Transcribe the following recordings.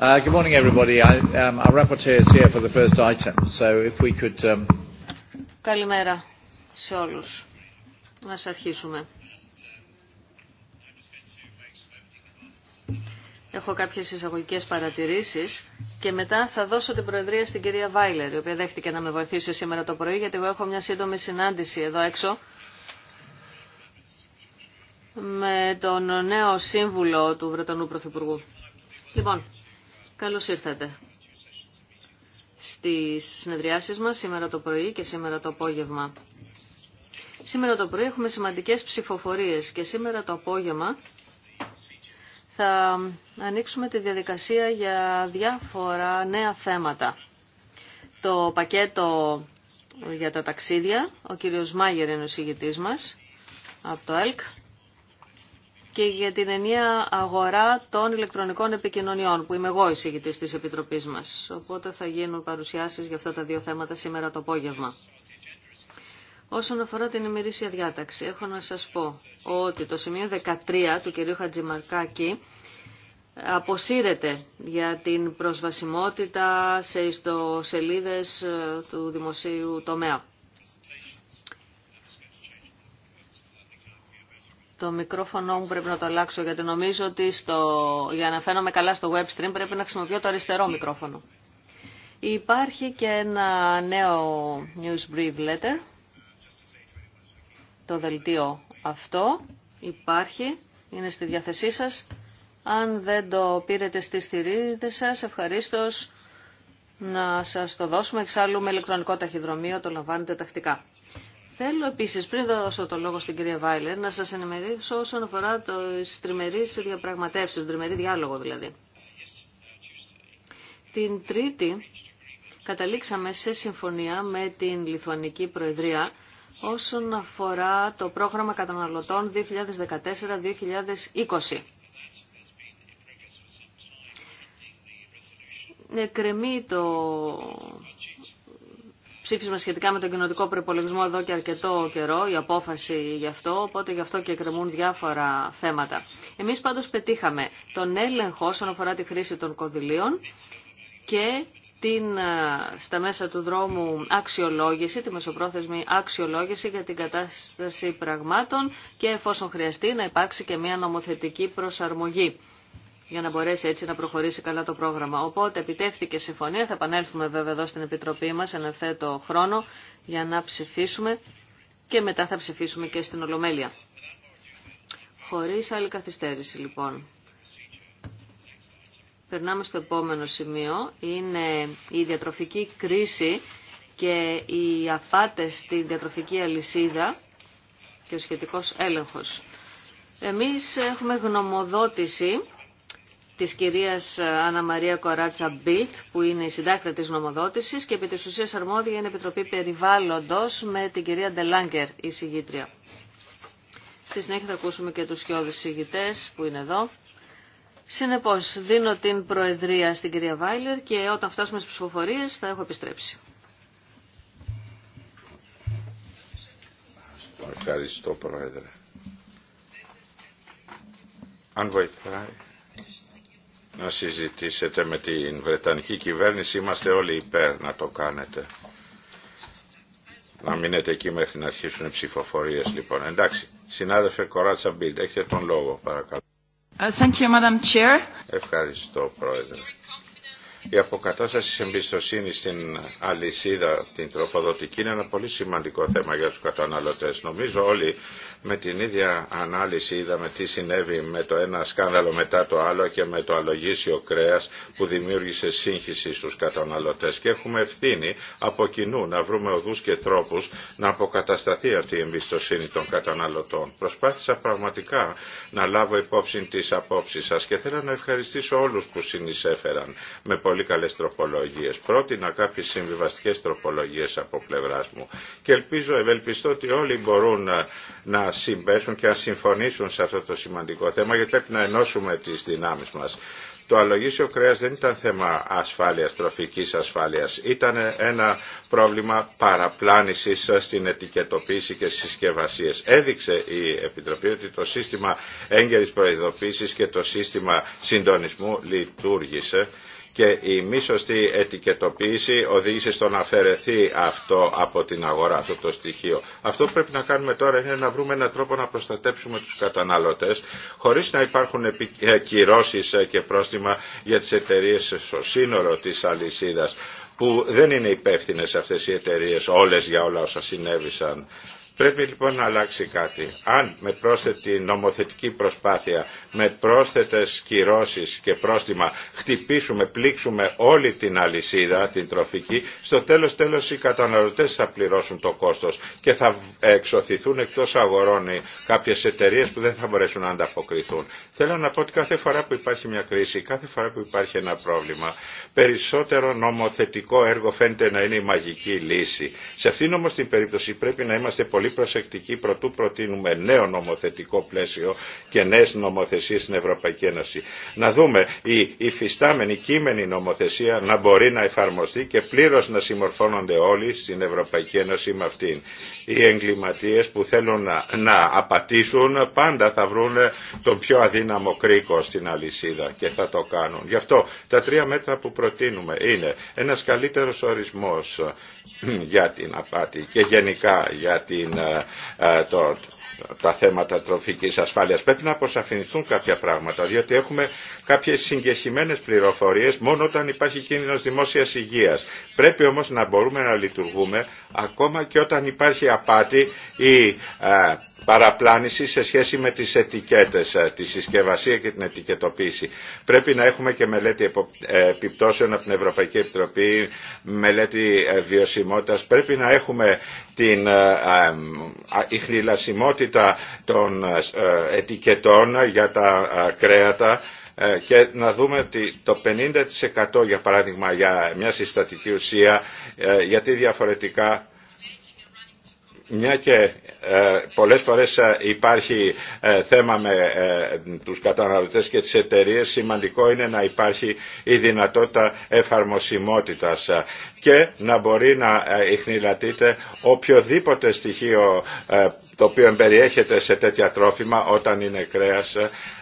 Καλημέρα σε όλους. Ας αρχίσουμε. Έχω κάποιες εισαγωγικές παρατηρήσεις και μετά θα δώσω την προεδρία στην κυρία Βάιλερ, η οποία δέχτηκε να με βοηθήσει σήμερα το πρωί, γιατί εγώ έχω μια σύντομη συνάντηση εδώ έξω με τον νέο σύμβουλο του Βρετανού Πρωθυπουργού. Λοιπόν, Καλώς ήρθατε στις συνεδριάσεις μας σήμερα το πρωί και σήμερα το απόγευμα. Σήμερα το πρωί έχουμε σημαντικές ψηφοφορίες και σήμερα το απόγευμα θα ανοίξουμε τη διαδικασία για διάφορα νέα θέματα. Το πακέτο για τα ταξίδια, ο κύριος Μάγερ είναι ο μας από το ΕΛΚ, και για την ενιαία αγορά των ηλεκτρονικών επικοινωνιών, που είμαι εγώ εισηγητής της Επιτροπής μας. Οπότε θα γίνουν παρουσιάσεις για αυτά τα δύο θέματα σήμερα το απόγευμα. Όσον αφορά την ημερήσια διάταξη, έχω να σας πω ότι το σημείο 13 του κυρίου Χατζημαρκάκη αποσύρεται για την προσβασιμότητα σε ιστοσελίδες ε, του δημοσίου τομέα. Το μικρόφωνο μου πρέπει να το αλλάξω γιατί νομίζω ότι στο... για να φαίνομαι καλά στο web stream πρέπει να χρησιμοποιώ το αριστερό μικρόφωνο. Υπάρχει και ένα νέο news brief letter. Το δελτίο αυτό υπάρχει, είναι στη διάθεσή σας. Αν δεν το πήρετε στις θηρίδες σας, ευχαρίστω να σας το δώσουμε. Εξάλλου με ηλεκτρονικό ταχυδρομείο το λαμβάνετε τακτικά. Θέλω επίσης, πριν δώσω το λόγο στην κυρία Βάιλερ, να σας ενημερίσω όσον αφορά τι τριμερείς διαπραγματεύσεις, τον τριμερή διάλογο δηλαδή. Την Τρίτη καταλήξαμε σε συμφωνία με την Λιθουανική Προεδρία όσον αφορά το πρόγραμμα καταναλωτών 2014-2020. εκκρεμεί το ψήφισμα σχετικά με τον κοινοτικό προπολογισμό εδώ και αρκετό καιρό, η απόφαση γι' αυτό, οπότε γι' αυτό και εκκρεμούν διάφορα θέματα. Εμείς πάντως πετύχαμε τον έλεγχο όσον αφορά τη χρήση των κονδυλίων και την, στα μέσα του δρόμου αξιολόγηση, τη μεσοπρόθεσμη αξιολόγηση για την κατάσταση πραγμάτων και εφόσον χρειαστεί να υπάρξει και μια νομοθετική προσαρμογή για να μπορέσει έτσι να προχωρήσει καλά το πρόγραμμα. Οπότε επιτεύχθηκε συμφωνία, θα επανέλθουμε βέβαια εδώ στην Επιτροπή μας ένα θέτο χρόνο για να ψηφίσουμε και μετά θα ψηφίσουμε και στην Ολομέλεια. Χωρίς άλλη καθυστέρηση λοιπόν. Περνάμε στο επόμενο σημείο. Είναι η διατροφική κρίση και οι αφάτες στην διατροφική αλυσίδα και ο σχετικός έλεγχος. Εμείς έχουμε γνωμοδότηση της κυρίας Άννα Μαρία Κοράτσα Μπίλτ, που είναι η συντάκτρια της νομοδότησης και επί της ουσίας αρμόδια είναι η Επιτροπή Περιβάλλοντος με την κυρία Ντελάνκερ, η συγγήτρια. Στη συνέχεια θα ακούσουμε και τους σκιώδους συγγητές που είναι εδώ. Συνεπώς, δίνω την προεδρία στην κυρία Βάιλερ και όταν φτάσουμε στις ψηφοφορίες θα έχω επιστρέψει. Ευχαριστώ, Πρόεδρε. Αν βοηθάει να συζητήσετε με την Βρετανική κυβέρνηση. Είμαστε όλοι υπέρ να το κάνετε. Να μείνετε εκεί μέχρι να αρχίσουν οι ψηφοφορίε λοιπόν. Εντάξει. Συνάδελφε Κοράτσα Μπίλτ, έχετε τον λόγο παρακαλώ. Uh, thank you, Madam Chair. Ευχαριστώ πρόεδρε. Η αποκατάσταση της εμπιστοσύνης στην αλυσίδα, την τροφοδοτική, είναι ένα πολύ σημαντικό θέμα για τους καταναλωτές. Νομίζω όλοι με την ίδια ανάλυση είδαμε τι συνέβη με το ένα σκάνδαλο μετά το άλλο και με το αλογίσιο κρέας που δημιούργησε σύγχυση στους καταναλωτές. Και έχουμε ευθύνη από κοινού να βρούμε οδούς και τρόπους να αποκατασταθεί αυτή η εμπιστοσύνη των καταναλωτών. Προσπάθησα πραγματικά να λάβω υπόψη τις απόψεις σας και θέλω να ευχαριστήσω όλους που συνεισέφεραν με πολύ πολύ καλές τροπολογίες. Πρότεινα κάποιες συμβιβαστικές τροπολογίες από πλευράς μου και ελπίζω, ευελπιστώ ότι όλοι μπορούν ε, να συμπέσουν και να συμφωνήσουν σε αυτό το σημαντικό θέμα γιατί πρέπει να ενώσουμε τις δυνάμεις μας. Το αλογίσιο κρέας δεν ήταν θέμα ασφάλειας, τροφικής ασφάλειας. Ήταν ένα πρόβλημα παραπλάνησης στην ετικετοποίηση και στις συσκευασίες. Έδειξε η Επιτροπή ότι το σύστημα έγκαιρης προειδοποίησης και το σύστημα συντονισμού λειτουργήσε και η μη σωστή ετικετοποίηση οδήγησε στο να αφαιρεθεί αυτό από την αγορά, αυτό το στοιχείο. Αυτό που πρέπει να κάνουμε τώρα είναι να βρούμε έναν τρόπο να προστατέψουμε τους καταναλωτές χωρίς να υπάρχουν κυρώσεις και πρόστιμα για τις εταιρείες στο σύνορο της αλυσίδας που δεν είναι υπεύθυνε αυτές οι εταιρείες όλες για όλα όσα συνέβησαν. Πρέπει λοιπόν να αλλάξει κάτι. Αν με πρόσθετη νομοθετική προσπάθεια, με πρόσθετες κυρώσεις και πρόστιμα χτυπήσουμε, πλήξουμε όλη την αλυσίδα, την τροφική, στο τέλος τέλος οι καταναλωτές θα πληρώσουν το κόστος και θα εξωθηθούν εκτός αγορών κάποιες εταιρείε που δεν θα μπορέσουν να ανταποκριθούν. Θέλω να πω ότι κάθε φορά που υπάρχει μια κρίση, κάθε φορά που υπάρχει ένα πρόβλημα, περισσότερο νομοθετικό έργο φαίνεται να είναι η μαγική λύση. Σε αυτήν όμως την περίπτωση πρέπει να είμαστε πολύ προσεκτική προσεκτικοί προτού προτείνουμε νέο νομοθετικό πλαίσιο και νέες νομοθεσίες στην Ευρωπαϊκή Ένωση. Να δούμε η υφιστάμενη κείμενη νομοθεσία να μπορεί να εφαρμοστεί και πλήρως να συμμορφώνονται όλοι στην Ευρωπαϊκή Ένωση με αυτήν. Οι εγκληματίε που θέλουν να, απατήσουν πάντα θα βρουν τον πιο αδύναμο κρίκο στην αλυσίδα και θα το κάνουν. Γι' αυτό τα τρία μέτρα που προτείνουμε είναι ένα καλύτερο ορισμό για την απάτη και γενικά για την ε, ε, τα θέματα τροφικής ασφάλειας. Πρέπει να αποσαφινιστούν κάποια πράγματα, διότι έχουμε κάποιες συγκεχημένες πληροφορίες μόνο όταν υπάρχει κίνδυνος δημόσιας υγείας. Πρέπει όμως να μπορούμε να λειτουργούμε ακόμα και όταν υπάρχει απάτη ή ε, παραπλάνηση σε σχέση με τις ετικέτες, ε, τη συσκευασία και την ετικετοποίηση. Πρέπει να έχουμε και μελέτη ε, επιπτώσεων από την Ευρωπαϊκή Επιτροπή, μελέτη βιωσιμότητας. Πρέπει να έχουμε την ε, των ετικετών για τα κρέατα ε, και να δούμε ότι το 50% για παράδειγμα για μια συστατική ουσία ε, γιατί διαφορετικά μια και ε, πολλές φορές υπάρχει θέμα με τους καταναλωτές και τις εταιρείες σημαντικό είναι να υπάρχει η δυνατότητα εφαρμοσιμότητας και να μπορεί να ειχνηλατείται οποιοδήποτε στοιχείο ε, το οποίο εμπεριέχεται σε τέτοια τρόφιμα όταν είναι κρέας.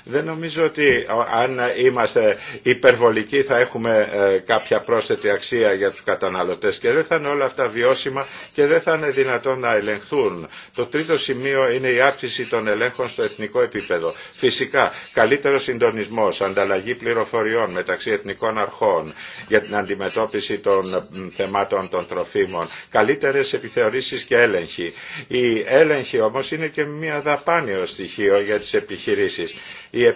Δεν νομίζω ότι αν είμαστε υπερβολικοί θα έχουμε ε, κάποια πρόσθετη αξία για τους καταναλωτές και δεν θα είναι όλα αυτά βιώσιμα και δεν θα είναι δυνατόν να ελεγχθούν. Το τρίτο σημείο είναι η αύξηση των ελέγχων στο εθνικό επίπεδο. Φυσικά, καλύτερο συντονισμός, ανταλλαγή πληροφοριών μεταξύ εθνικών αρχών για την αντιμετώπιση των θεμάτων των τροφίμων, καλύτερες επιθεωρήσεις και έλεγχοι. Η έλεγχη όμως είναι και μια δαπάνη στοιχείο για τις επιχειρήσεις. Οι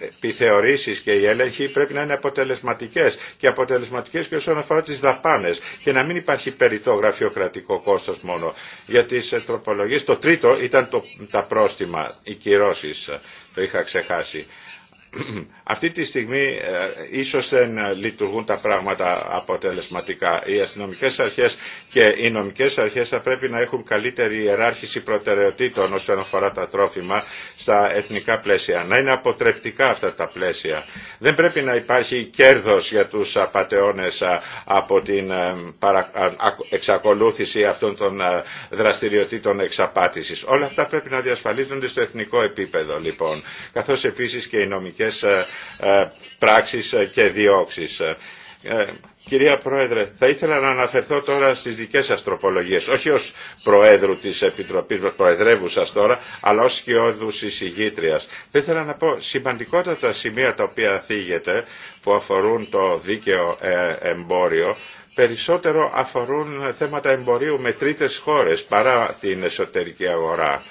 επιθεωρήσεις και οι έλεγχοι πρέπει να είναι αποτελεσματικές και αποτελεσματικές και όσον αφορά τις δαπάνες και να μην υπάρχει περιττό γραφειοκρατικό κόστος μόνο. Για τις ε, τροπολογίες το τρίτο ήταν τα πρόστιμα, οι κυρώσεις, το είχα ξεχάσει. Αυτή τη στιγμή ε, ίσως δεν λειτουργούν τα πράγματα αποτελεσματικά. Οι αστυνομικές αρχές και οι νομικές αρχές θα πρέπει να έχουν καλύτερη ιεράρχηση προτεραιοτήτων όσον αφορά τα τρόφιμα στα εθνικά πλαίσια. Να είναι αποτρεπτικά αυτά τα πλαίσια. Δεν πρέπει να υπάρχει κέρδος για τους απαταιώνες ε, από την ε, εξακολούθηση αυτών των ε, δραστηριοτήτων εξαπάτησης. Όλα αυτά πρέπει να διασφαλίζονται στο εθνικό επίπεδο λοιπόν. Καθώς επίσης και οι νομικές σε ε, πράξεις ε, και διώξεις. Ε, κυρία Πρόεδρε, θα ήθελα να αναφερθώ τώρα στις δικές σας όχι ως Προέδρου της Επιτροπής, σας τώρα, αλλά ως σκιώδους εισηγήτριας. Θα ήθελα να πω σημαντικότατα σημεία τα οποία θίγεται, που αφορούν το δίκαιο εμπόριο, περισσότερο αφορούν θέματα εμπορίου με τρίτες χώρες παρά την εσωτερική αγορά.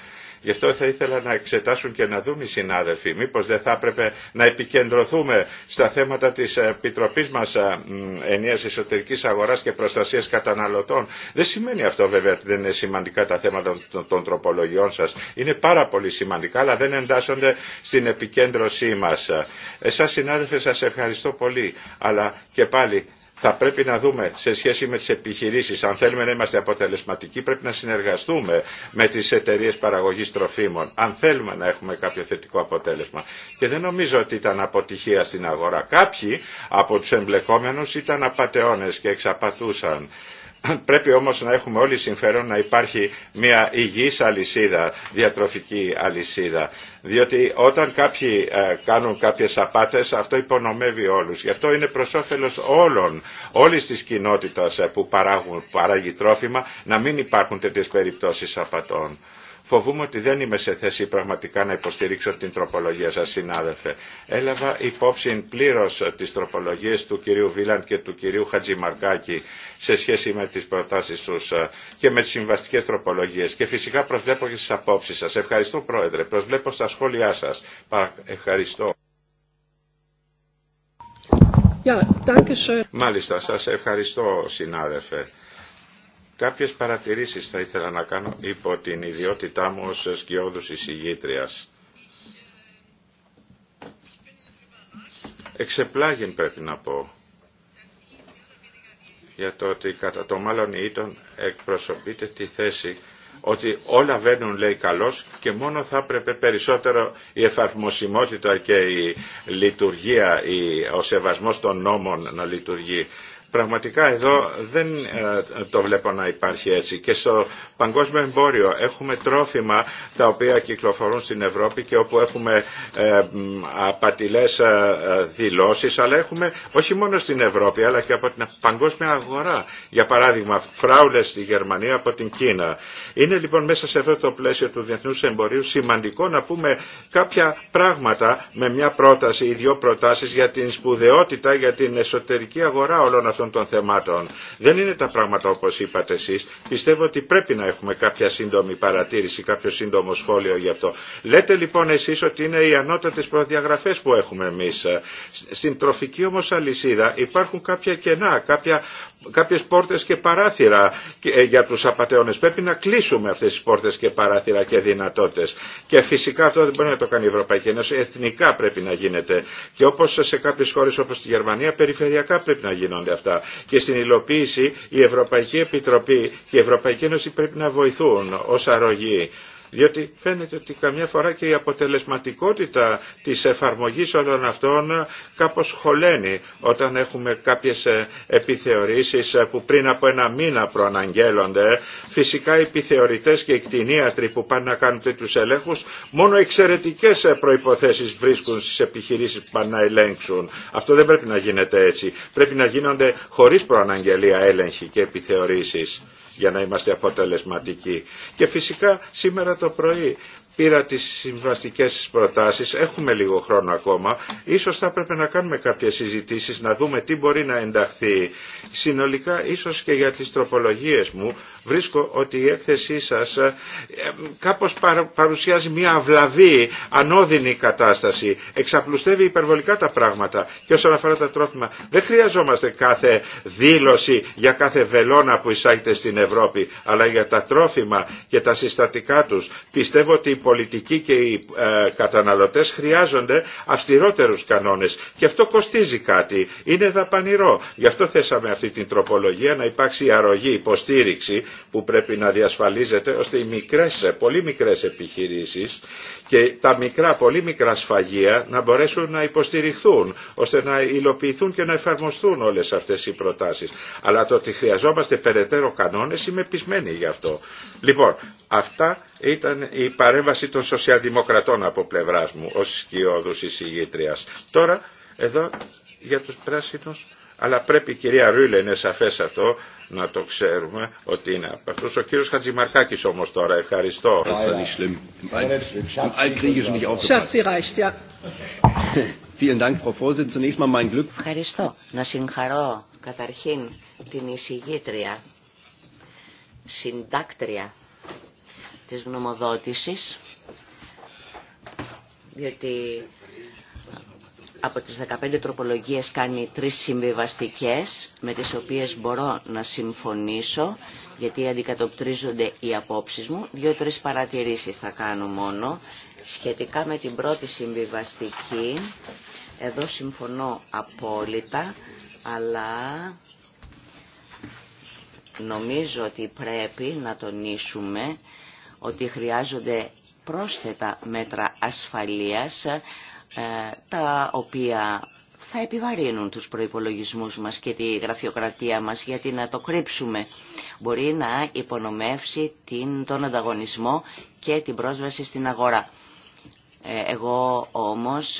Γι' αυτό θα ήθελα να εξετάσουν και να δουν οι συνάδελφοι μήπως δεν θα έπρεπε να επικεντρωθούμε στα θέματα της Επιτροπής μας ε, Ενίας Εσωτερικής Αγοράς και Προστασίας Καταναλωτών. Δεν σημαίνει αυτό βέβαια ότι δεν είναι σημαντικά τα θέματα των τροπολογιών σας. Είναι πάρα πολύ σημαντικά αλλά δεν εντάσσονται στην επικέντρωσή μας. Ε, εσάς συνάδελφοι σας ευχαριστώ πολύ αλλά και πάλι θα πρέπει να δούμε σε σχέση με τις επιχειρήσεις, αν θέλουμε να είμαστε αποτελεσματικοί πρέπει να συνεργαστούμε με τις εταιρείες παραγωγής τροφίμων, αν θέλουμε να έχουμε κάποιο θετικό αποτέλεσμα. Και δεν νομίζω ότι ήταν αποτυχία στην αγορά. Κάποιοι από τους εμπλεκόμενους ήταν απαταιώνες και εξαπατούσαν Πρέπει όμως να έχουμε όλοι συμφέρον να υπάρχει μια υγιής αλυσίδα, διατροφική αλυσίδα. Διότι όταν κάποιοι ε, κάνουν κάποιες απάτες αυτό υπονομεύει όλους. Γι' αυτό είναι προς όφελος όλων, όλης της κοινότητας ε, που παράγουν, παράγει τρόφιμα να μην υπάρχουν τέτοιες περιπτώσεις απατών. Φοβούμαι ότι δεν είμαι σε θέση πραγματικά να υποστηρίξω την τροπολογία σας, συνάδελφε. Έλαβα υπόψη πλήρως τις τροπολογίες του κυρίου Βίλαντ και του κυρίου Χατζημαρκάκη σε σχέση με τις προτάσεις τους ε, και με τις συμβαστικές τροπολογίες. Και φυσικά προσβλέπω και στις απόψεις σας. Ευχαριστώ, Πρόεδρε. Προσβλέπω στα σχόλιά σας. Ευχαριστώ. Μάλιστα, σας ευχαριστώ, συνάδελφε. Κάποιες παρατηρήσεις θα ήθελα να κάνω υπό την ιδιότητά μου ως σκιώδους εισηγήτριας. Εξεπλάγιν πρέπει να πω για το ότι κατά το μάλλον ήτον εκπροσωπείται τη θέση ότι όλα βαίνουν λέει καλώς και μόνο θα έπρεπε περισσότερο η εφαρμοσιμότητα και η λειτουργία, ο σεβασμός των νόμων να λειτουργεί. Πραγματικά εδώ δεν ε, το βλέπω να υπάρχει έτσι. Και στο παγκόσμιο εμπόριο έχουμε τρόφιμα τα οποία κυκλοφορούν στην Ευρώπη και όπου έχουμε ε, απατηλές ε, δηλώσεις, αλλά έχουμε όχι μόνο στην Ευρώπη αλλά και από την παγκόσμια αγορά. Για παράδειγμα, φράουλες στη Γερμανία από την Κίνα. Είναι λοιπόν μέσα σε αυτό το πλαίσιο του διεθνούς εμπορίου σημαντικό να πούμε κάποια πράγματα με μια πρόταση ή δύο προτάσεις για την σπουδαιότητα, για την εσωτερική αγορά όλων αυτών αυτών των θεμάτων. Δεν είναι τα πράγματα όπως είπατε εσείς. Πιστεύω ότι πρέπει να έχουμε κάποια σύντομη παρατήρηση, κάποιο σύντομο σχόλιο γι' αυτό. Λέτε λοιπόν εσείς ότι είναι οι ανώτατες προδιαγραφές που έχουμε εμείς. Στην τροφική όμως αλυσίδα υπάρχουν κάποια κενά, κάποια κάποιες πόρτες και παράθυρα ε, για τους απαταιώνες. Πρέπει να κλείσουμε αυτές τις πόρτες και παράθυρα και δυνατότητες. Και φυσικά αυτό δεν μπορεί να το κάνει η Ευρωπαϊκή Ένωση. Εθνικά πρέπει να γίνεται. Και όπως σε κάποιες χώρες όπως τη Γερμανία περιφερειακά πρέπει να γίνονται αυτά. Και στην υλοποίηση η Ευρωπαϊκή Επιτροπή και η Ευρωπαϊκή Ένωση πρέπει να βοηθούν ως αρρωγή διότι φαίνεται ότι καμιά φορά και η αποτελεσματικότητα της εφαρμογής όλων αυτών κάπως χωλαίνει όταν έχουμε κάποιες ε, επιθεωρήσεις ε, που πριν από ένα μήνα προαναγγέλλονται. Φυσικά οι επιθεωρητές και οι κτηνίατροι που πάνε να κάνουν τέτοιους ελέγχους μόνο εξαιρετικές ε, προϋποθέσεις βρίσκουν στις επιχειρήσεις που πάνε να ελέγξουν. Αυτό δεν πρέπει να γίνεται έτσι. Πρέπει να γίνονται χωρίς προαναγγελία έλεγχοι και επιθεωρήσεις για να είμαστε αποτελεσματικοί. Και φυσικά σήμερα το πρωί πήρα τις συμβαστικές προτάσεις, έχουμε λίγο χρόνο ακόμα, ίσως θα πρέπει να κάνουμε κάποιες συζητήσεις, να δούμε τι μπορεί να ενταχθεί. Συνολικά, ίσως και για τις τροπολογίες μου, βρίσκω ότι η έκθεσή σας ε, κάπως παρουσιάζει μια αυλαβή, ανώδυνη κατάσταση, εξαπλουστεύει υπερβολικά τα πράγματα και όσον αφορά τα τρόφιμα. Δεν χρειαζόμαστε κάθε δήλωση για κάθε βελόνα που εισάγεται στην Ευρώπη, αλλά για τα τρόφιμα και τα συστατικά τους. Πιστεύω ότι πολιτικοί και οι ε, καταναλωτές χρειάζονται αυστηρότερους κανόνες και αυτό κοστίζει κάτι, είναι δαπανηρό. Γι' αυτό θέσαμε αυτή την τροπολογία να υπάρξει αρρωγή, υποστήριξη που πρέπει να διασφαλίζεται ώστε οι μικρές, πολύ μικρές επιχειρήσεις και τα μικρά, πολύ μικρά σφαγεία να μπορέσουν να υποστηριχθούν ώστε να υλοποιηθούν και να εφαρμοστούν όλες αυτές οι προτάσεις. Αλλά το ότι χρειαζόμαστε περαιτέρω κανόνες είμαι πεισμένη γι' αυτό. Λοιπόν, αυτά ήταν η παρέμβαση των σοσιαλδημοκρατών από πλευράς μου ως σκιώδους εισηγήτριας. Τώρα, εδώ για τους πράσινους αλλά πρέπει κυρία Ρούλε είναι σαφές αυτό, να το ξέρουμε ότι είναι από αυτούς. Ο κύριος Χατζημαρκάκης όμως τώρα, ευχαριστώ. Ευχαριστώ. Να συγχαρώ καταρχήν την εισηγήτρια, συντάκτρια της γνωμοδότησης, διότι από τις 15 τροπολογίες κάνει τρεις συμβιβαστικές με τις οποίες μπορώ να συμφωνήσω γιατί αντικατοπτρίζονται οι απόψεις μου. Δύο-τρεις παρατηρήσεις θα κάνω μόνο. Σχετικά με την πρώτη συμβιβαστική, εδώ συμφωνώ απόλυτα, αλλά νομίζω ότι πρέπει να τονίσουμε ότι χρειάζονται πρόσθετα μέτρα ασφαλείας ε, τα οποία θα επιβαρύνουν τους προϋπολογισμούς μας και τη γραφειοκρατία μας γιατί να το κρύψουμε μπορεί να υπονομεύσει την, τον ανταγωνισμό και την πρόσβαση στην αγορά. Ε, εγώ όμως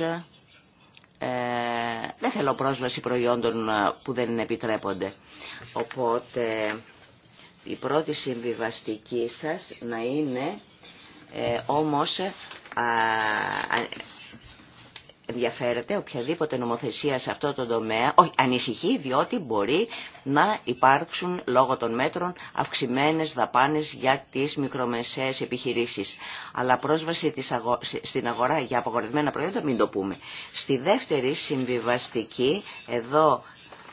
ε, δεν θέλω πρόσβαση προϊόντων ε, που δεν επιτρέπονται. Οπότε η πρώτη συμβιβαστική σας να είναι ε, όμως α, ενδιαφέρεται οποιαδήποτε νομοθεσία σε αυτό το τομέα, ανησυχεί διότι μπορεί να υπάρξουν λόγω των μέτρων αυξημένες δαπάνες για τις μικρομεσαίες επιχειρήσεις. Αλλά πρόσβαση στην αγορά για απογορευμένα προϊόντα μην το πούμε. Στη δεύτερη συμβιβαστική, εδώ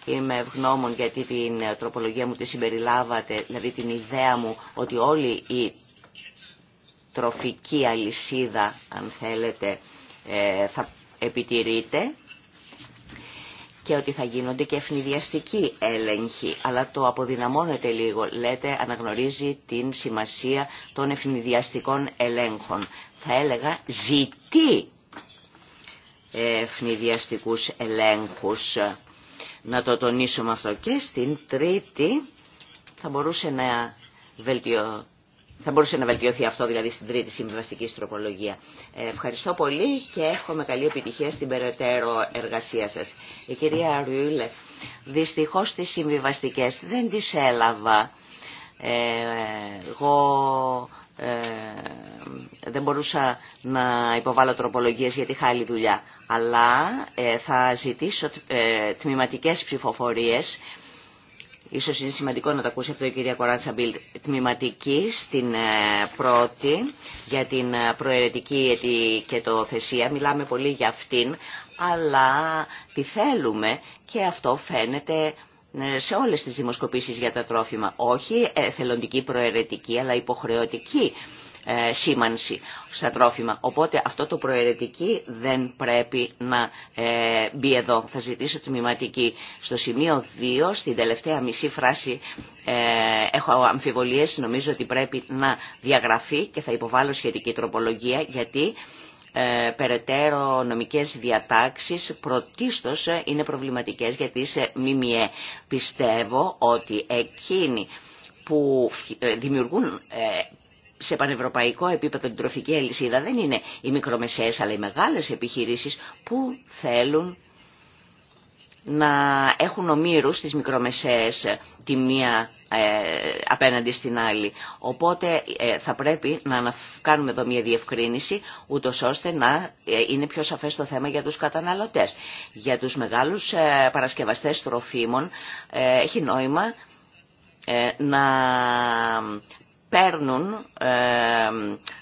είμαι ευγνώμων γιατί την τροπολογία μου τη συμπεριλάβατε, δηλαδή την ιδέα μου ότι όλη η τροφική αλυσίδα, αν θέλετε, ε, θα επιτηρείται και ότι θα γίνονται και ευνηδιαστικοί έλεγχοι, αλλά το αποδυναμώνεται λίγο. Λέτε, αναγνωρίζει την σημασία των ευνηδιαστικών ελέγχων. Θα έλεγα ζητή ευνηδιαστικούς ελέγχους. Να το τονίσουμε αυτό και στην τρίτη θα μπορούσε να βελτιωθεί θα μπορούσε να βελτιωθεί αυτό δηλαδή στην τρίτη συμβιβαστική τροπολογία. Ε, ευχαριστώ πολύ και εύχομαι καλή επιτυχία στην περαιτέρω εργασία σας. Η κυρία Ρουίλε, δυστυχώς τις συμβιβαστικές δεν τις έλαβα. Ε, εγώ ε, δεν μπορούσα να υποβάλω τροπολογίες γιατί είχα άλλη δουλειά. Αλλά θα ζητήσω τμηματικές ψηφοφορίες ίσως είναι σημαντικό να τα ακούσει αυτό η κυρία Κοράτσα Μπίλτ, τμηματική στην ε, πρώτη για την ε, προαιρετική και το θεσία. Μιλάμε πολύ για αυτήν, αλλά τη θέλουμε και αυτό φαίνεται ε, σε όλες τις δημοσκοπήσεις για τα τρόφιμα. Όχι θελοντική προαιρετική, αλλά υποχρεωτική ε, σήμανση στα τρόφιμα. Οπότε αυτό το προαιρετική δεν πρέπει να ε, μπει εδώ. Θα ζητήσω τμηματική. Στο σημείο 2, στην τελευταία μισή φράση, ε, έχω αμφιβολίες. Νομίζω ότι πρέπει να διαγραφεί και θα υποβάλω σχετική τροπολογία γιατί περαιτέρω νομικές διατάξεις πρωτίστως είναι προβληματικές γιατί σε ΜΜΕ πιστεύω ότι εκείνοι που δημιουργούν σε πανευρωπαϊκό επίπεδο την τροφική αλυσίδα δεν είναι οι μικρομεσαίες αλλά οι μεγάλες επιχειρήσεις που θέλουν να έχουν ομήρους τις μικρομεσαίες τη μία ε, απέναντι στην άλλη. Οπότε ε, θα πρέπει να κάνουμε εδώ μια διευκρίνηση ούτω ώστε να ε, είναι πιο σαφές το θέμα για τους καταναλωτές. Για τους μεγάλους ε, παρασκευαστές τροφίμων έχει νόημα να παίρνουν ε,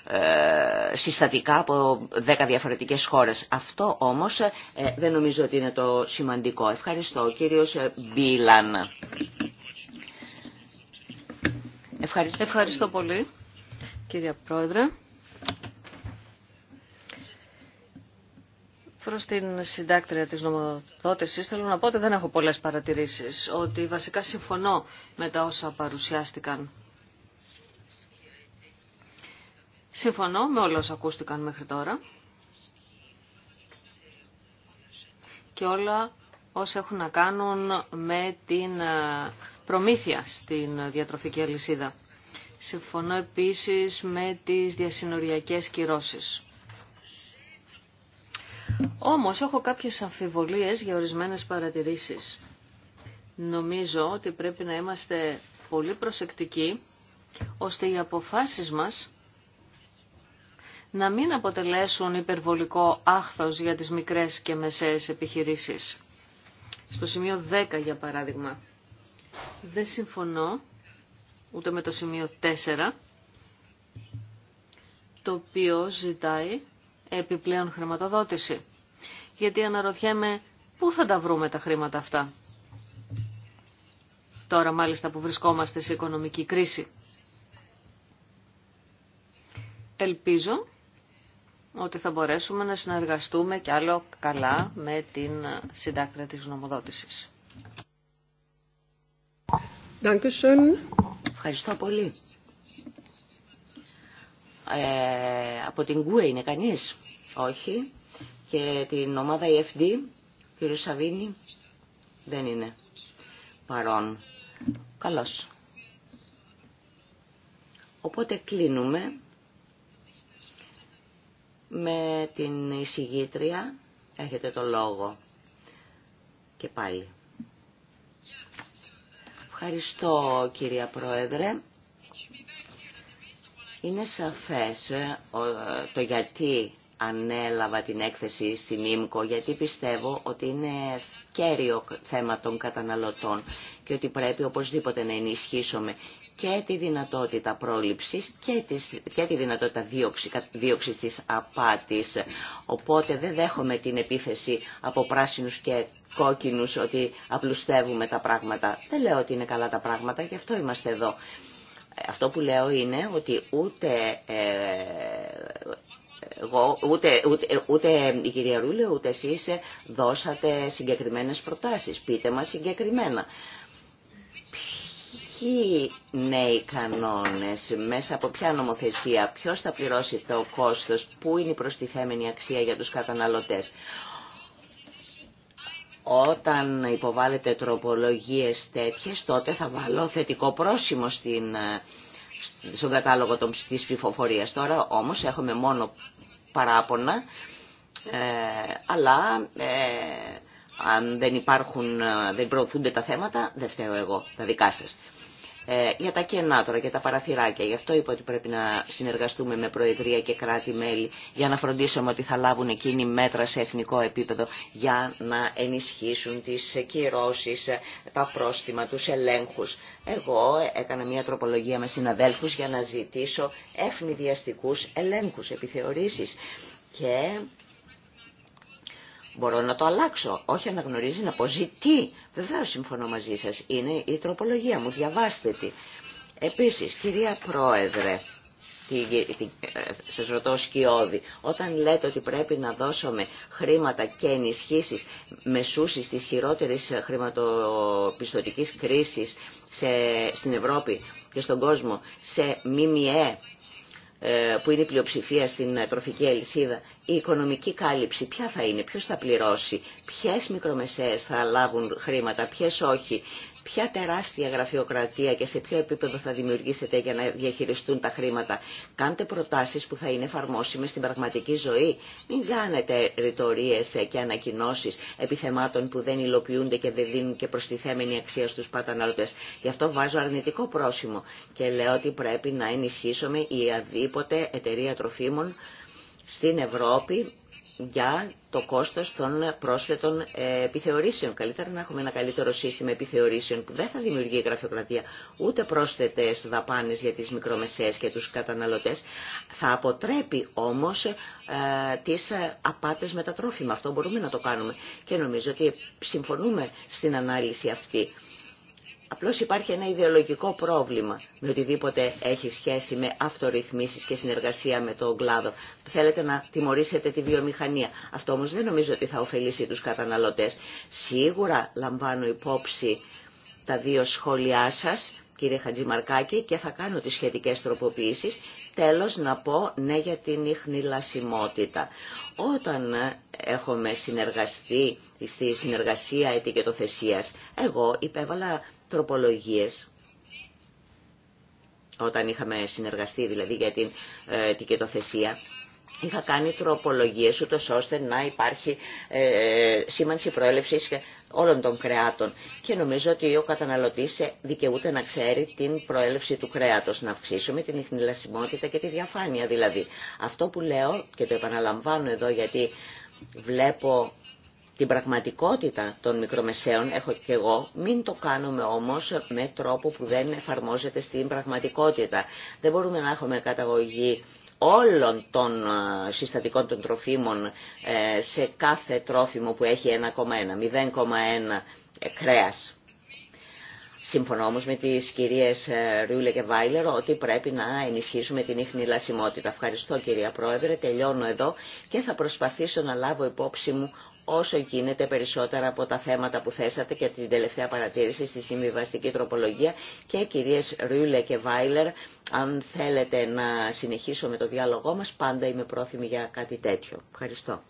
ε, συστατικά από δέκα διαφορετικές χώρες. Αυτό όμως ε, δεν νομίζω ότι είναι το σημαντικό. Ευχαριστώ. κύριος Μπίλαν. Ευχαριστώ. Ευχαριστώ πολύ, κύριε Πρόεδρε. Προς την συντάκτρια της νομοδότησης θέλω να πω ότι δεν έχω πολλές παρατηρήσεις, ότι βασικά συμφωνώ με τα όσα παρουσιάστηκαν Συμφωνώ με όλα όσα ακούστηκαν μέχρι τώρα και όλα όσα έχουν να κάνουν με την ε, προμήθεια στην διατροφική αλυσίδα. Συμφωνώ επίσης με τις διασυνοριακές κυρώσεις. Όμως έχω κάποιες αμφιβολίες για ορισμένες παρατηρήσεις. Νομίζω ότι πρέπει να είμαστε πολύ προσεκτικοί ώστε οι αποφάσεις μας να μην αποτελέσουν υπερβολικό άχθος για τις μικρές και μεσαίες επιχειρήσεις. Στο σημείο 10 για παράδειγμα. Δεν συμφωνώ ούτε με το σημείο 4, το οποίο ζητάει επιπλέον χρηματοδότηση. Γιατί αναρωτιέμαι πού θα τα βρούμε τα χρήματα αυτά. Τώρα μάλιστα που βρισκόμαστε σε οικονομική κρίση. Ελπίζω ότι θα μπορέσουμε να συνεργαστούμε κι άλλο καλά με την συντάκτρα της γνωμοδότησης. Ευχαριστώ πολύ. Ε, από την ΚΟΕ e είναι κανείς. Όχι. Και την ομάδα EFD, κύριο Σαβίνη, δεν είναι παρόν. Καλώς. Οπότε κλείνουμε με την εισηγήτρια. Έχετε το λόγο. Και πάλι. Ευχαριστώ κυρία Πρόεδρε. Είναι σαφές ε, το γιατί ανέλαβα την έκθεση στην ΙΜΚΟ, γιατί πιστεύω ότι είναι κέριο θέμα των καταναλωτών και ότι πρέπει οπωσδήποτε να ενισχύσουμε και τη δυνατότητα πρόληψης και, τη δυνατότητα δίωξη, δίωξης της απάτης. Οπότε δεν δέχομαι την επίθεση από πράσινους και κόκκινους ότι απλουστεύουμε τα πράγματα. Δεν λέω ότι είναι καλά τα πράγματα, γι' αυτό είμαστε εδώ. Αυτό που λέω είναι ότι ούτε, ε, ούτε, η κυρία Ρούλε, ούτε εσείς δώσατε συγκεκριμένες προτάσεις. Πείτε μας συγκεκριμένα ποιοι νέοι κανόνες, μέσα από ποια νομοθεσία, ποιος θα πληρώσει το κόστος, πού είναι η προστιθέμενη αξία για τους καταναλωτές. Όταν υποβάλλετε τροπολογίες τέτοιες, τότε θα βάλω θετικό πρόσημο στην, στον κατάλογο της ψηφοφορία. Τώρα όμως έχουμε μόνο παράπονα, ε, αλλά... Ε, αν δεν υπάρχουν, ε, δεν προωθούνται τα θέματα, δεν φταίω εγώ, τα δικά σας. Ε, για τα κενά τώρα, για τα παραθυράκια. Γι' αυτό είπα ότι πρέπει να συνεργαστούμε με Προεδρία και κράτη-μέλη για να φροντίσουμε ότι θα λάβουν εκείνη μέτρα σε εθνικό επίπεδο για να ενισχύσουν τις κυρώσεις, τα πρόστιμα, τους ελέγχους. Εγώ έκανα μια τροπολογία με συναδέλφους για να ζητήσω ευνηδιαστικούς ελέγχους, επιθεωρήσεις. Και Μπορώ να το αλλάξω. Όχι αναγνωρίζει, να αποζητεί. Βεβαίω συμφωνώ μαζί σα, Είναι η τροπολογία μου. Διαβάστε τη. Επίσης, κυρία Πρόεδρε, ε, σα ρωτώ σκιώδη, όταν λέτε ότι πρέπει να δώσουμε χρήματα και ενισχύσει μεσούσεις της χειρότερης χρηματοπιστωτικής κρίσης σε, στην Ευρώπη και στον κόσμο σε ΜΜΕ ε, που είναι η πλειοψηφία στην ε, τροφική ελισίδα η οικονομική κάλυψη ποια θα είναι, ποιος θα πληρώσει, ποιες μικρομεσαίες θα λάβουν χρήματα, ποιες όχι, ποια τεράστια γραφειοκρατία και σε ποιο επίπεδο θα δημιουργήσετε για να διαχειριστούν τα χρήματα. Κάντε προτάσεις που θα είναι εφαρμόσιμες στην πραγματική ζωή. Μην κάνετε ρητορίες και ανακοινώσεις επιθεμάτων που δεν υλοποιούνται και δεν δίνουν και προστιθέμενη αξία στους παταναλωτές. Γι' αυτό βάζω αρνητικό πρόσημο και λέω ότι πρέπει να ενισχύσουμε η αδίποτε εταιρεία τροφίμων στην Ευρώπη για το κόστος των πρόσθετων ε, επιθεωρήσεων. Καλύτερα να έχουμε ένα καλύτερο σύστημα επιθεωρήσεων που δεν θα δημιουργεί γραφειοκρατία ούτε πρόσθετες δαπάνες για τις μικρομεσαίες και τους καταναλωτές. Θα αποτρέπει όμως ε, τις απάτες με τα τρόφιμα. Αυτό μπορούμε να το κάνουμε. Και νομίζω ότι συμφωνούμε στην ανάλυση αυτή. Απλώς υπάρχει ένα ιδεολογικό πρόβλημα με οτιδήποτε έχει σχέση με αυτορυθμίσεις και συνεργασία με τον κλάδο. Θέλετε να τιμωρήσετε τη βιομηχανία. Αυτό όμως δεν νομίζω ότι θα ωφελήσει τους καταναλωτές. Σίγουρα λαμβάνω υπόψη τα δύο σχόλιά σας, κύριε Χατζημαρκάκη, και θα κάνω τις σχετικές τροποποιήσεις Τέλος να πω ναι για την λασιμότητα. Όταν έχουμε συνεργαστεί στη συνεργασία ετικετοθεσίας, εγώ υπέβαλα τροπολογίες όταν είχαμε συνεργαστεί δηλαδή για την ε, ετικετοθεσία είχα κάνει τροπολογίες ούτω ώστε να υπάρχει ε, σήμανση προέλευσης όλων των κρεάτων. Και νομίζω ότι ο καταναλωτής δικαιούται να ξέρει την προέλευση του κρέατος, να αυξήσουμε την ιχνηλασιμότητα και τη διαφάνεια δηλαδή. Αυτό που λέω και το επαναλαμβάνω εδώ γιατί βλέπω την πραγματικότητα των μικρομεσαίων, έχω και εγώ, μην το κάνουμε όμως με τρόπο που δεν εφαρμόζεται στην πραγματικότητα. Δεν μπορούμε να έχουμε καταγωγή όλων των ε, συστατικών των τροφίμων ε, σε κάθε τρόφιμο που έχει 1,1, 0,1 ε, κρέας. Συμφωνώ όμως με τι κυρίε Ρούλε και Βάιλερ ότι πρέπει να ενισχύσουμε την ίχνη λασιμότητα. Ευχαριστώ κυρία Πρόεδρε, τελειώνω εδώ και θα προσπαθήσω να λάβω υπόψη μου όσο γίνεται περισσότερα από τα θέματα που θέσατε και την τελευταία παρατήρηση στη συμβιβαστική τροπολογία και κυρίες Ρούλε και Βάιλερ, αν θέλετε να συνεχίσω με το διάλογό μας, πάντα είμαι πρόθυμη για κάτι τέτοιο. Ευχαριστώ.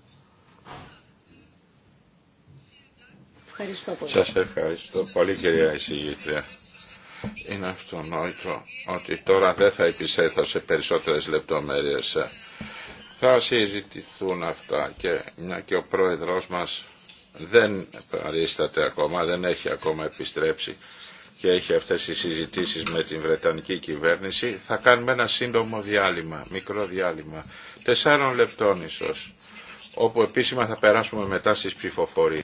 Ευχαριστώ πολύ. Σας ευχαριστώ πολύ κυρία εισηγήτρια. Είναι αυτονόητο ότι τώρα δεν θα επισέθω σε περισσότερες λεπτομέρειες θα συζητηθούν αυτά και μια και ο πρόεδρος μας δεν παρίσταται ακόμα, δεν έχει ακόμα επιστρέψει και έχει αυτές τις συζητήσεις με την Βρετανική κυβέρνηση, θα κάνουμε ένα σύντομο διάλειμμα, μικρό διάλειμμα, τεσσάρων λεπτών ίσως, όπου επίσημα θα περάσουμε μετά στις ψηφοφορίες.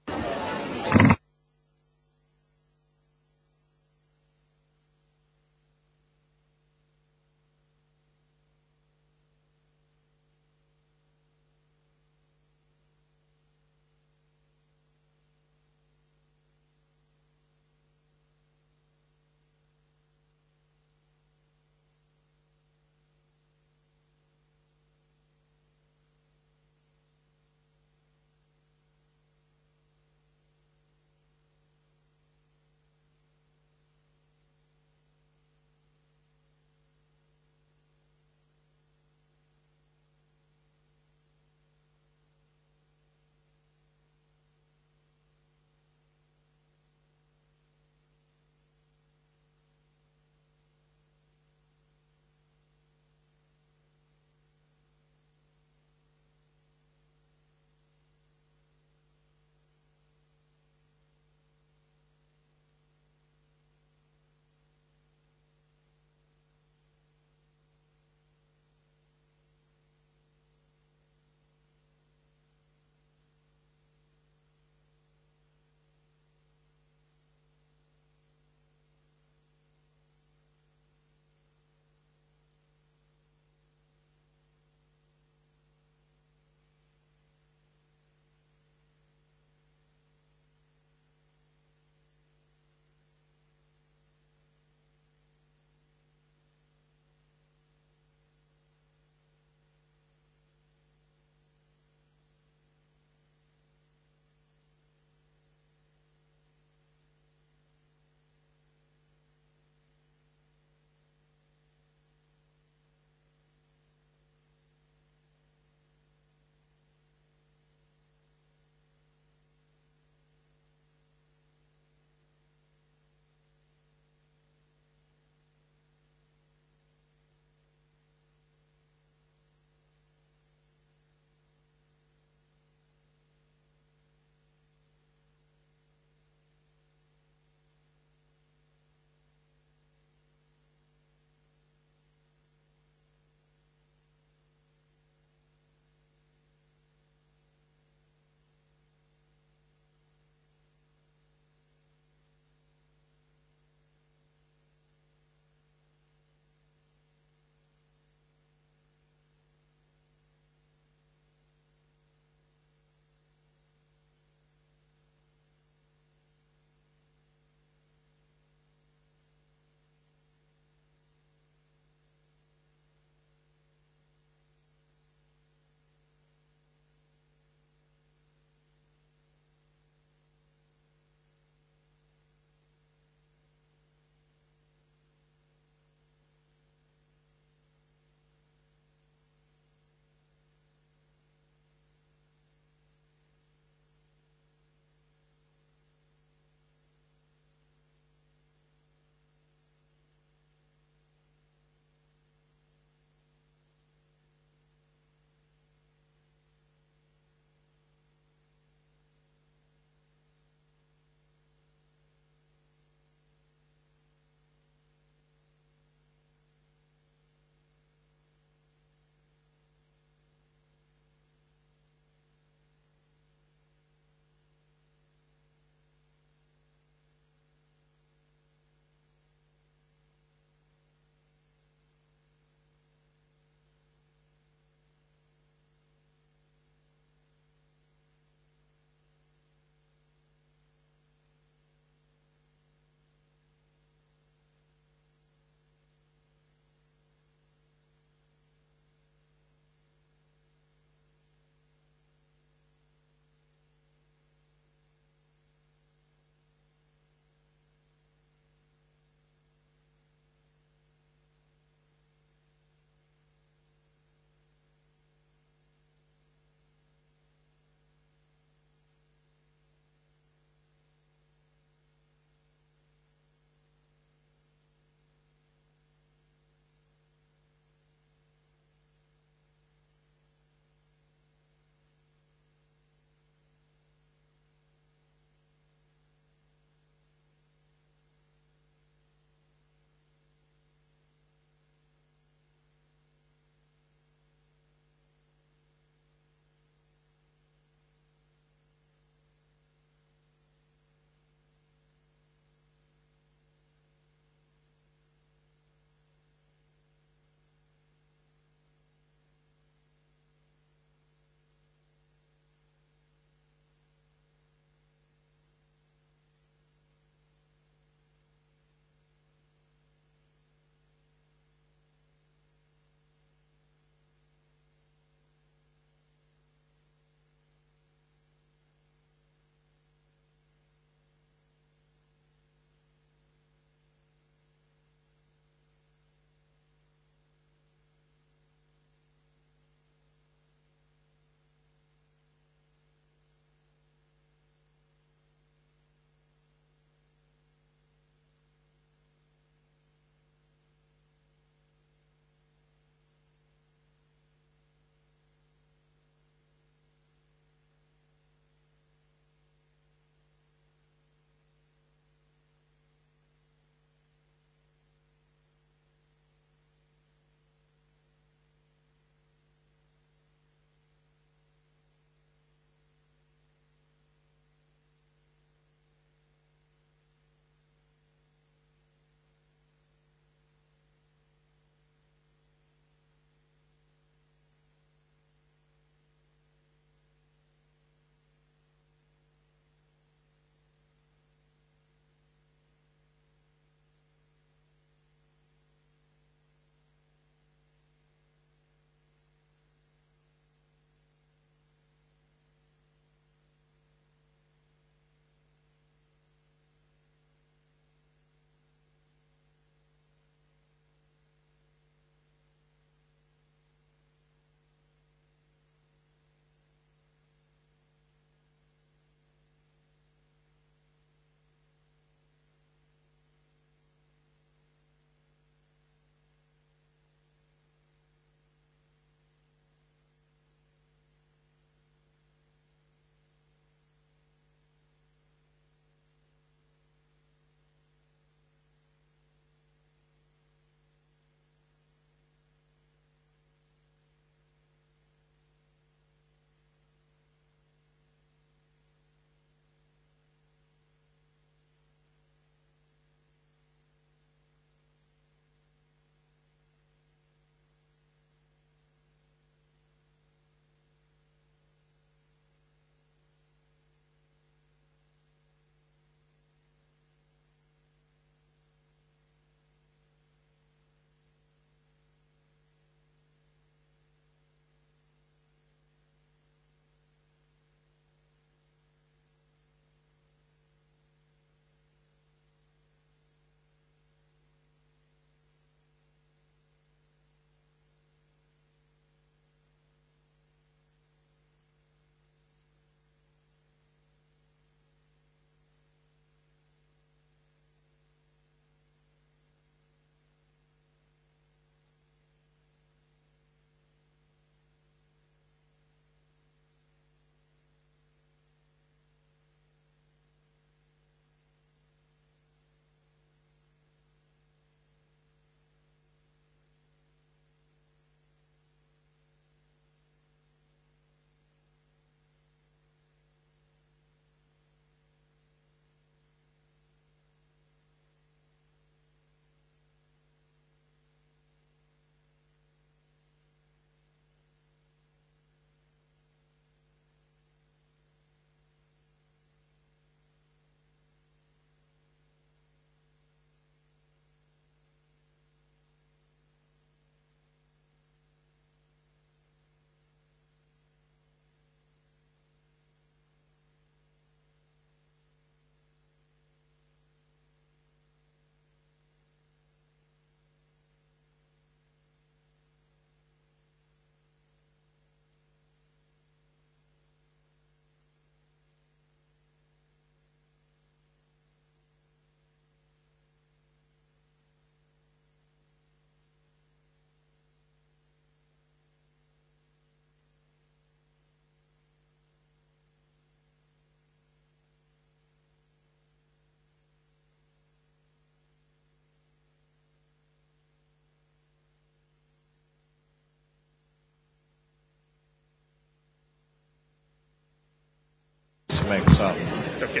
make Okay.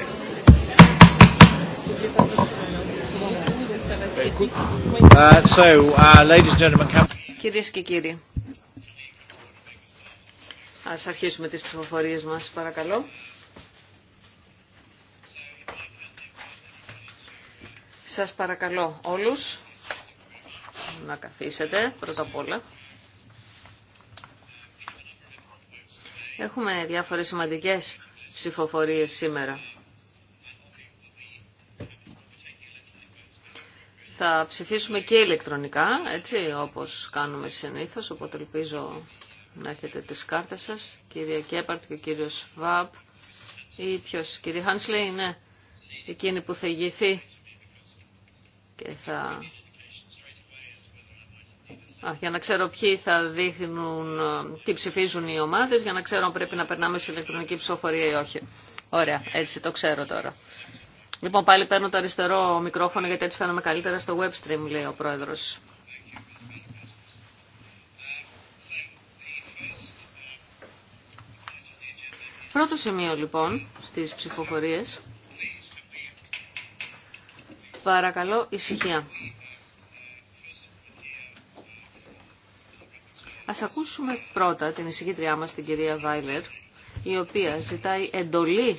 Uh, so, uh, ladies and gentlemen, Κυρίες και κύριοι, ας αρχίσουμε τις προφορίες μας, παρακαλώ. Σας παρακαλώ όλους να καθίσετε πρώτα απ' όλα. Έχουμε διάφορες σημαντικές ψηφοφορίες σήμερα. Θα ψηφίσουμε και ηλεκτρονικά, έτσι, όπως κάνουμε συνήθως, οπότε ελπίζω να έχετε τις κάρτες σας. κύριε Κέπαρτ και ο κύριος Σβάμπ ή ποιος, κύριε Χάνσλεϊ, ναι, εκείνη που θα ηγηθεί και θα για να ξέρω ποιοι θα δείχνουν ε, τι ψηφίζουν οι ομάδες, για να ξέρω αν πρέπει να περνάμε σε ηλεκτρονική ψηφοφορία ή όχι. Ωραία, έτσι το ξέρω τώρα. Λοιπόν, πάλι παίρνω το αριστερό μικρόφωνο γιατί έτσι φαίνομαι καλύτερα στο web stream, λέει ο πρόεδρος. Πρώτο σημείο λοιπόν στις ψηφοφορίες. Παρακαλώ ησυχία. Ας ακούσουμε πρώτα την εισηγήτριά μας, την κυρία Βάιλερ, η οποία ζητάει εντολή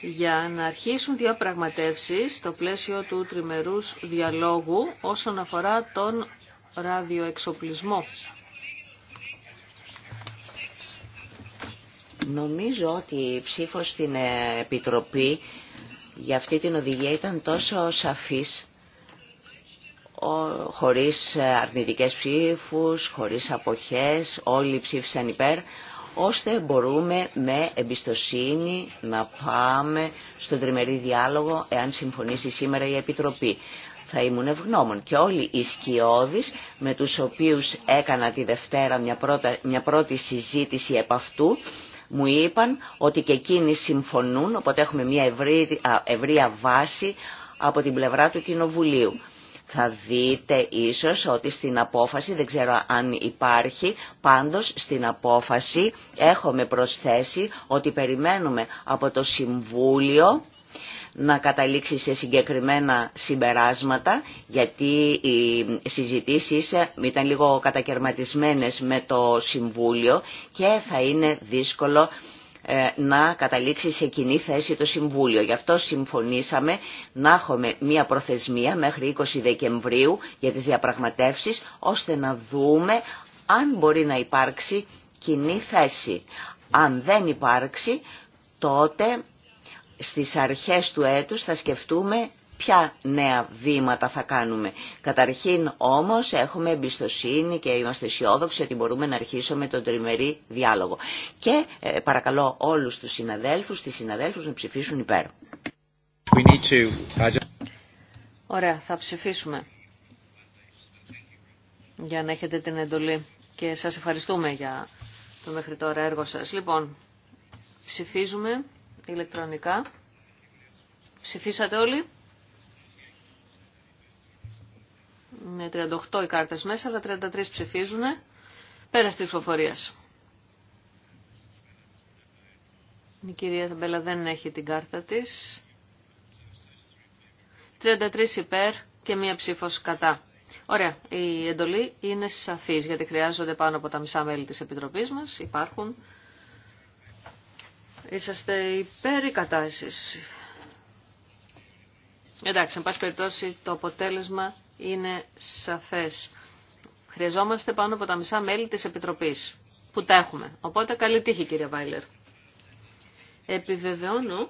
για να αρχίσουν διαπραγματεύσεις στο πλαίσιο του τριμερούς διαλόγου όσον αφορά τον ραδιοεξοπλισμό. Νομίζω ότι η ψήφος στην Επιτροπή για αυτή την οδηγία ήταν τόσο σαφής χωρίς ε, αρνητικές ψήφους, χωρίς αποχές, όλοι ψήφισαν υπέρ, ώστε μπορούμε με εμπιστοσύνη να πάμε στον τριμερή διάλογο εάν συμφωνήσει σήμερα η Επιτροπή. Θα ήμουν ευγνώμων και όλοι οι σκιώδεις με τους οποίους έκανα τη Δευτέρα μια, μια πρώτη συζήτηση επ' αυτού μου είπαν ότι και εκείνοι συμφωνούν, οπότε έχουμε μια ευρία βάση από την πλευρά του Κοινοβουλίου. Θα δείτε ίσως ότι στην απόφαση, δεν ξέρω αν υπάρχει, πάντως στην απόφαση έχουμε προσθέσει ότι περιμένουμε από το Συμβούλιο να καταλήξει σε συγκεκριμένα συμπεράσματα γιατί οι συζητήσεις ήταν λίγο κατακαιρματισμένες με το Συμβούλιο και θα είναι δύσκολο ε, να καταλήξει σε κοινή θέση το Συμβούλιο. Γι' αυτό συμφωνήσαμε να έχουμε μία προθεσμία μέχρι 20 Δεκεμβρίου για τις διαπραγματεύσεις, ώστε να δούμε αν μπορεί να υπάρξει κοινή θέση. Αν δεν υπάρξει, τότε στις αρχές του έτους θα σκεφτούμε ποια νέα βήματα θα κάνουμε. Καταρχήν όμως έχουμε εμπιστοσύνη και είμαστε αισιόδοξοι ότι μπορούμε να αρχίσουμε τον τριμερή διάλογο. Και ε, παρακαλώ όλους τους συναδέλφους, τις συναδέλφους να ψηφίσουν υπέρ. Ωραία, θα ψηφίσουμε για να έχετε την εντολή και σας ευχαριστούμε για το μέχρι τώρα έργο σας. Λοιπόν, ψηφίζουμε ηλεκτρονικά. Ψηφίσατε όλοι. Με 38 οι κάρτες μέσα, αλλά 33 ψηφίζουν. Πέρα τη ψηφοφορία. Η κυρία Ταμπέλα δεν έχει την κάρτα της. 33 υπέρ και μία ψήφος κατά. Ωραία, η εντολή είναι σαφής γιατί χρειάζονται πάνω από τα μισά μέλη της Επιτροπής μας, υπάρχουν. Είσαστε υπέρ ή κατά εσείς. Εντάξει, εν πάση περιπτώσει το αποτέλεσμα είναι σαφές. Χρειαζόμαστε πάνω από τα μισά μέλη της Επιτροπής που τα έχουμε. Οπότε καλή τύχη κύριε Βάιλερ. Επιβεβαιώνω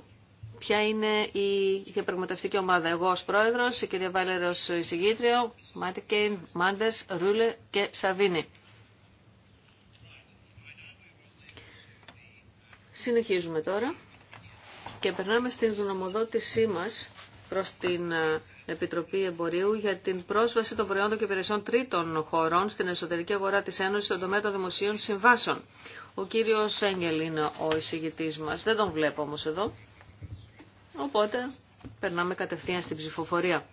ποια είναι η διαπραγματευτική ομάδα. Εγώ ως πρόεδρος, η κυρία Βάιλερ ως Μάτι Κέιν, Μάντες, Ρούλε και Σαβίνη. Συνεχίζουμε τώρα και περνάμε στην γνωμοδότησή μας προς την ε, Επιτροπή Εμπορίου για την πρόσβαση των προϊόντων και υπηρεσιών τρίτων χωρών στην εσωτερική αγορά της Ένωσης στον τομέα των δημοσίων συμβάσεων. Ο κύριος Έγγελ είναι ο εισηγητής μας. Δεν τον βλέπω όμως εδώ. Οπότε περνάμε κατευθείαν στην ψηφοφορία.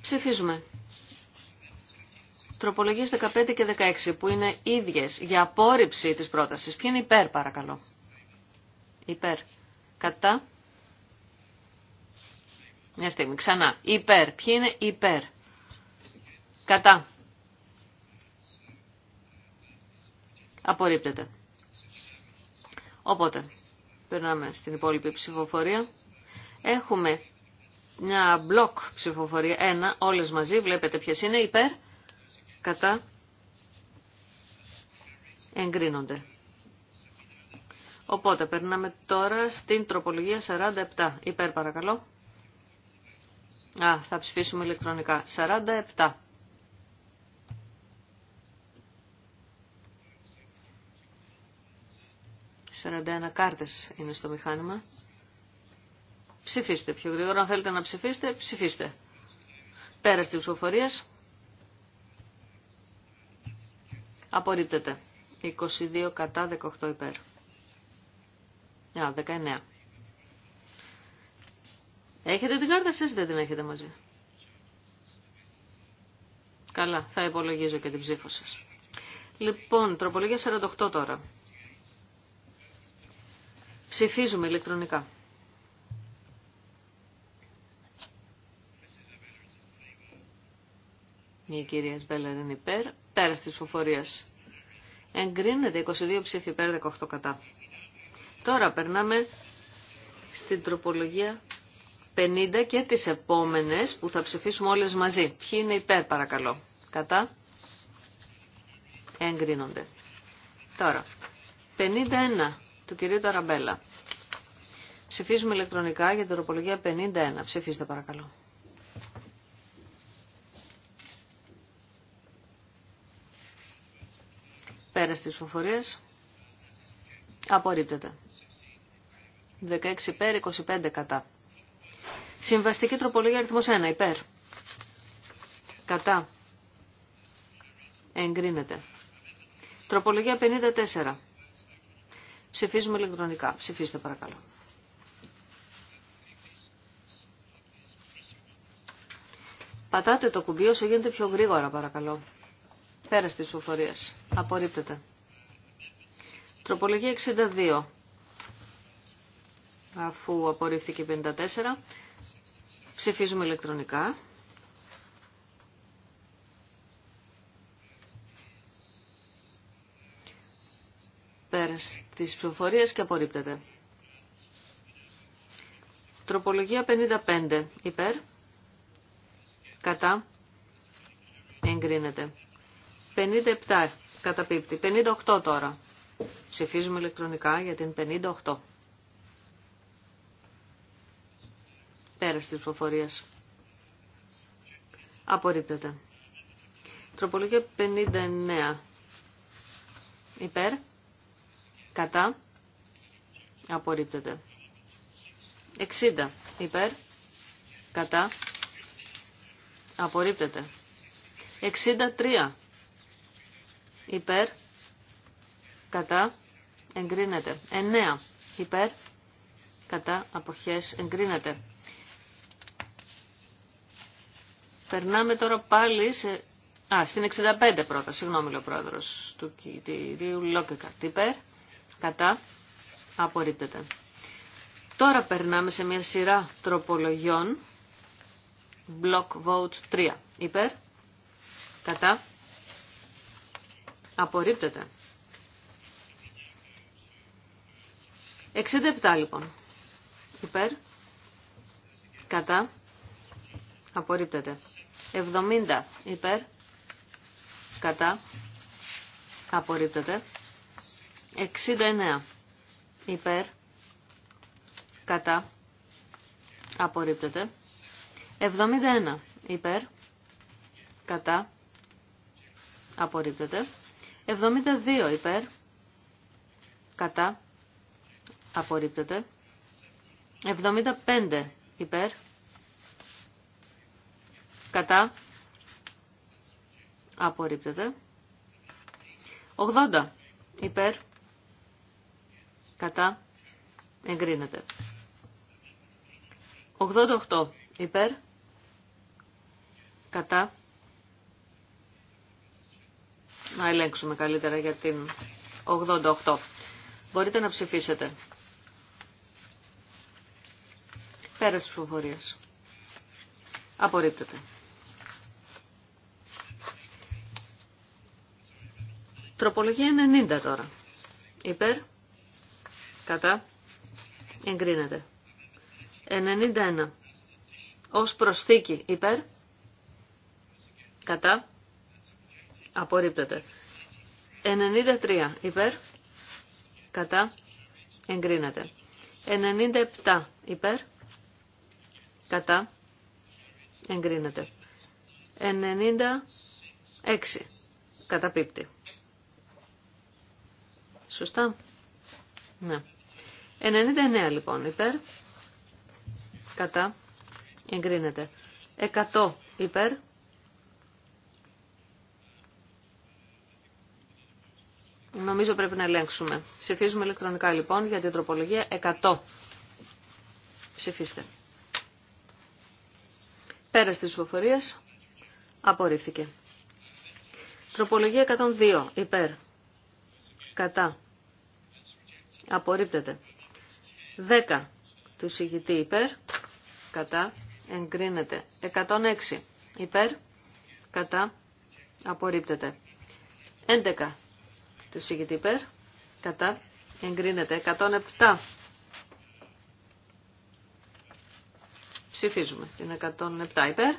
Ψηφίζουμε. Τροπολογίε 15 και 16 που είναι ίδιες για απόρριψη της πρόταση. Ποιοι είναι υπέρ παρακαλώ. Υπέρ. Κατά. Μια στιγμή. Ξανά. Υπέρ. Ποιοι είναι υπέρ. Κατά. Απορρίπτεται. Οπότε, περνάμε στην υπόλοιπη ψηφοφορία. Έχουμε μια μπλοκ ψηφοφορία, ένα, όλες μαζί, βλέπετε ποιες είναι, υπέρ, κατά εγκρίνονται. Οπότε περνάμε τώρα στην τροπολογία 47. Υπέρ παρακαλώ. Α, θα ψηφίσουμε ηλεκτρονικά. 47. 41 κάρτες είναι στο μηχάνημα. Ψηφίστε πιο γρήγορα. Αν θέλετε να ψηφίσετε, ψηφίστε. Πέρα τη ψηφοφορία. Απορρίπτεται. 22 κατά 18 υπέρ. Α, 19. Έχετε την κάρτα εσείς δεν την έχετε μαζί. Καλά, θα υπολογίζω και την ψήφο σας. Λοιπόν, τροπολογία 48 τώρα. Ψηφίζουμε ηλεκτρονικά. Η κυρία Σβέλλα είναι υπέρ. Πέρα τη ψηφοφορία. Εγκρίνεται 22 ψήφοι υπέρ 18 κατά. Τώρα περνάμε στην τροπολογία 50 και τις επόμενες που θα ψηφίσουμε όλες μαζί. Ποιοι είναι υπέρ παρακαλώ. Κατά. Εγκρίνονται. Τώρα. 51 του κυρίου Ταραμπέλα. Ψηφίζουμε ηλεκτρονικά για την τροπολογία 51. Ψηφίστε παρακαλώ. Πέρα στις φοφορίες. Απορρίπτεται. 16 υπέρ, 25 κατά. Συμβαστική τροπολογία αριθμός 1 υπέρ. Κατά. Εγκρίνεται. Τροπολογία 54. Ψηφίζουμε ηλεκτρονικά. Ψηφίστε παρακαλώ. Πατάτε το κουμπί όσο γίνεται πιο γρήγορα παρακαλώ. Πέρα τη ψηφοφορία. Απορρίπτεται. Τροπολογία 62. Αφού απορρίφθηκε 54. Ψηφίζουμε ηλεκτρονικά. Πέρας της ψηφοφορίας και απορρίπτεται. Τροπολογία 55. Υπέρ. Κατά. Εγκρίνεται. 57 καταπίπτει. 58 τώρα. Ψηφίζουμε ηλεκτρονικά για την 58. Πέρας τη ψηφοφορία. Απορρίπτεται. Τροπολογία 59. Υπέρ. Κατά. Απορρίπτεται. 60. Υπέρ. Κατά. Απορρίπτεται. 63 υπέρ, κατά, εγκρίνεται. 9 υπέρ, κατά, αποχές, εγκρίνεται. Περνάμε τώρα πάλι σε... Α, στην 65 πρώτα, συγγνώμη ο πρόεδρος του κυρίου Λόκεκα. Υπέρ, κατά, απορρίπτεται. Τώρα περνάμε σε μια σειρά τροπολογιών. Block vote 3. Υπέρ, κατά, Απορρίπτεται. 67 λοιπόν. Υπέρ. Κατά. Απορρίπτεται. 70 υπέρ. Κατά. Απορρίπτεται. 69 υπέρ. Κατά. Απορρίπτεται. 71 υπέρ. Κατά. Απορρίπτεται. 72 υπέρ. Κατά. Απορρίπτεται. 75 υπέρ. Κατά. Απορρίπτεται. 80 υπέρ. Κατά. Εγκρίνεται. 88 υπέρ. Κατά να ελέγξουμε καλύτερα για την 88. Μπορείτε να ψηφίσετε. Πέρας της προφορίες. Απορρίπτεται. Τροπολογία 90 τώρα. Υπέρ. Κατά. Εγκρίνεται. 91. Ως προσθήκη. Υπέρ. Κατά. Απορρίπτεται. 93 υπέρ. Κατά. Εγκρίνεται. 97 υπέρ. Κατά. Εγκρίνεται. 96 καταπίπτει. Σωστά. Ναι. 99 λοιπόν υπέρ. Κατά. Εγκρίνεται. 100 υπέρ. Νομίζω πρέπει να ελέγξουμε. Ψηφίζουμε ηλεκτρονικά λοιπόν για την τροπολογία 100. Ψηφίστε. Πέρα τη υποφορίες, απορρίφθηκε. Τροπολογία 102. Υπέρ. Κατά. Απορρίπτεται. 10. Του συγητή υπέρ. Κατά. Εγκρίνεται. 106. Υπέρ. Κατά. Απορρίπτεται. 11 του Σιγητήπερ. υπέρ. Κατά. Εγκρίνεται. 107. Ψηφίζουμε. Είναι 107 υπέρ.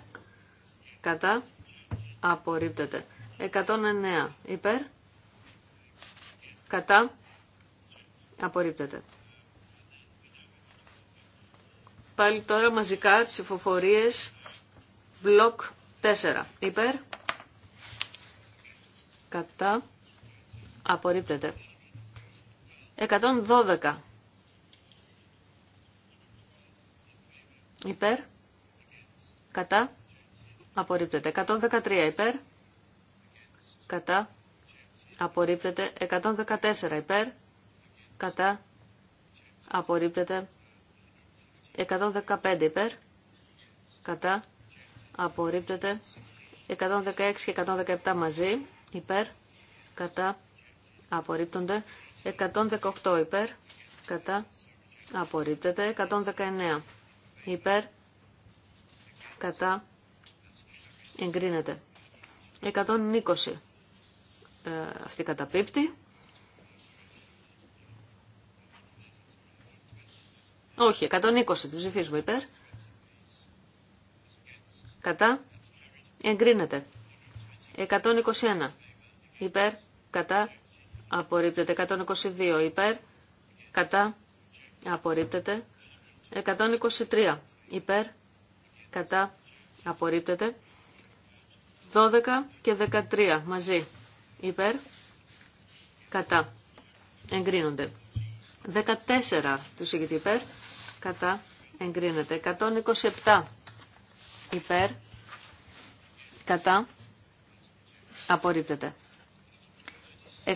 Κατά. Απορρίπτεται. 109 υπέρ. Κατά. Απορρίπτεται. Πάλι τώρα μαζικά ψηφοφορίες μπλοκ 4. Υπέρ. Κατά. Απορρίπτεται. 112. Υπέρ. Κατά. Απορρίπτεται. 113 υπέρ. Κατά. Απορρίπτεται. 114 υπέρ. Κατά. Απορρίπτεται. 115 υπέρ. Κατά. Απορρίπτεται. 116 και 117 μαζί. Υπέρ. Κατά απορρίπτονται 118 υπέρ, κατά, απορρίπτεται 119 υπέρ, κατά, εγκρίνεται 120 ε, αυτή καταπίπτει. Όχι, 120 την ψηφίζουμε υπέρ. Κατά. Εγκρίνεται. 121. Υπέρ. Κατά απορρίπτεται. 122 υπέρ, κατά, απορρίπτεται. 123 υπέρ, κατά, απορρίπτεται. 12 και 13 μαζί υπέρ, κατά, εγκρίνονται. 14 του συγκεκριτή υπέρ, κατά, εγκρίνεται. 127 υπέρ, κατά, απορρίπτεται. 136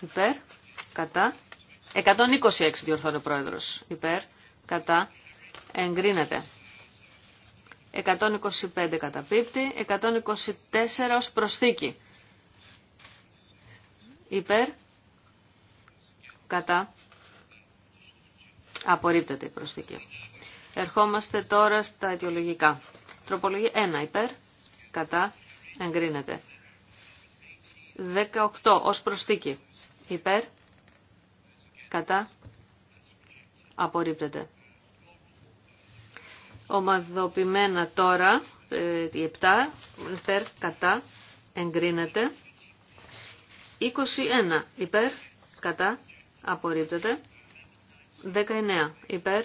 υπέρ, κατά, 126 διορθώνει ο πρόεδρος υπέρ, κατά, εγκρίνεται. 125 καταπίπτει, 124 ως προσθήκη. Υπέρ, κατά, απορρίπτεται η προσθήκη. Ερχόμαστε τώρα στα αιτιολογικά. Τροπολογία 1 υπέρ, κατά, εγκρίνεται. 18 ως προσθήκη, Υπέρ. Κατά. Απορρίπτεται. Ομαδοποιημένα τώρα, ε, η 7, υπέρ, κατά, εγκρίνεται. 21, υπέρ, κατά, απορρίπτεται. 19, υπέρ,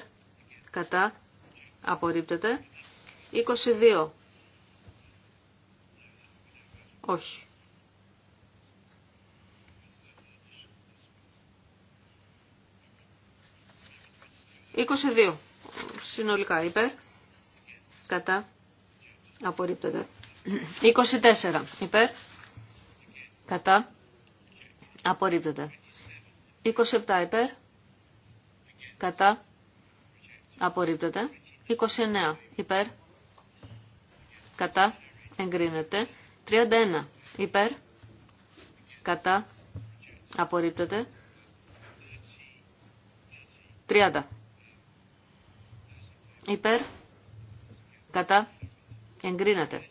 κατά, απορρίπτεται. 22, όχι. 22 συνολικά υπέρ, κατά, απορρίπτεται. 24 υπέρ, κατά, απορρίπτεται. 27 υπέρ, κατά, απορρίπτεται. 29 υπέρ, κατά, εγκρίνεται. 31 υπέρ, κατά, απορρίπτεται. 30 υπέρ, κατά, εγκρίνεται.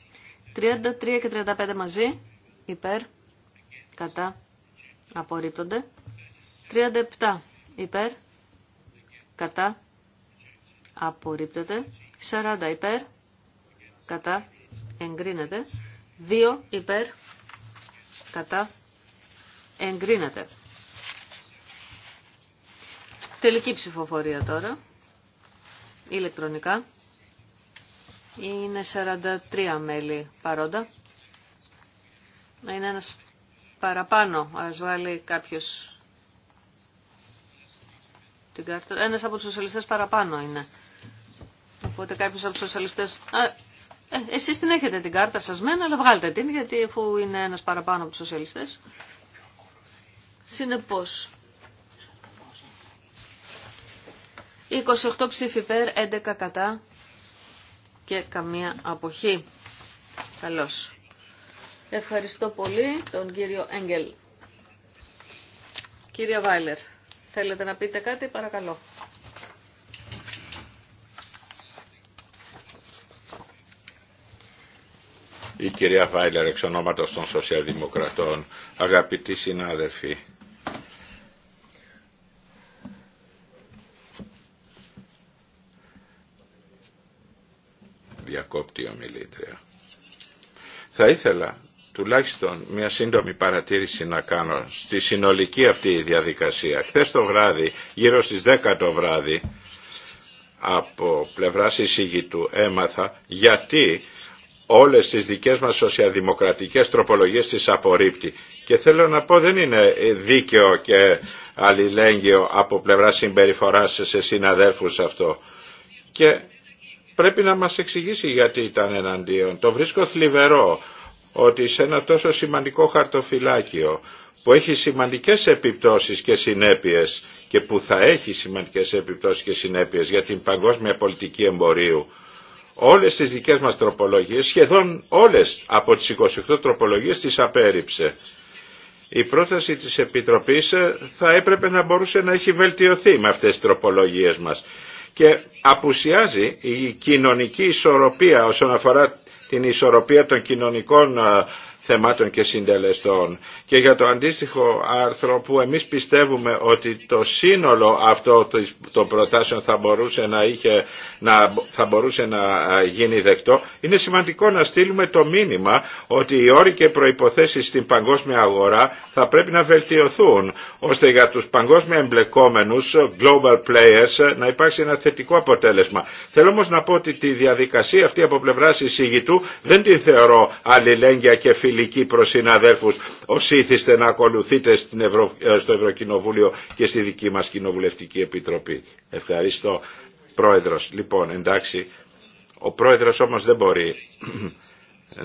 33 και 35 μαζί, υπέρ, κατά, απορρίπτονται. 37 υπέρ, κατά, απορρίπτονται. 40 υπέρ, κατά, εγκρίνεται. 2 υπέρ, κατά, εγκρίνεται. Τελική ψηφοφορία τώρα ηλεκτρονικά. Είναι 43 μέλη παρόντα. Είναι ένας παραπάνω. Ας βάλει κάποιος την κάρτα. Ένας από τους σοσιαλιστές παραπάνω είναι. Οπότε κάποιος από τους σοσιαλιστές... Α, ε, εσείς την έχετε την κάρτα σας μένα, αλλά βγάλτε την, γιατί αφού είναι ένας παραπάνω από τους σοσιαλιστές. Συνεπώς, 28 ψήφοι περ, 11 κατά και καμία αποχή. Καλώς. Ευχαριστώ πολύ τον κύριο Έγγελ. Κύριε Βάιλερ, θέλετε να πείτε κάτι, παρακαλώ. Η κυρία Βάιλερ εξ ονόματος των Σοσιαλδημοκρατών, αγαπητοί συνάδελφοι, διακόπτει η ομιλήτρια. Θα ήθελα τουλάχιστον μια σύντομη παρατήρηση να κάνω στη συνολική αυτή διαδικασία. Χθες το βράδυ, γύρω στις 10 το βράδυ, από πλευρά του έμαθα γιατί όλες τις δικές μας σοσιαδημοκρατικές τροπολογίες τις απορρίπτει. Και θέλω να πω δεν είναι δίκαιο και αλληλέγγυο από πλευρά συμπεριφοράς σε συναδέλφους αυτό. Και πρέπει να μας εξηγήσει γιατί ήταν εναντίον. Το βρίσκω θλιβερό ότι σε ένα τόσο σημαντικό χαρτοφυλάκιο που έχει σημαντικές επιπτώσεις και συνέπειες και που θα έχει σημαντικές επιπτώσεις και συνέπειες για την παγκόσμια πολιτική εμπορίου όλες τις δικές μας τροπολογίες, σχεδόν όλες από τις 28 τροπολογίες τις απέρριψε. Η πρόταση της Επιτροπής θα έπρεπε να μπορούσε να έχει βελτιωθεί με αυτές τις τροπολογίες μας και απουσιάζει η κοινωνική ισορροπία όσον αφορά την ισορροπία των κοινωνικών ε, θεμάτων και συντελεστών. Και για το αντίστοιχο άρθρο που εμείς πιστεύουμε ότι το σύνολο αυτό των προτάσεων θα μπορούσε να, είχε, να, θα μπορούσε να ε, γίνει δεκτό, είναι σημαντικό να στείλουμε το μήνυμα ότι οι όροι και προϋποθέσεις στην παγκόσμια αγορά θα πρέπει να βελτιωθούν ώστε για τους παγκόσμια εμπλεκόμενους global players να υπάρξει ένα θετικό αποτέλεσμα. Θέλω όμως να πω ότι τη διαδικασία αυτή από πλευρά εισηγητού δεν την θεωρώ αλληλέγγυα και φιλική προς συναδέλφους ως ήθιστε να ακολουθείτε ε, στο Ευρωκοινοβούλιο και στη δική μας Κοινοβουλευτική Επιτροπή. Ευχαριστώ. Πρόεδρος, λοιπόν, εντάξει, ο πρόεδρος όμως δεν μπορεί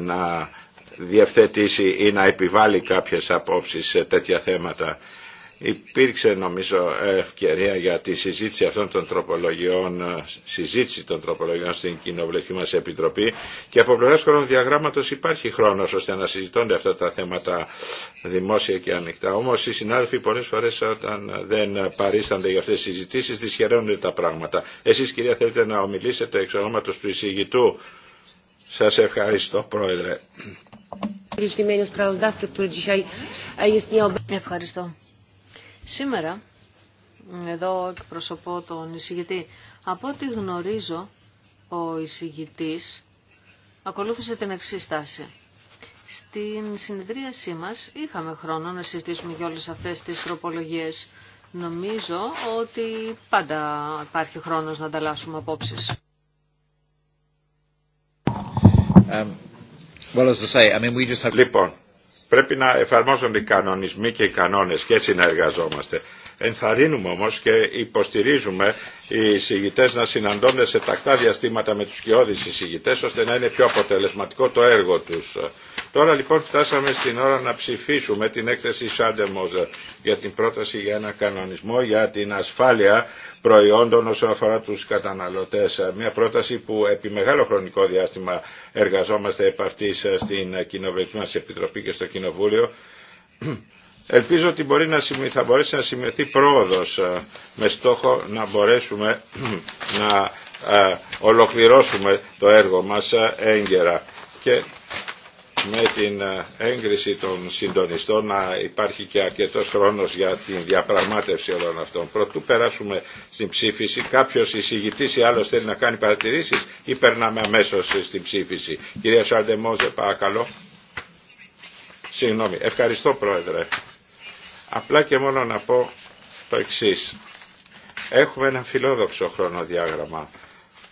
να διευθετήσει ή να επιβάλλει κάποιες απόψεις σε τέτοια θέματα. Υπήρξε νομίζω ευκαιρία για τη συζήτηση αυτών των τροπολογιών, συζήτηση των τροπολογιών στην Κοινοβουλευτική μας Επιτροπή και από πλευράς χρονοδιαγράμματος υπάρχει χρόνος ώστε να συζητώνται αυτά τα θέματα δημόσια και ανοιχτά. Όμως οι συνάδελφοι πολλές φορές όταν δεν παρίστανται για αυτές τις συζητήσεις Δυσχεραίνουν τα πράγματα. Εσείς κυρία θέλετε να ομιλήσετε εξ ονόματος του εισηγητού. Σας ευχαριστώ πρόεδρε. Ευχαριστώ. Σήμερα, εδώ εκπροσωπώ τον εισηγητή. Από ό,τι γνωρίζω, ο εισηγητή ακολούθησε την εξή στάση. Στην συνεδρίασή μα είχαμε χρόνο να συζητήσουμε για όλε αυτέ τι τροπολογίε. Νομίζω ότι πάντα υπάρχει χρόνος να ανταλλάσσουμε απόψεις. Λοιπόν, πρέπει να εφαρμόζονται οι κανονισμοί και οι κανόνες και έτσι να εργαζόμαστε. Ενθαρρύνουμε όμως και υποστηρίζουμε οι συγητές να συναντώνται σε τακτά διαστήματα με τους κοιόδης συγητές ώστε να είναι πιο αποτελεσματικό το έργο τους. Τώρα λοιπόν φτάσαμε στην ώρα να ψηφίσουμε την έκθεση Σάντεμος για την πρόταση για ένα κανονισμό για την ασφάλεια προϊόντων όσον αφορά τους καταναλωτές. Μια πρόταση που επί μεγάλο χρονικό διάστημα εργαζόμαστε επ' αυτής στην Κοινοβουλευτική μας Επιτροπή και στο Κοινοβούλιο Ελπίζω ότι μπορεί να θα μπορέσει να σημειωθεί πρόοδος ε, με στόχο να μπορέσουμε να ε, ολοκληρώσουμε το έργο μας ε, έγκαιρα και με την έγκριση των συντονιστών να υπάρχει και αρκετός χρόνος για την διαπραγμάτευση όλων αυτών. Προτού περάσουμε στην ψήφιση, κάποιος εισηγητής ή άλλος θέλει να κάνει παρατηρήσεις ή περνάμε αμέσως στην ψήφιση. Κυρία Σαντεμόζε παρακαλώ. Συγγνώμη. Ευχαριστώ, Πρόεδρε. Απλά και μόνο να πω το εξής. Έχουμε ένα φιλόδοξο χρονοδιάγραμμα.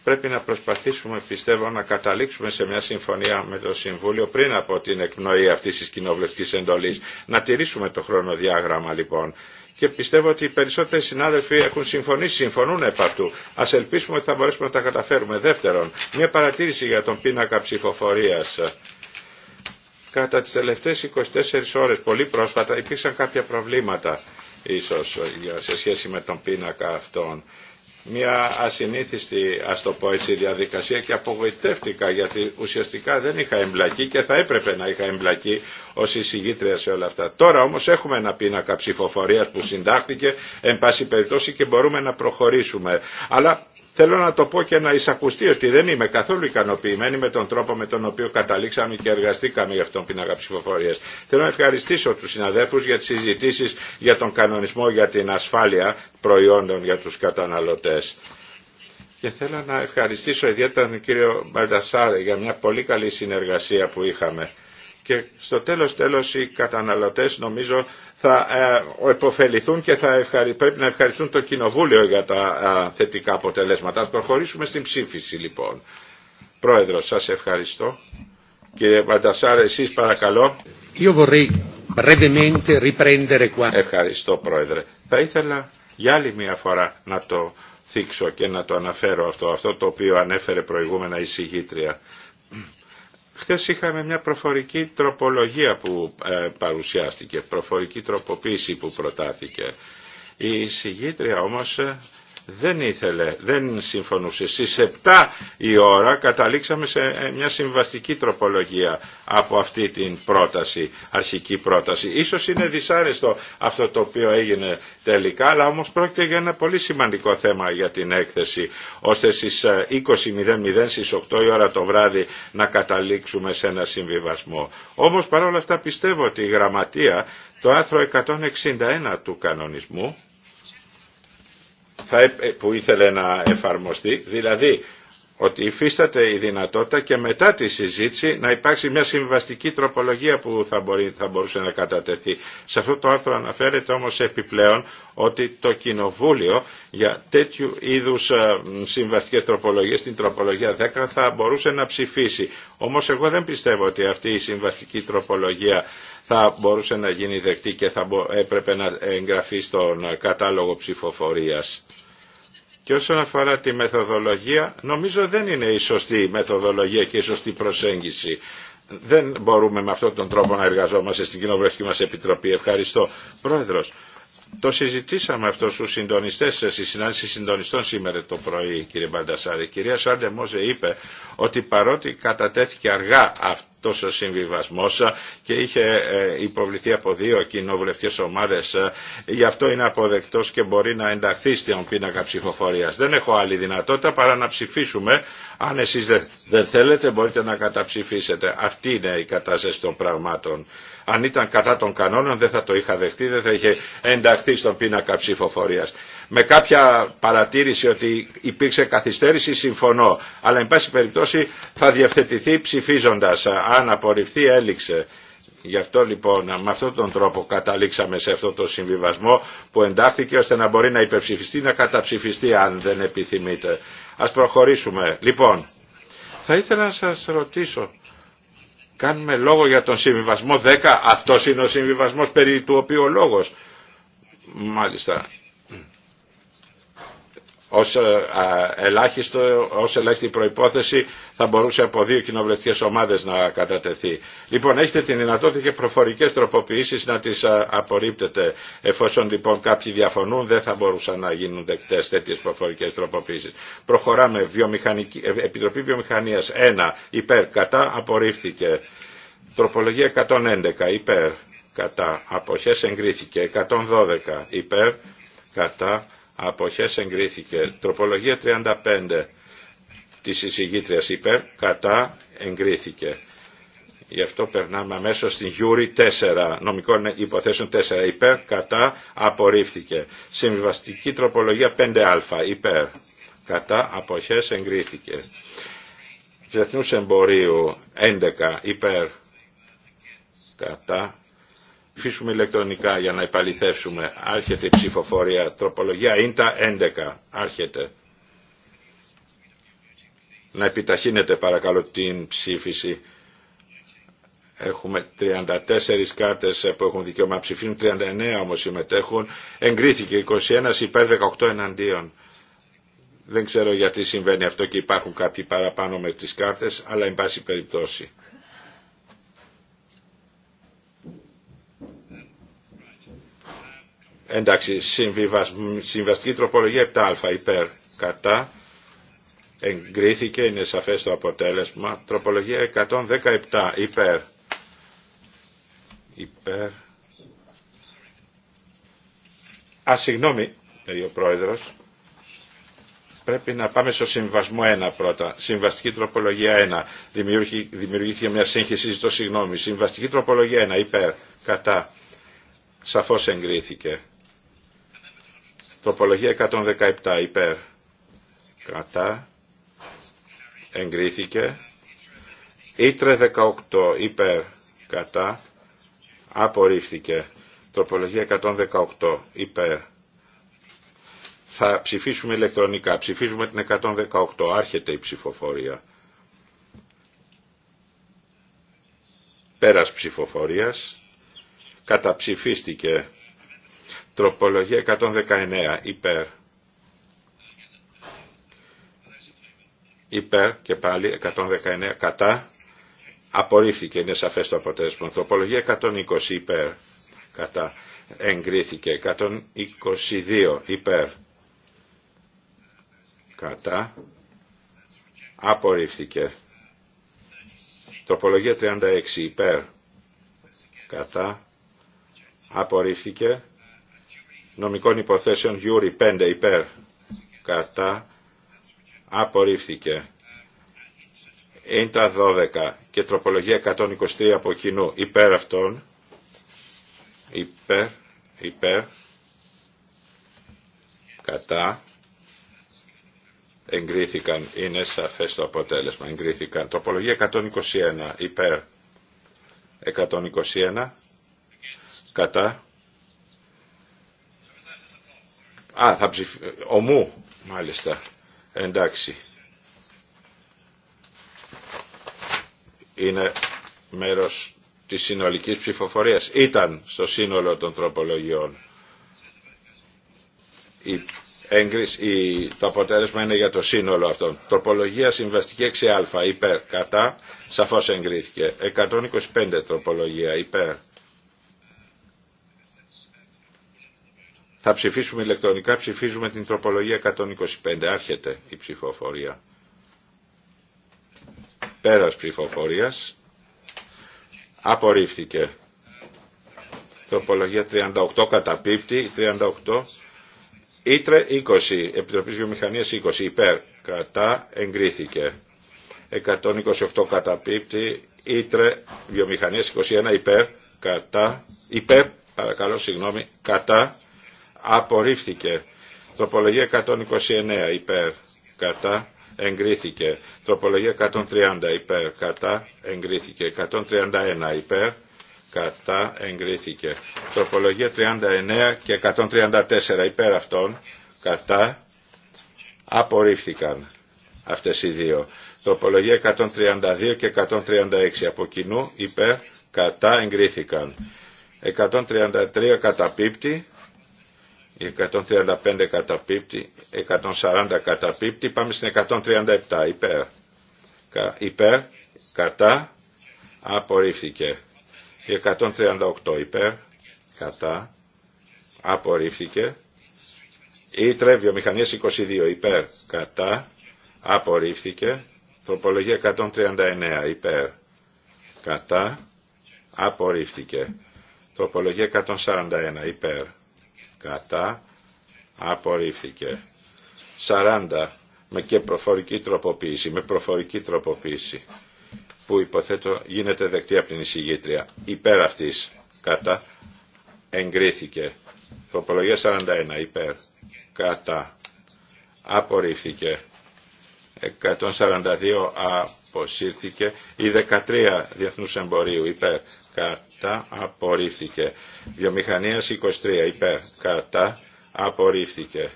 Πρέπει να προσπαθήσουμε, πιστεύω, να καταλήξουμε σε μια συμφωνία με το Συμβούλιο πριν από την εκπνοή αυτής της κοινοβουλευτικής εντολής. Να τηρήσουμε το χρονοδιάγραμμα, λοιπόν και πιστεύω ότι οι περισσότεροι συνάδελφοι έχουν συμφωνήσει, συμφωνούν επ' αυτού. Α ελπίσουμε ότι θα μπορέσουμε να τα καταφέρουμε. Δεύτερον, μια παρατήρηση για τον πίνακα ψηφοφορία. Κατά τις τελευταίες 24 ώρες, πολύ πρόσφατα, υπήρξαν κάποια προβλήματα ίσως σε σχέση με τον πίνακα αυτόν. Μια ασυνήθιστη, ας το πω έτσι, διαδικασία και απογοητεύτηκα γιατί ουσιαστικά δεν είχα εμπλακεί και θα έπρεπε να είχα εμπλακεί ως εισηγήτρια σε όλα αυτά. Τώρα όμως έχουμε ένα πίνακα ψηφοφορίας που συντάχθηκε, εν πάση περιπτώσει και μπορούμε να προχωρήσουμε. Αλλά Θέλω να το πω και να εισακουστεί ότι δεν είμαι καθόλου ικανοποιημένη με τον τρόπο με τον οποίο καταλήξαμε και εργαστήκαμε για αυτόν την πίνακα ψηφοφορία. Θέλω να ευχαριστήσω του συναδέλφου για τι συζητήσει για τον κανονισμό για την ασφάλεια προϊόντων για του καταναλωτέ. Και θέλω να ευχαριστήσω ιδιαίτερα τον κύριο Μπαλτασάρε για μια πολύ καλή συνεργασία που είχαμε. Και στο τέλος τέλος οι καταναλωτές νομίζω θα ε, επωφεληθούν και θα πρέπει να ευχαριστούν το Κοινοβούλιο για τα ε, θετικά αποτελέσματα. Ας προχωρήσουμε στην ψήφιση λοιπόν. Πρόεδρο, σας ευχαριστώ. Κύριε Παντασάρ, εσείς παρακαλώ. Ευχαριστώ Πρόεδρε. Θα ήθελα για άλλη μια φορά να το θίξω και να το αναφέρω αυτό, αυτό το οποίο ανέφερε προηγούμενα η συγγήτρια. Χθε είχαμε μια προφορική τροπολογία που ε, παρουσιάστηκε, προφορική τροποποίηση που προτάθηκε. Η συγγήτρια όμως ε, δεν ήθελε, δεν συμφωνούσε. Στις 7 η ώρα καταλήξαμε σε ε, μια συμβαστική τροπολογία από αυτή την πρόταση, αρχική πρόταση. Ίσως είναι δυσάρεστο αυτό το οποίο έγινε τελικά, αλλά όμως πρόκειται για ένα πολύ σημαντικό θέμα για την έκθεση, ώστε στις 20.00 ε, στις 8 η ώρα το βράδυ να καταλήξουμε σε ένα συμβιβασμό. Όμως παρόλα αυτά πιστεύω ότι η γραμματεία, το άρθρο 161 του κανονισμού, ε, που ήθελε να εφαρμοστεί, δηλαδή ότι υφίσταται η δυνατότητα και μετά τη συζήτηση να υπάρξει μια συμβαστική τροπολογία που θα, μπορεί, μπορούσε να κατατεθεί. Σε αυτό το άρθρο αναφέρεται όμως επιπλέον ότι το Κοινοβούλιο για τέτοιου είδους ε, συμβαστικές τροπολογίες, την τροπολογία 10, θα μπορούσε να ψηφίσει. Όμως εγώ δεν πιστεύω ότι αυτή η συμβαστική τροπολογία θα μπορούσε να γίνει δεκτή και θα έπρεπε να εγγραφεί στον κατάλογο ψηφοφορίας. Και όσον αφορά τη μεθοδολογία, νομίζω δεν είναι η σωστή μεθοδολογία και η σωστή προσέγγιση. Δεν μπορούμε με αυτόν τον τρόπο να εργαζόμαστε στην Κοινοβουλευτική μας Επιτροπή. Ευχαριστώ. Πρόεδρος, το συζητήσαμε αυτό στους συντονιστές ε, στη συνάντηση συντονιστών σήμερα το πρωί, κύριε Μπαντασάρη. Η κυρία Σάντε Μόζε είπε ότι παρότι κατατέθηκε αργά αυτό, αυτός ο συμβιβασμός και είχε ε, υποβληθεί από δύο κοινοβουλευτικέ ομάδες. Γι' αυτό είναι αποδεκτός και μπορεί να ενταχθεί στον πίνακα ψηφοφορίας. Δεν έχω άλλη δυνατότητα παρά να ψηφίσουμε. Αν εσείς δεν θέλετε μπορείτε να καταψηφίσετε. Αυτή είναι η κατάσταση των πραγμάτων. Αν ήταν κατά των κανόνων δεν θα το είχα δεχτεί, δεν θα είχε ενταχθεί στον πίνακα ψηφοφορίας με κάποια παρατήρηση ότι υπήρξε καθυστέρηση συμφωνώ. Αλλά εν πάση περιπτώσει θα διευθετηθεί ψηφίζοντας. Αν απορριφθεί έληξε. Γι' αυτό λοιπόν με αυτόν τον τρόπο καταλήξαμε σε αυτό το συμβιβασμό που εντάχθηκε ώστε να μπορεί να υπερψηφιστεί, να καταψηφιστεί αν δεν επιθυμείτε. Ας προχωρήσουμε. Λοιπόν, θα ήθελα να σας ρωτήσω, κάνουμε λόγο για τον συμβιβασμό 10, αυτός είναι ο συμβιβασμός περί του οποίου ο λόγος. Μάλιστα, ως, ε, ελάχιστο, ως ελάχιστη προϋπόθεση θα μπορούσε από δύο κοινοβουλευτικές ομάδες να κατατεθεί. Λοιπόν, έχετε τη δυνατότητα και προφορικές τροποποιήσεις να τις απορρίπτετε. Εφόσον λοιπόν κάποιοι διαφωνούν, δεν θα μπορούσαν να γίνουν δεκτές τέτοιες προφορικές τροποποιήσεις. Προχωράμε. Βιομηχανική, ε, Επιτροπή Βιομηχανίας 1. Υπέρ. Κατά. Απορρίφθηκε. Τροπολογία 111. Υπέρ. Κατά. Αποχές εγκρίθηκε. 112. Υπέρ. Κατά αποχές εγκρίθηκε. Τροπολογία 35 της εισηγήτριας υπέρ, κατά εγκρίθηκε. Γι' αυτό περνάμε αμέσως στην γιούρη 4, νομικών υποθέσεων 4, υπέρ, κατά, απορρίφθηκε. Συμβιβαστική τροπολογία 5α, υπέρ, κατά, αποχές, εγκρίθηκε. Διεθνούς εμπορίου 11, υπέρ, κατά, Φύσουμε ηλεκτρονικά για να επαληθεύσουμε. Άρχεται η ψηφοφορία. Τροπολογία Είναι τα 11. Άρχεται. Να επιταχύνετε παρακαλώ την ψήφιση. Έχουμε 34 κάρτες που έχουν δικαίωμα ψηφίσουν, 39 όμως συμμετέχουν. Εγκρίθηκε 21 υπέρ 18 εναντίον. Δεν ξέρω γιατί συμβαίνει αυτό και υπάρχουν κάποιοι παραπάνω με τις κάρτες, αλλά εν πάση περιπτώσει. εντάξει, συμβαστική τροπολογία 7α υπέρ κατά, εγκρίθηκε, είναι σαφές το αποτέλεσμα. Τροπολογία 117 υπέρ, υπέρ. Α, συγγνώμη, λέει ο πρόεδρος. Πρέπει να πάμε στο συμβασμό 1 πρώτα. Συμβαστική τροπολογία 1. Δημιουργήθηκε μια σύγχυση, ζητώ συγγνώμη. Συμβαστική τροπολογία 1, υπέρ, κατά. Σαφώς εγκρίθηκε. Τροπολογία 117 υπέρ. Κατά. Εγκρίθηκε. Ήτρε 18 υπέρ. Κατά. Απορρίφθηκε. Τροπολογία 118 υπέρ. Θα ψηφίσουμε ηλεκτρονικά. Ψηφίζουμε την 118. Άρχεται η ψηφοφορία. Πέρας ψηφοφορίας καταψηφίστηκε Τροπολογία 119 υπέρ. Υπέρ και πάλι 119 κατά. Απορρίφθηκε, είναι σαφές το αποτέλεσμα. Τροπολογία 120 υπέρ. Κατά. Εγκρίθηκε. 122 υπέρ. Κατά. Απορρίφθηκε. Τροπολογία 36 υπέρ. Κατά. Απορρίφθηκε νομικών υποθέσεων Γιούρι 5 υπέρ κατά απορρίφθηκε. Είναι τα 12 και τροπολογία 123 από κοινού υπέρ αυτών υπέρ υπέρ κατά εγκρίθηκαν, είναι σαφές το αποτέλεσμα, εγκρίθηκαν. Τροπολογία 121 υπέρ 121 κατά Α, θα Ο ΜΟΥ μάλιστα. Εντάξει. Είναι μέρος της συνολικής ψηφοφορίας. Ήταν στο σύνολο των τροπολογιών. Η έγκριση, η... το αποτέλεσμα είναι για το σύνολο αυτών. Τροπολογία συμβαστική 6α υπέρ κατά. Σαφώς εγκρίθηκε. 125 τροπολογία υπέρ Θα ψηφίσουμε ηλεκτρονικά, ψηφίζουμε την τροπολογία 125. Άρχεται η ψηφοφορία. Πέρας ψηφοφορίας. Απορρίφθηκε. Τροπολογία 38 καταπίπτει. 38. Ήτρε 20. Επιτροπή Βιομηχανίας 20. Υπέρ. Κατά. Εγκρίθηκε. 128 καταπίπτει. Ήτρε Βιομηχανίας 21. Υπέρ. Κατά. Υπέρ. Παρακαλώ, συγγνώμη. Κατά απορρίφθηκε. Τροπολογία 129 υπέρ κατά εγκρίθηκε. Τροπολογία 130 υπέρ κατά εγκρίθηκε. 131 υπέρ κατά εγκρίθηκε. Τροπολογία 39 και 134 υπέρ αυτών κατά απορρίφθηκαν αυτές οι δύο. Τροπολογία 132 και 136 από κοινού υπέρ κατά εγκρίθηκαν. 133 καταπίπτει 135 καταπίπτει, 140 καταπίπτει, πάμε στην 137 υπέρ. Κα, υπέρ, κατά, απορρίφθηκε. 138 υπέρ, κατά, απορρίφθηκε. Η τρέβιο 22 υπέρ, κατά, απορρίφθηκε. Τροπολογία 139 υπέρ, κατά, απορρίφθηκε. Τροπολογία 141 υπέρ, κατά, απορρίφθηκε. 40 με και προφορική τροποποίηση, με προφορική τροποποίηση που υποθέτω γίνεται δεκτή από την εισηγήτρια. Υπέρ αυτής κατά εγκρίθηκε. Τροπολογία 41 υπέρ κατά απορρίφθηκε. 142 αποσύρθηκε. Η 13 διεθνούς εμπορίου υπέρ κατά απορρίφθηκε. Βιομηχανίας 23 υπέρ κατά απορρίφθηκε.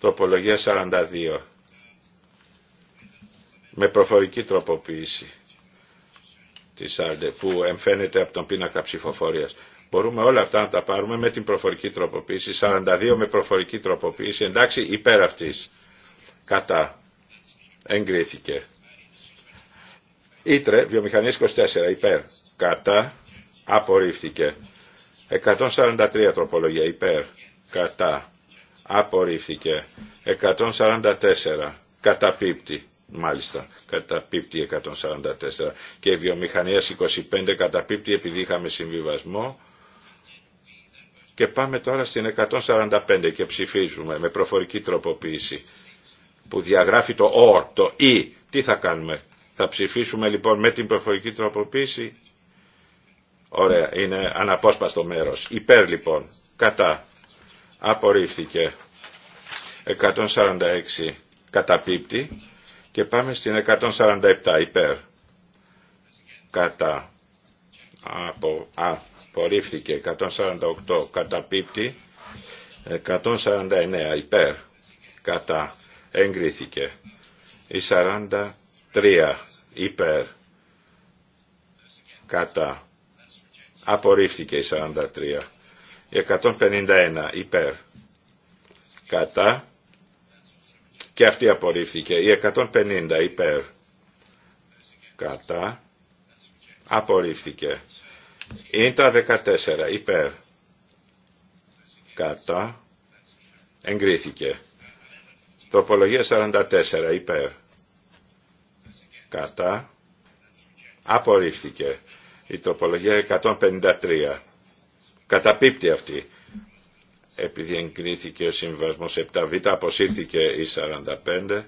Τροπολογία 42 με προφορική τροποποίηση της ΑΡΔΕ που εμφαίνεται από τον πίνακα ψηφοφορίας. Μπορούμε όλα αυτά να τα πάρουμε με την προφορική τροποποίηση. 42 με προφορική τροποποίηση. Εντάξει, υπέρ αυτής. Κατά εγκρίθηκε. Ήτρε, βιομηχανίες 24, υπέρ, κατά, απορρίφθηκε. 143 τροπολογία, υπέρ, κατά, απορρίφθηκε. 144, καταπίπτει, μάλιστα, καταπίπτει 144. Και βιομηχανίας 25 καταπίπτει επειδή είχαμε συμβιβασμό. Και πάμε τώρα στην 145 και ψηφίζουμε με προφορική τροποποίηση που διαγράφει το or, το e. Τι θα κάνουμε. Θα ψηφίσουμε λοιπόν με την προφορική τροποποίηση. Ωραία, είναι αναπόσπαστο μέρος. Υπέρ λοιπόν, κατά, απορρίφθηκε. 146 καταπίπτει και πάμε στην 147 υπέρ. Κατά, απο, α, απορρίφθηκε. 148 καταπίπτει. 149 υπέρ, κατά, εγκρίθηκε. Η 43 υπέρ κατά απορρίφθηκε η 43. Η 151 υπέρ κατά και αυτή απορρίφθηκε. Η 150 υπέρ κατά απορρίφθηκε. Είναι τα 14 υπέρ κατά εγκρίθηκε. Τροπολογία 44 υπέρ. Κατά. Απορρίφθηκε. Η τροπολογία 153. Καταπίπτει αυτή. Επειδή εγκρίθηκε ο συμβασμός 7β, αποσύρθηκε η 45.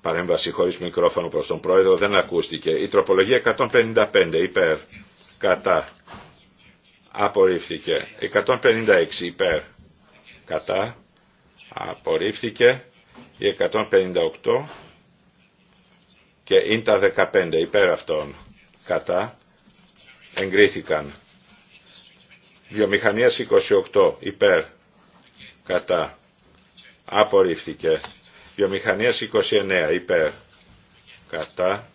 Παρέμβαση χωρίς μικρόφωνο προς τον πρόεδρο δεν ακούστηκε. Η τροπολογία 155 υπέρ κατά απορρίφθηκε 156 υπέρ κατά απορρίφθηκε 158 και είναι τα 15 υπέρ αυτών κατά εγκρίθηκαν βιομηχανίας 28 υπέρ κατά απορρίφθηκε βιομηχανίας 29 υπέρ κατά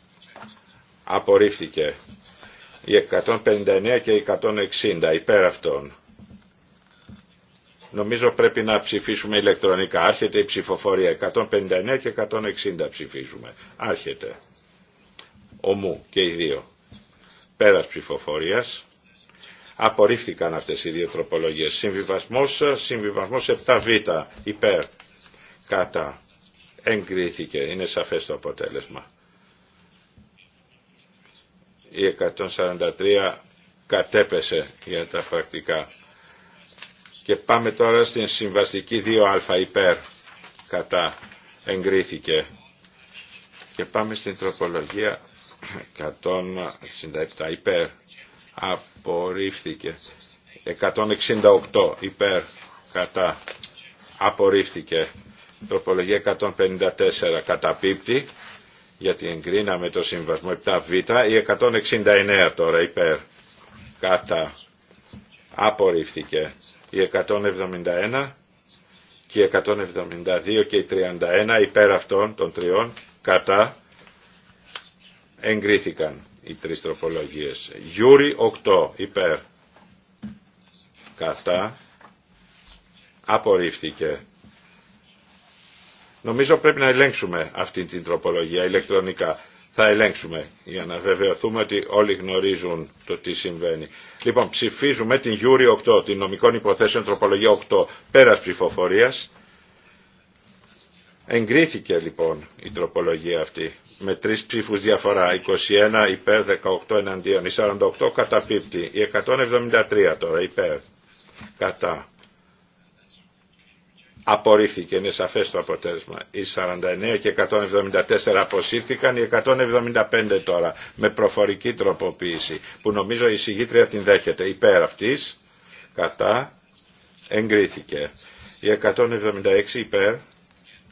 απορρίφθηκε οι 159 και οι 160 υπέρ αυτών. Νομίζω πρέπει να ψηφίσουμε ηλεκτρονικά. Άρχεται η ψηφοφορία. 159 και 160 ψηφίζουμε. Άρχεται. Ομού και οι δύο. Πέρας ψηφοφορίας. Απορρίφθηκαν αυτές οι δύο τροπολογίες. Συμβιβασμός, συμβιβασμός 7β υπέρ. Κατά. Εγκρίθηκε. Είναι σαφές το αποτέλεσμα η 143 κατέπεσε για τα πρακτικά. Και πάμε τώρα στην συμβαστική 2α υπέρ κατά εγκρίθηκε. Και πάμε στην τροπολογία 167 υπέρ απορρίφθηκε. 168 υπέρ κατά απορρίφθηκε. Τροπολογία 154 καταπίπτει γιατί εγκρίναμε το συμβασμό 7β ή 169 τώρα υπέρ κατά απορρίφθηκε η 171 και η 172 και η 31 υπέρ αυτών των τριών κατά εγκρίθηκαν οι τρεις τροπολογίες. Γιούρι 8 υπέρ κατά απορρίφθηκε Νομίζω πρέπει να ελέγξουμε αυτή την τροπολογία ηλεκτρονικά. Θα ελέγξουμε για να βεβαιωθούμε ότι όλοι γνωρίζουν το τι συμβαίνει. Λοιπόν, ψηφίζουμε την Γιούρι 8, την νομικών υποθέσεων τροπολογία 8, πέρας ψηφοφορίας. Εγκρίθηκε λοιπόν η τροπολογία αυτή με τρεις ψήφους διαφορά, 21 υπέρ 18 εναντίον, η 48 καταπίπτει, η 173 τώρα υπέρ κατά απορρίφθηκε, είναι σαφές το αποτέλεσμα. Οι 49 και 174 αποσύρθηκαν, οι 175 τώρα με προφορική τροποποίηση που νομίζω η συγγήτρια την δέχεται. Υπέρ αυτής, κατά, εγκρίθηκε. Οι 176 υπέρ,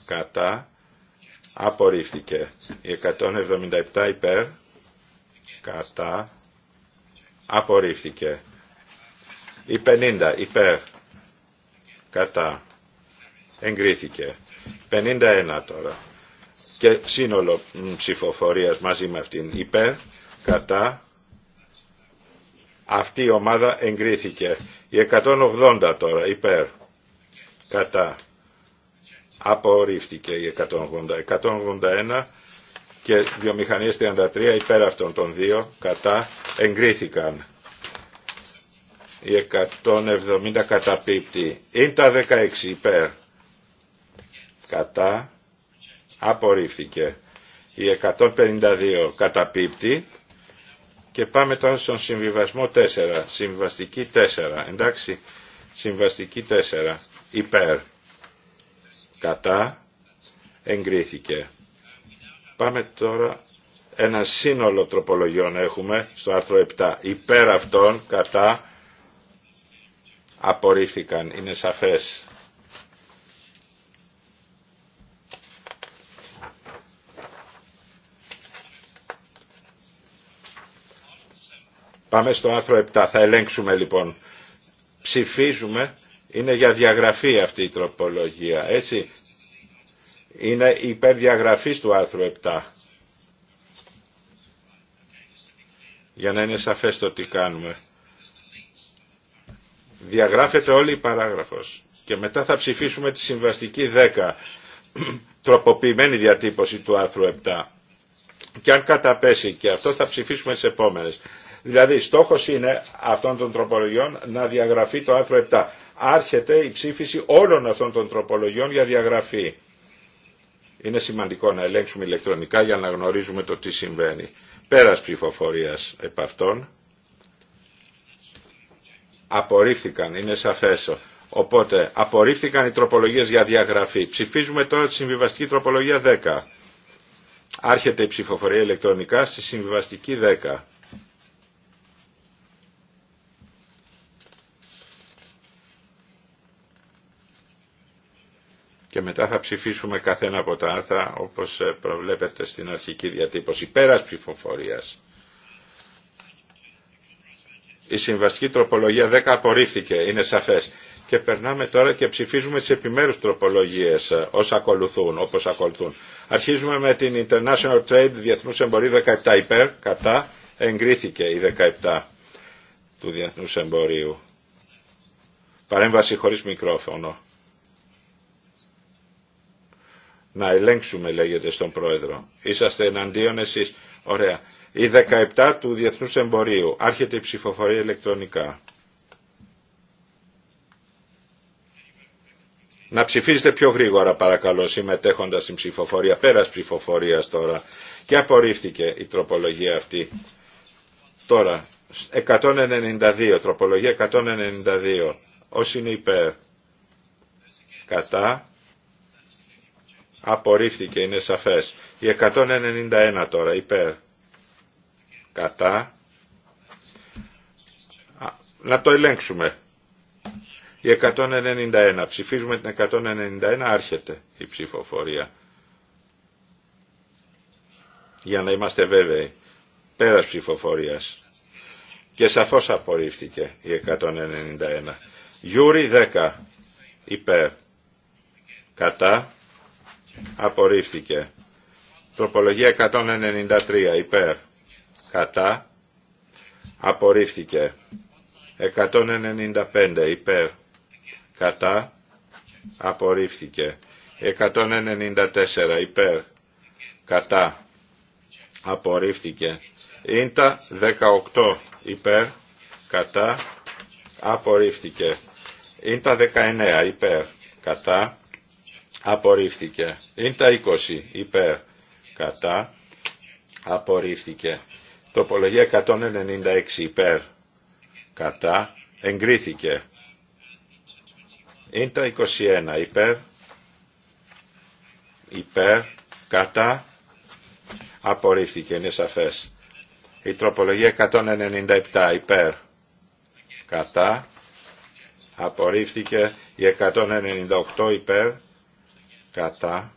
κατά, απορρίφθηκε. Οι 177 υπέρ, κατά, απορρίφθηκε. Η 50 υπέρ, κατά, εγκρίθηκε. 51 τώρα. Και σύνολο ψηφοφορίας μαζί με αυτήν υπέρ, κατά, αυτή η ομάδα εγκρίθηκε. Η 180 τώρα υπέρ, κατά, απορρίφθηκε η 180. 181 και βιομηχανίες 33 υπέρ αυτών των δύο, κατά, εγκρίθηκαν. Η 170 καταπίπτει. Είναι τα 16 υπέρ κατά απορρίφθηκε. Η 152 καταπίπτει και πάμε τώρα στον συμβιβασμό 4, συμβιβαστική 4, εντάξει, συμβαστική 4, υπέρ, κατά, εγκρίθηκε. Πάμε τώρα, ένα σύνολο τροπολογιών έχουμε στο άρθρο 7, υπέρ αυτών, κατά, απορρίφθηκαν, είναι σαφές. Πάμε στο άρθρο 7. Θα ελέγξουμε λοιπόν. Ψηφίζουμε. Είναι για διαγραφή αυτή η τροπολογία. Έτσι. Είναι υπερδιαγραφή του άρθρου 7. Για να είναι σαφές το τι κάνουμε. Διαγράφεται όλη η παράγραφος. Και μετά θα ψηφίσουμε τη συμβαστική 10. Τροποποιημένη διατύπωση του άρθρου 7. Και αν καταπέσει και αυτό θα ψηφίσουμε τις επόμενες. Δηλαδή στόχος είναι αυτών των τροπολογιών να διαγραφεί το άρθρο 7. Άρχεται η ψήφιση όλων αυτών των τροπολογιών για διαγραφή. Είναι σημαντικό να ελέγξουμε ηλεκτρονικά για να γνωρίζουμε το τι συμβαίνει. Πέρας ψηφοφορίας επ' αυτών. Απορρίφθηκαν, είναι σαφές. Οπότε απορρίφθηκαν οι τροπολογίες για διαγραφή. Ψηφίζουμε τώρα τη συμβιβαστική τροπολογία 10. Άρχεται η ψηφοφορία ηλεκτρονικά στη συμβιβαστική 10. και μετά θα ψηφίσουμε καθένα από τα άρθρα όπως ε, προβλέπετε στην αρχική διατύπωση. Πέρας ψηφοφορίας. Η συμβαστική τροπολογία 10 απορρίφθηκε, είναι σαφές. Και περνάμε τώρα και ψηφίζουμε τις επιμέρους τροπολογίες ε, ως ακολουθούν, όπως ακολουθούν. Αρχίζουμε με την International Trade Διεθνούς Εμπορίου 17 υπέρ, κατά, εγκρίθηκε η 17 του Διεθνούς Εμπορίου. Παρέμβαση χωρίς μικρόφωνο. Να ελέγξουμε λέγεται στον Πρόεδρο. Είσαστε εναντίον εσείς. Ωραία. Η 17 του Διεθνούς Εμπορίου. Άρχεται η ψηφοφορία ηλεκτρονικά. Να ψηφίζετε πιο γρήγορα παρακαλώ συμμετέχοντα στην ψηφοφορία, πέρας ψηφοφορία τώρα. Και απορρίφθηκε η τροπολογία αυτή. Τώρα, 192, τροπολογία 192. Όσοι είναι υπέρ, κατά, Απορρίφθηκε, είναι σαφές. Η 191 τώρα, υπέρ. Κατά. Α, να το ελέγξουμε. Η 191. Ψηφίζουμε την 191, άρχεται η ψηφοφορία. Για να είμαστε βέβαιοι. Πέρας ψηφοφορίας. Και σαφώς απορρίφθηκε η 191. Γιούρι 10. Υπέρ. Κατά απορρίφθηκε. Τροπολογία 193 υπέρ κατά απορρίφθηκε. 195 υπέρ κατά απορρίφθηκε. 194 υπέρ κατά απορρίφθηκε. Ίντα 18 υπέρ κατά απορρίφθηκε. Ίντα 19 υπέρ κατά απορρίφθηκε. Είναι τα 20 υπέρ κατά απορρίφθηκε. Τροπολογία 196 υπέρ κατά εγκρίθηκε. Είναι τα 21 υπέρ υπέρ κατά απορρίφθηκε. Είναι σαφές. Η τροπολογία 197 υπέρ κατά απορρίφθηκε. Η 198 υπέρ κατά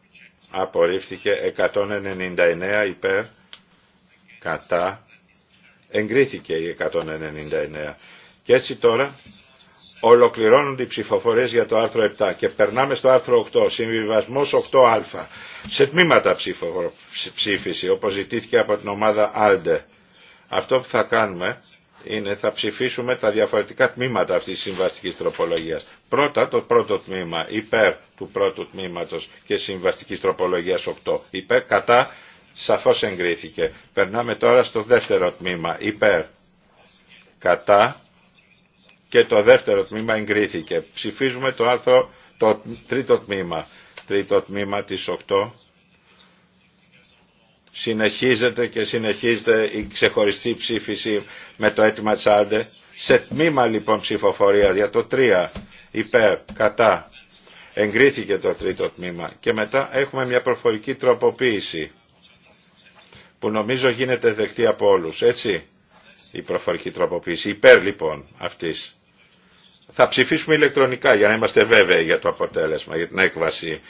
απορρίφθηκε 199 υπέρ κατά εγκρίθηκε η 199 και έτσι τώρα ολοκληρώνονται οι ψηφοφορίες για το άρθρο 7 και περνάμε στο άρθρο 8 συμβιβασμός 8α σε τμήματα ψήφιση όπως ζητήθηκε από την ομάδα ALDE αυτό που θα κάνουμε είναι θα ψηφίσουμε τα διαφορετικά τμήματα αυτής της συμβαστικής τροπολογίας. Πρώτα το πρώτο τμήμα υπέρ του πρώτου τμήματος και συμβαστικής τροπολογίας 8. Υπέρ κατά σαφώς εγκρίθηκε. Περνάμε τώρα στο δεύτερο τμήμα υπέρ κατά και το δεύτερο τμήμα εγκρίθηκε. Ψηφίζουμε το άρθρο το τρίτο τμήμα. Τρίτο τμήμα της 8 συνεχίζεται και συνεχίζεται η ξεχωριστή ψήφιση με το αίτημα τσάντε. Σε τμήμα λοιπόν ψηφοφορία για το 3 υπέρ κατά εγκρίθηκε το τρίτο τμήμα και μετά έχουμε μια προφορική τροποποίηση που νομίζω γίνεται δεκτή από όλους, έτσι, η προφορική τροποποίηση, υπέρ λοιπόν αυτής. Θα ψηφίσουμε ηλεκτρονικά για να είμαστε βέβαιοι για το αποτέλεσμα, για την έκβαση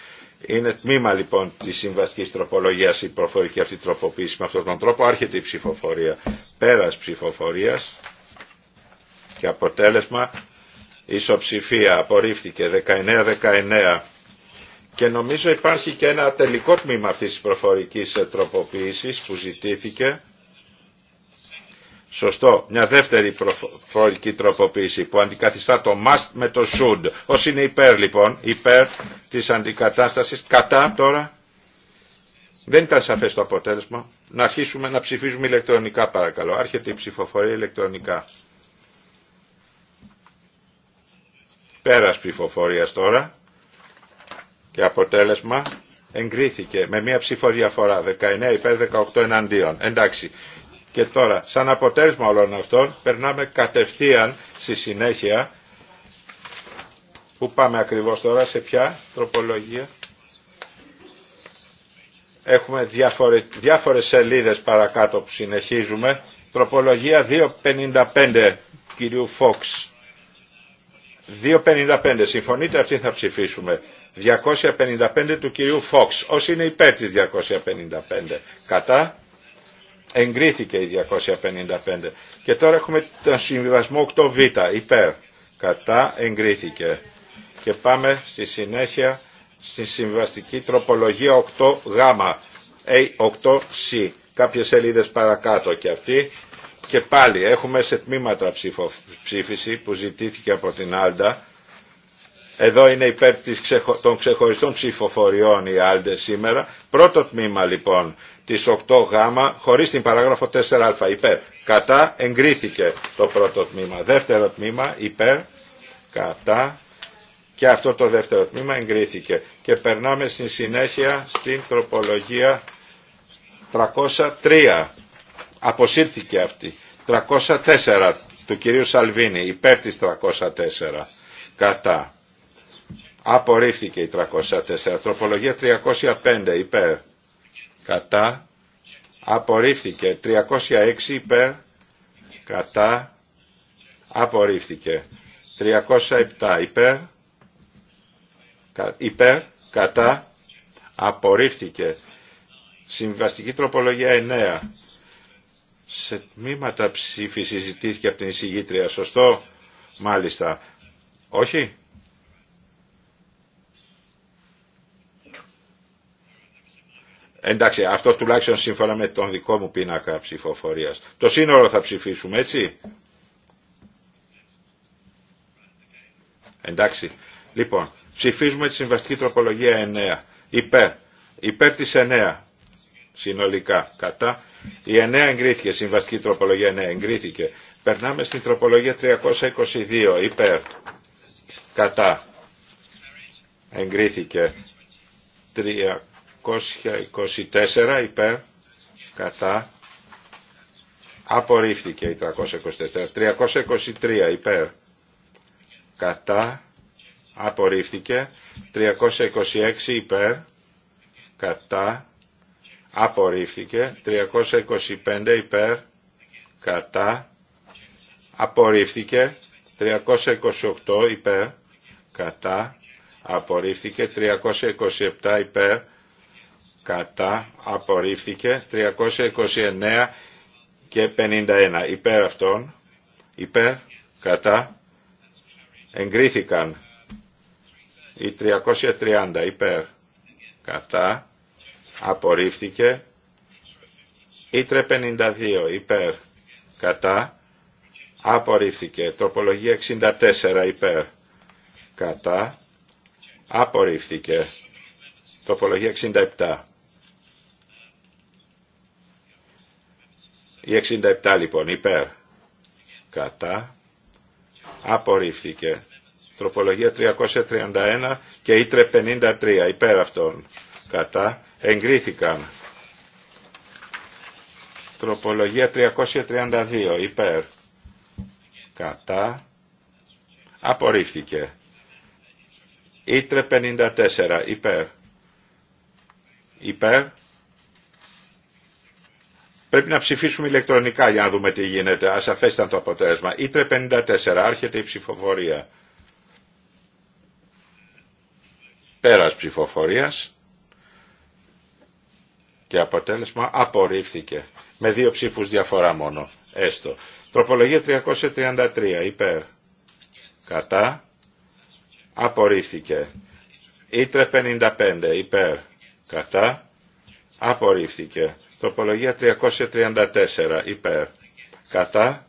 είναι τμήμα λοιπόν τη συμβαστική τροπολογία η προφορική αυτή τροποποίηση με αυτόν τον τρόπο. Άρχεται η ψηφοφορία. Πέρα ψηφοφορία και αποτέλεσμα ισοψηφία. Απορρίφθηκε 19-19. Και νομίζω υπάρχει και ένα τελικό τμήμα αυτής της προφορικής ε, τροποποίησης που ζητήθηκε Σωστό. Μια δεύτερη προφορική τροποποίηση που αντικαθιστά το must με το should. Όσοι είναι υπέρ λοιπόν, υπέρ της αντικατάστασης, κατά τώρα. Δεν ήταν σαφές το αποτέλεσμα. Να αρχίσουμε να ψηφίζουμε ηλεκτρονικά παρακαλώ. Άρχεται η ψηφοφορία ηλεκτρονικά. Πέρας ψηφοφορίας τώρα. Και αποτέλεσμα εγκρίθηκε με μια ψηφοδιαφορά 19 υπέρ 18 εναντίον. Εντάξει. Και τώρα, σαν αποτέλεσμα όλων αυτών, περνάμε κατευθείαν στη συνέχεια. Πού πάμε ακριβώς τώρα, σε ποια τροπολογία. Έχουμε διάφορε, διάφορες σελίδες παρακάτω που συνεχίζουμε. Τροπολογία 255 κυρίου Φόξ. 255, συμφωνείτε, αυτή θα ψηφίσουμε. 255 του κυρίου Φόξ. Όσοι είναι υπέρ της 255. Κατά εγκρίθηκε η 255. Και τώρα έχουμε τον συμβιβασμό 8β υπέρ. Κατά εγκρίθηκε. Και πάμε στη συνέχεια στη συμβιβαστική τροπολογία 8γ, 8c. Ε, Κάποιες σελίδες παρακάτω και αυτή. Και πάλι έχουμε σε τμήματα ψήφιση που ζητήθηκε από την Άλντα εδώ είναι υπέρ των ξεχωριστών ψηφοφοριών οι άλτε σήμερα. Πρώτο τμήμα λοιπόν της 8 γ χωρίς την παράγραφο 4α υπέρ. Κατά εγκρίθηκε το πρώτο τμήμα. Δεύτερο τμήμα υπέρ, κατά και αυτό το δεύτερο τμήμα εγκρίθηκε. Και περνάμε στην συνέχεια στην τροπολογία 303. Αποσύρθηκε αυτή. 304 του κυρίου Σαλβίνη υπέρ της 304. Κατά Απορρίφθηκε η 304. Τροπολογία 305 υπέρ. Κατά. Απορρίφθηκε. 306 υπέρ. Κατά. Απορρίφθηκε. 307 υπέρ. υπέρ. Κατά. Απορρίφθηκε. Συμβαστική τροπολογία 9. Σε τμήματα ψήφιση ζητήθηκε από την εισηγήτρια. Σωστό. Μάλιστα. Όχι. Εντάξει, αυτό τουλάχιστον σύμφωνα με τον δικό μου πίνακα ψηφοφορία. Το σύνολο θα ψηφίσουμε, έτσι. Εντάξει. Λοιπόν, ψηφίζουμε τη συμβαστική τροπολογία 9. Υπέρ. Υπέρ τη 9. Συνολικά. Κατά. Η 9 εγκρίθηκε. Συμβαστική τροπολογία 9 εγκρίθηκε. Περνάμε στην τροπολογία 322. Υπέρ. Κατά. Εγκρίθηκε. 3 324 υπέρ κατά απορρίφθηκε η 324 323 υπέρ κατά απορρίφθηκε 326 υπέρ κατά απορρίφθηκε 325 υπέρ κατά απορρίφθηκε 328 υπέρ κατά απορρίφθηκε 327 υπέρ κατά απορρίφθηκε 329 και 51 υπέρ αυτών υπέρ κατά εγκρίθηκαν οι 330 υπέρ κατά απορρίφθηκε Ήτρε 52 υπέρ κατά απορρίφθηκε τροπολογία 64 υπέρ κατά απορρίφθηκε τοπολογία 67 Η 67 λοιπόν υπέρ. Κατά. Απορρίφθηκε. Τροπολογία 331 και ήτρε 53 υπέρ αυτών. Κατά. Εγκρίθηκαν. Τροπολογία 332 υπέρ. Κατά. Απορρίφθηκε. Ήτρε 54 υπέρ. Υπέρ Πρέπει να ψηφίσουμε ηλεκτρονικά για να δούμε τι γίνεται. Ασαφές ήταν το αποτέλεσμα. Ήτρε 54. Άρχεται η ψηφοφορία. Πέρας ψηφοφορίας. Και αποτέλεσμα απορρίφθηκε. Με δύο ψήφους διαφορά μόνο. Έστω. Τροπολογία 333. Υπέρ. Κατά. Απορρίφθηκε. Ήτρε 55. Υπέρ. Κατά. Απορρίφθηκε. Τοπολογία 334 υπέρ. Κατά.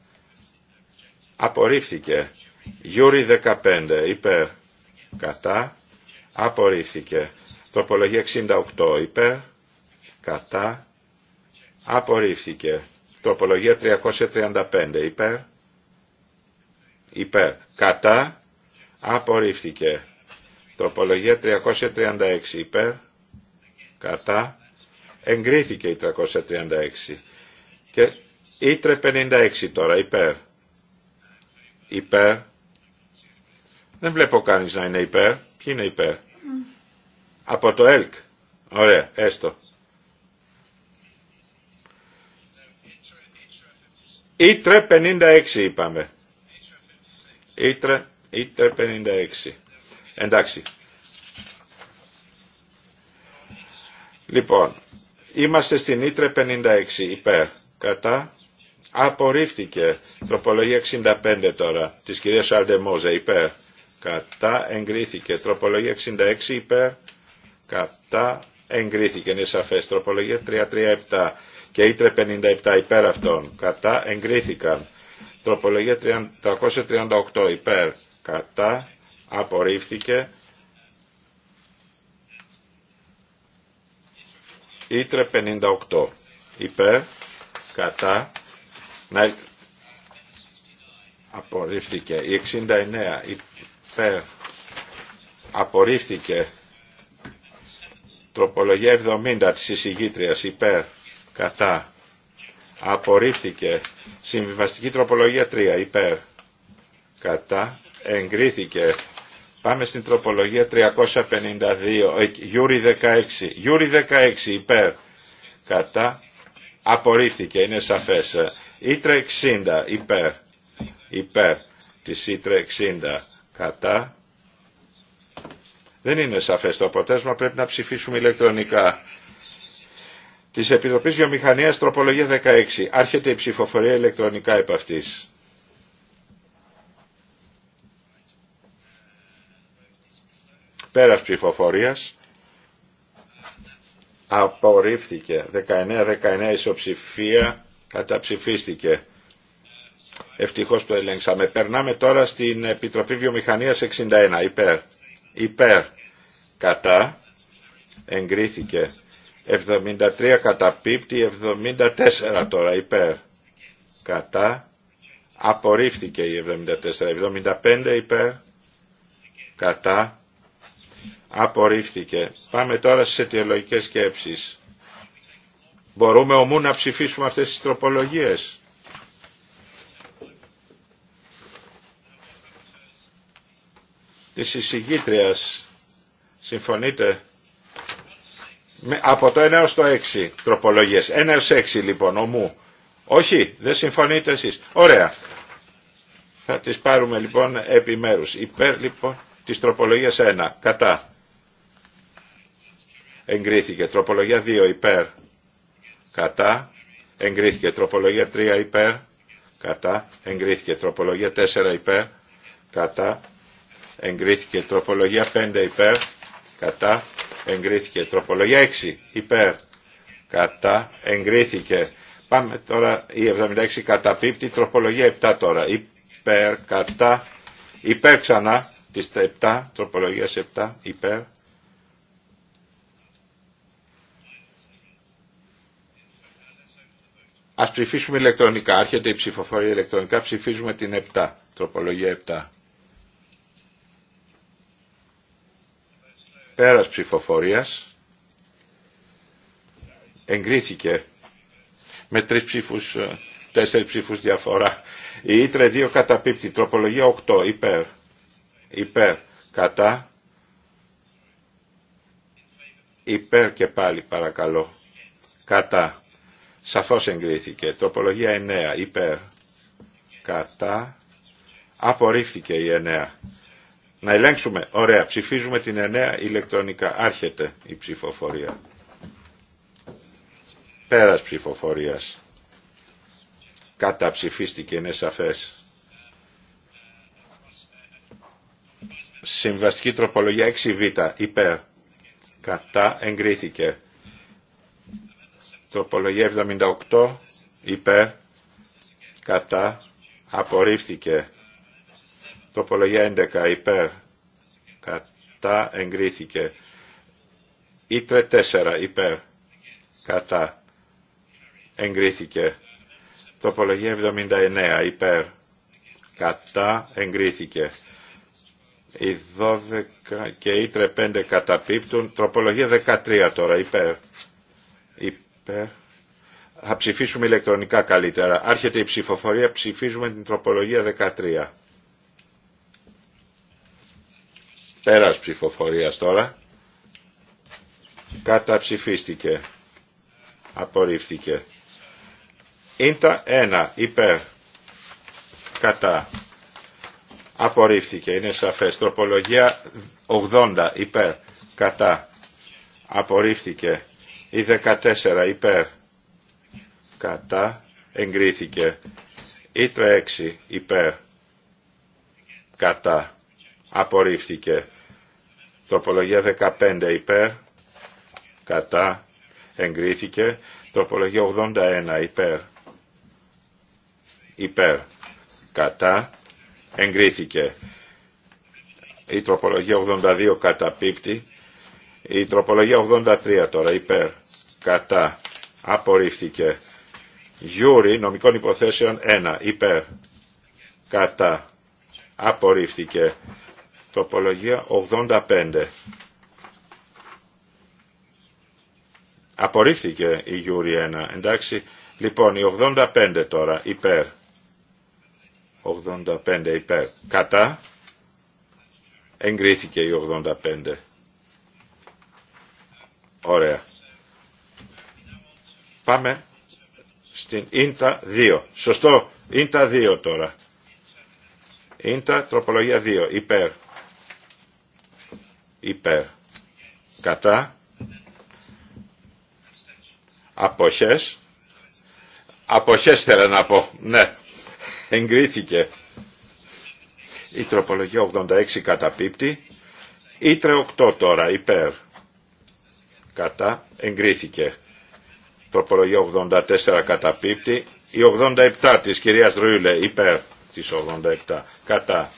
Απορρίφθηκε. Γιούρι 15 υπέρ. Κατά. Απορρίφθηκε. Τροπολογία 68 υπέρ. Κατά. Απορρίφθηκε. Τροπολογία 335 υπέρ. Υπέρ. Κατά. Απορρίφθηκε. Τοπολογία 336 υπέρ. Κατά. Εγκρίθηκε η 336. Και η 56 τώρα, υπέρ. Υπέρ. Δεν βλέπω κανείς να είναι υπέρ. Ποιοι είναι υπέρ. Mm. Από το ΕΛΚ. Ωραία, έστω. Η 56 είπαμε. Η 356. 56. Εντάξει. Λοιπόν, Είμαστε στην Ήτρε 56 υπέρ. Κατά. Απορρίφθηκε. Τροπολογία 65 τώρα. Της κυρίας Αλντεμόζε υπέρ. Κατά. Εγκρίθηκε. Τροπολογία 66 υπέρ. Κατά. Εγκρίθηκε. Είναι σαφές. Τροπολογία 337 και Ήτρε 57 υπέρ αυτών. Κατά. Εγκρίθηκαν. Τροπολογία 338 υπέρ. Κατά. Απορρίφθηκε. Ήτρε 58 υπέρ κατά να απορρίφθηκε η 69 υπέρ απορρίφθηκε τροπολογία 70 της εισηγήτριας υπέρ κατά απορρίφθηκε συμβιβαστική τροπολογία 3 υπέρ κατά εγκρίθηκε Πάμε στην τροπολογία 352, ε, Γιούρι 16, Γιούρι 16 υπέρ, κατά, απορρίφθηκε, είναι σαφές. Ε, ήτρε 60 υπέρ, υπέρ της Ήτρε 60, κατά. Δεν είναι σαφές το αποτέλεσμα, πρέπει να ψηφίσουμε ηλεκτρονικά. Της Επιτροπής Βιομηχανίας τροπολογία 16, άρχεται η ψηφοφορία ηλεκτρονικά επ' αυτής. Πέρας ψηφοφορίας. Απορρίφθηκε. 19-19 ισοψηφία καταψηφίστηκε. Ευτυχώς το ελέγξαμε. Περνάμε τώρα στην Επιτροπή Βιομηχανίας 61. Υπέρ. Υπέρ. Κατά. Εγκρίθηκε. 73 καταπίπτει. 74 τώρα. Υπέρ. Κατά. Απορρίφθηκε η 74. 75 υπέρ. Κατά. Απορρίφθηκε. Πάμε τώρα στις αιτιολογικές σκέψεις. Μπορούμε ομού να ψηφίσουμε αυτές τις τροπολογίες. Της εισηγήτριας. Συμφωνείτε. Με, από το 1 έως το 6 τροπολογίες. 1 έως 6 λοιπόν ομού. Όχι, δεν συμφωνείτε εσείς. Ωραία. Θα τις πάρουμε λοιπόν επιμέρους. Υπέρ λοιπόν της τροπολογίας 1. Κατά εγκρίθηκε. Τροπολογία 2 υπέρ κατά εγκρίθηκε. Τροπολογία 3 υπέρ κατά εγκρίθηκε. Τροπολογία 4 υπέρ κατά εγκρίθηκε. Τροπολογία 5 υπέρ κατά εγκρίθηκε. Τροπολογία 6 υπέρ κατά εγκρίθηκε. Πάμε τώρα η 76 κατά πίπτη. τροπολογία 7 τώρα. Υπέρ, κατά, υπέρ ξανά, της 7, τροπολογίας 7, υπέρ, Α ψηφίσουμε ηλεκτρονικά. Άρχεται η ψηφοφορία ηλεκτρονικά. Ψηφίζουμε την 7. Τροπολογία 7. Πέρας ψηφοφορίας. Εγκρίθηκε. Με τρεις ψήφους, ε, τέσσερις ψήφους διαφορά. Η Ήτρε 2 καταπίπτει. Τροπολογία 8. Υπέρ. Υπέρ. Κατά. Υπέρ και πάλι παρακαλώ. Κατά Σαφώς εγκρίθηκε. Τροπολογία 9. Υπέρ. Κατά. Απορρίφθηκε η 9. Να ελέγξουμε. Ωραία. Ψηφίζουμε την 9 ηλεκτρονικά. Άρχεται η ψηφοφορία. Πέρας ψηφοφορίας. Καταψηφίστηκε. Είναι σαφές. Συμβαστική τροπολογία 6β. Υπέρ. Κατά. Εγκρίθηκε. Τροπολογία 78 υπέρ κατά απορρίφθηκε. Τροπολογία 11 υπέρ κατά εγκρίθηκε. Ήτρε 4 υπέρ κατά εγκρίθηκε. Τροπολογία 79 υπέρ κατά εγκρίθηκε. Οι 12 και οι 5 καταπίπτουν. Τροπολογία 13 τώρα υπέρ. Περ, Θα ψηφίσουμε ηλεκτρονικά καλύτερα. Άρχεται η ψηφοφορία, ψηφίζουμε την τροπολογία 13. Πέρας ψηφοφορίας τώρα. Καταψηφίστηκε. Απορρίφθηκε. Ήντα 1 υπέρ. Κατά. Απορρίφθηκε. Είναι σαφές. Τροπολογία 80 υπέρ. Κατά. Απορρίφθηκε. Η 14 υπέρ κατά εγκρίθηκε. Η 6 υπέρ κατά απορρίφθηκε. Τροπολογία 15 υπέρ κατά εγκρίθηκε. Τροπολογία 81 υπέρ υπέρ κατά εγκρίθηκε. Η τροπολογία 82 καταπίπτει η τροπολογία 83 τώρα υπέρ κατά απορρίφθηκε. Γιούρι νομικών υποθέσεων 1 υπέρ κατά απορρίφθηκε. Τροπολογία 85. Απορρίφθηκε η Γιούρι 1, εντάξει. Λοιπόν, η 85 τώρα, υπέρ. 85 υπέρ. Κατά. Εγκρίθηκε η 85. Ωραία. Πάμε στην ίντα 2. Σωστό. Ίντα 2 τώρα. Ίντα τροπολογία 2. Υπέρ. Υπέρ. Κατά. Αποχές. Αποχές θέλω να πω. Ναι. Εγκρίθηκε. Η τροπολογία 86 καταπίπτει. Ήτρε 8 τώρα. Υπέρ κατά εγκρίθηκε. Τροπολογία 84 καταπίπτει. Η 87 της κυρίας Ρούλε υπέρ της 87 κατά.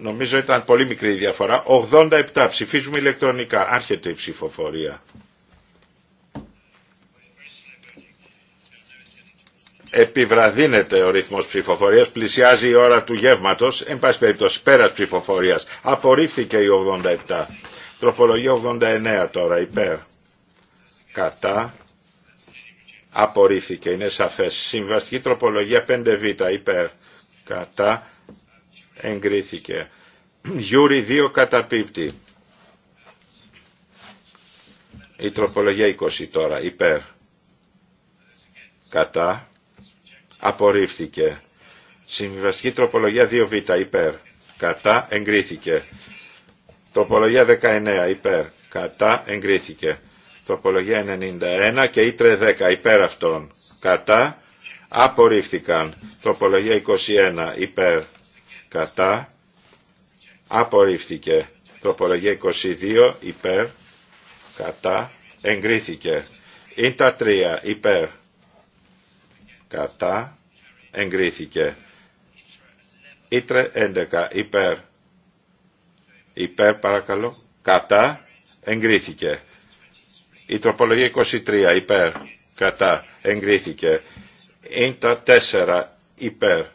Νομίζω ήταν πολύ μικρή η διαφορά. 87 ψηφίζουμε ηλεκτρονικά. Άρχεται η ψηφοφορία. επιβραδύνεται ο ρυθμός ψηφοφορίας, πλησιάζει η ώρα του γεύματος, εν πάση περιπτώσει πέρας ψηφοφορίας. Απορρίφθηκε η 87. Τροπολογία 89 τώρα υπέρ. Κατά. Απορρίφθηκε, είναι σαφές. Συμβαστική τροπολογία 5β υπέρ. Κατά. Εγκρίθηκε. Γιούρι 2 καταπίπτει. Η τροπολογία 20 τώρα υπέρ. Κατά. Συμβαστική Συμβιβαστική τροπολογία 2β υπέρ. Κατά εγκρίθηκε. Τροπολογία 19 υπέρ. Κατά εγκρίθηκε. Τροπολογία 91 και ήτρε 10 υπέρ αυτών. Κατά απορρίφθηκαν. Τροπολογία 21 υπέρ. Κατά απορρίφθηκε. Τροπολογία 22 υπέρ. Κατά εγκρίθηκε. Ήντα 3 υπέρ. Κατά εγκρίθηκε. Ήτρε 11 υπέρ υπέρ παρακαλώ, κατά, εγκρίθηκε. Η τροπολογία 23 υπέρ, κατά, εγκρίθηκε. τα 4 υπέρ,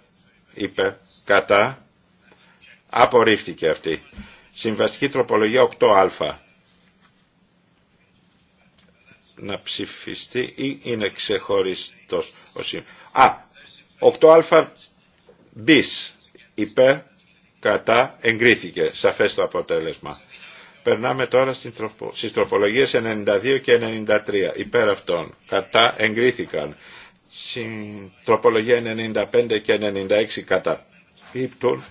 υπέρ, κατά, απορρίφθηκε αυτή. Συμβαστική τροπολογία 8α. Να ψηφιστεί ή είναι ξεχωριστός ο Α, 8α μπεις, υπέρ κατά εγκρίθηκε. Σαφές το αποτέλεσμα. Περνάμε τώρα στις τροπολογίες 92 και 93. Υπέρ αυτών. Κατά εγκρίθηκαν. Στην τροπολογία 95 και 96 καταπίπτουν.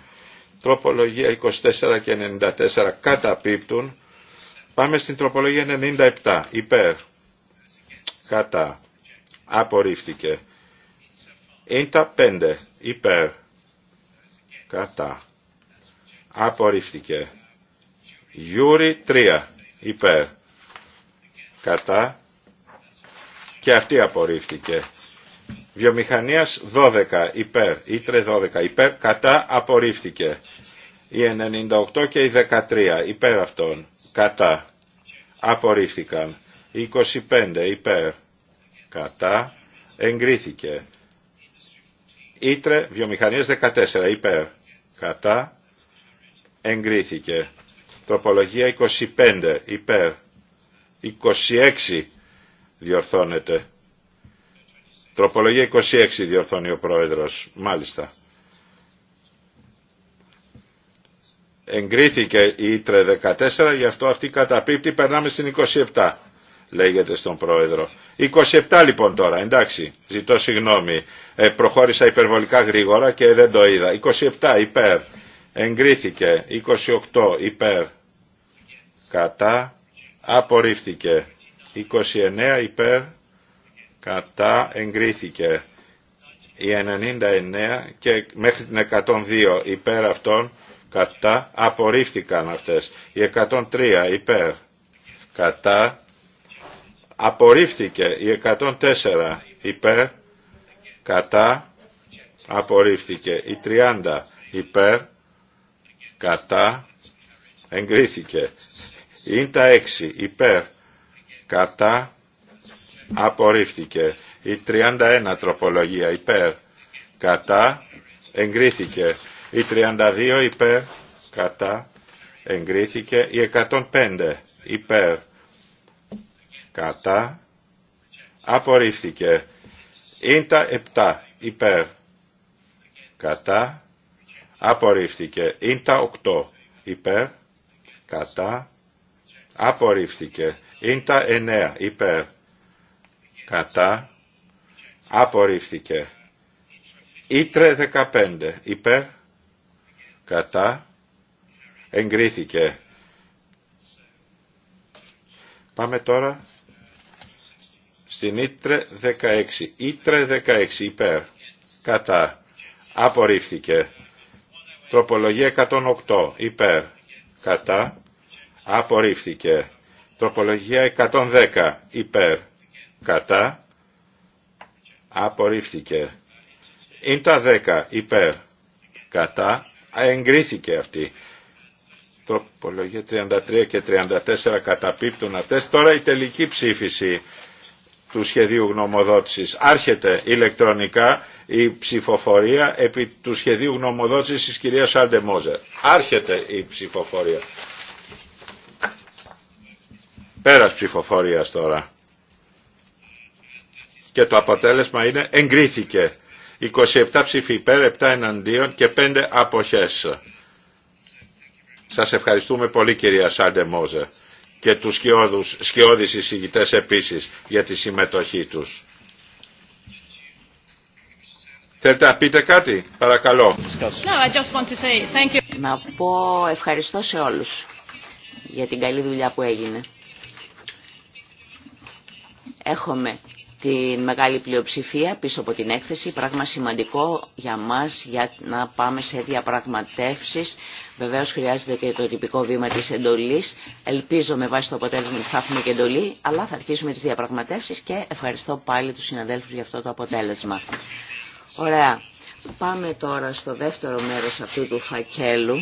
Τροπολογία 24 και 94 καταπίπτουν. Πάμε στην τροπολογία 97. Υπέρ. Κατά. Απορρίφθηκε. τα Υπέρ. Κατά απορρίφθηκε. Γιούρι 3 υπέρ κατά και αυτή απορρίφθηκε. Βιομηχανίας 12 υπέρ, ήτρε 12 υπέρ, κατά απορρίφθηκε. Η 98 και η 13 υπέρ αυτών, κατά απορρίφθηκαν. Η 25 υπέρ, κατά εγκρίθηκε. Ήτρε βιομηχανίας 14 υπέρ, κατά εγκρίθηκε. Τροπολογία 25 υπέρ. 26 διορθώνεται. Τροπολογία 26 διορθώνει ο πρόεδρος. Μάλιστα. Εγκρίθηκε η ΙΤΡΕ 14, γι' αυτό αυτή καταπίπτει, περνάμε στην 27, λέγεται στον πρόεδρο. 27 λοιπόν τώρα, εντάξει, ζητώ συγγνώμη, ε, προχώρησα υπερβολικά γρήγορα και δεν το είδα. 27 υπέρ, εγκρίθηκε 28 υπέρ κατά απορρίφθηκε 29 υπέρ κατά εγκρίθηκε η 99 και μέχρι την 102 υπέρ αυτών κατά απορρίφθηκαν αυτές η 103 υπέρ κατά απορρίφθηκε η 104 υπέρ κατά απορρίφθηκε η 30 υπέρ κατά, εγκρίθηκε. τα 6 υπέρ, κατά, απορρίφθηκε. Η 31 τροπολογία υπέρ, κατά, εγκρίθηκε. Η 32 υπέρ, κατά, εγκρίθηκε. Η 105 υπέρ, κατά, απορρίφθηκε. τα 7 υπέρ, κατά, απορρίφθηκε. Ίντα 8 υπέρ, κατά, απορρίφθηκε. Ίντα 9 υπέρ, κατά, απορρίφθηκε. Ήτρε 15 υπέρ, κατά, εγκρίθηκε. Πάμε τώρα στην Ήτρε 16. Ήτρε 16 υπέρ, κατά, απορρίφθηκε. Τροπολογία 108 υπέρ κατά απορρίφθηκε. Τροπολογία 110 υπέρ κατά απορρίφθηκε. Είναι τα 10 υπέρ κατά εγκρίθηκε αυτή. Τροπολογία 33 και 34 καταπίπτουν αυτές. Τώρα η τελική ψήφιση του σχεδίου γνωμοδότησης. Άρχεται ηλεκτρονικά η ψηφοφορία επί του σχεδίου γνωμοδότησης της κυρίας Σάντε Άρχεται η ψηφοφορία. Πέρας ψηφοφορίας τώρα. Και το αποτέλεσμα είναι εγκρίθηκε. 27 ψήφοι υπέρ, 7 εναντίον και 5 αποχές. Σας ευχαριστούμε πολύ κυρία Σάντε Μόζε και τους σκιώδους, σκιώδης εισηγητές επίσης για τη συμμετοχή τους. Θέλετε να πείτε κάτι, παρακαλώ. Να πω ευχαριστώ σε όλους για την καλή δουλειά που έγινε. Έχουμε την μεγάλη πλειοψηφία πίσω από την έκθεση, πράγμα σημαντικό για μας για να πάμε σε διαπραγματεύσεις. Βεβαίως χρειάζεται και το τυπικό βήμα της εντολής. Ελπίζω με βάση το αποτέλεσμα ότι θα έχουμε και εντολή, αλλά θα αρχίσουμε τις διαπραγματεύσεις και ευχαριστώ πάλι τους συναδέλφους για αυτό το αποτέλεσμα. Ωραία. Πάμε τώρα στο δεύτερο μέρος αυτού του φακέλου,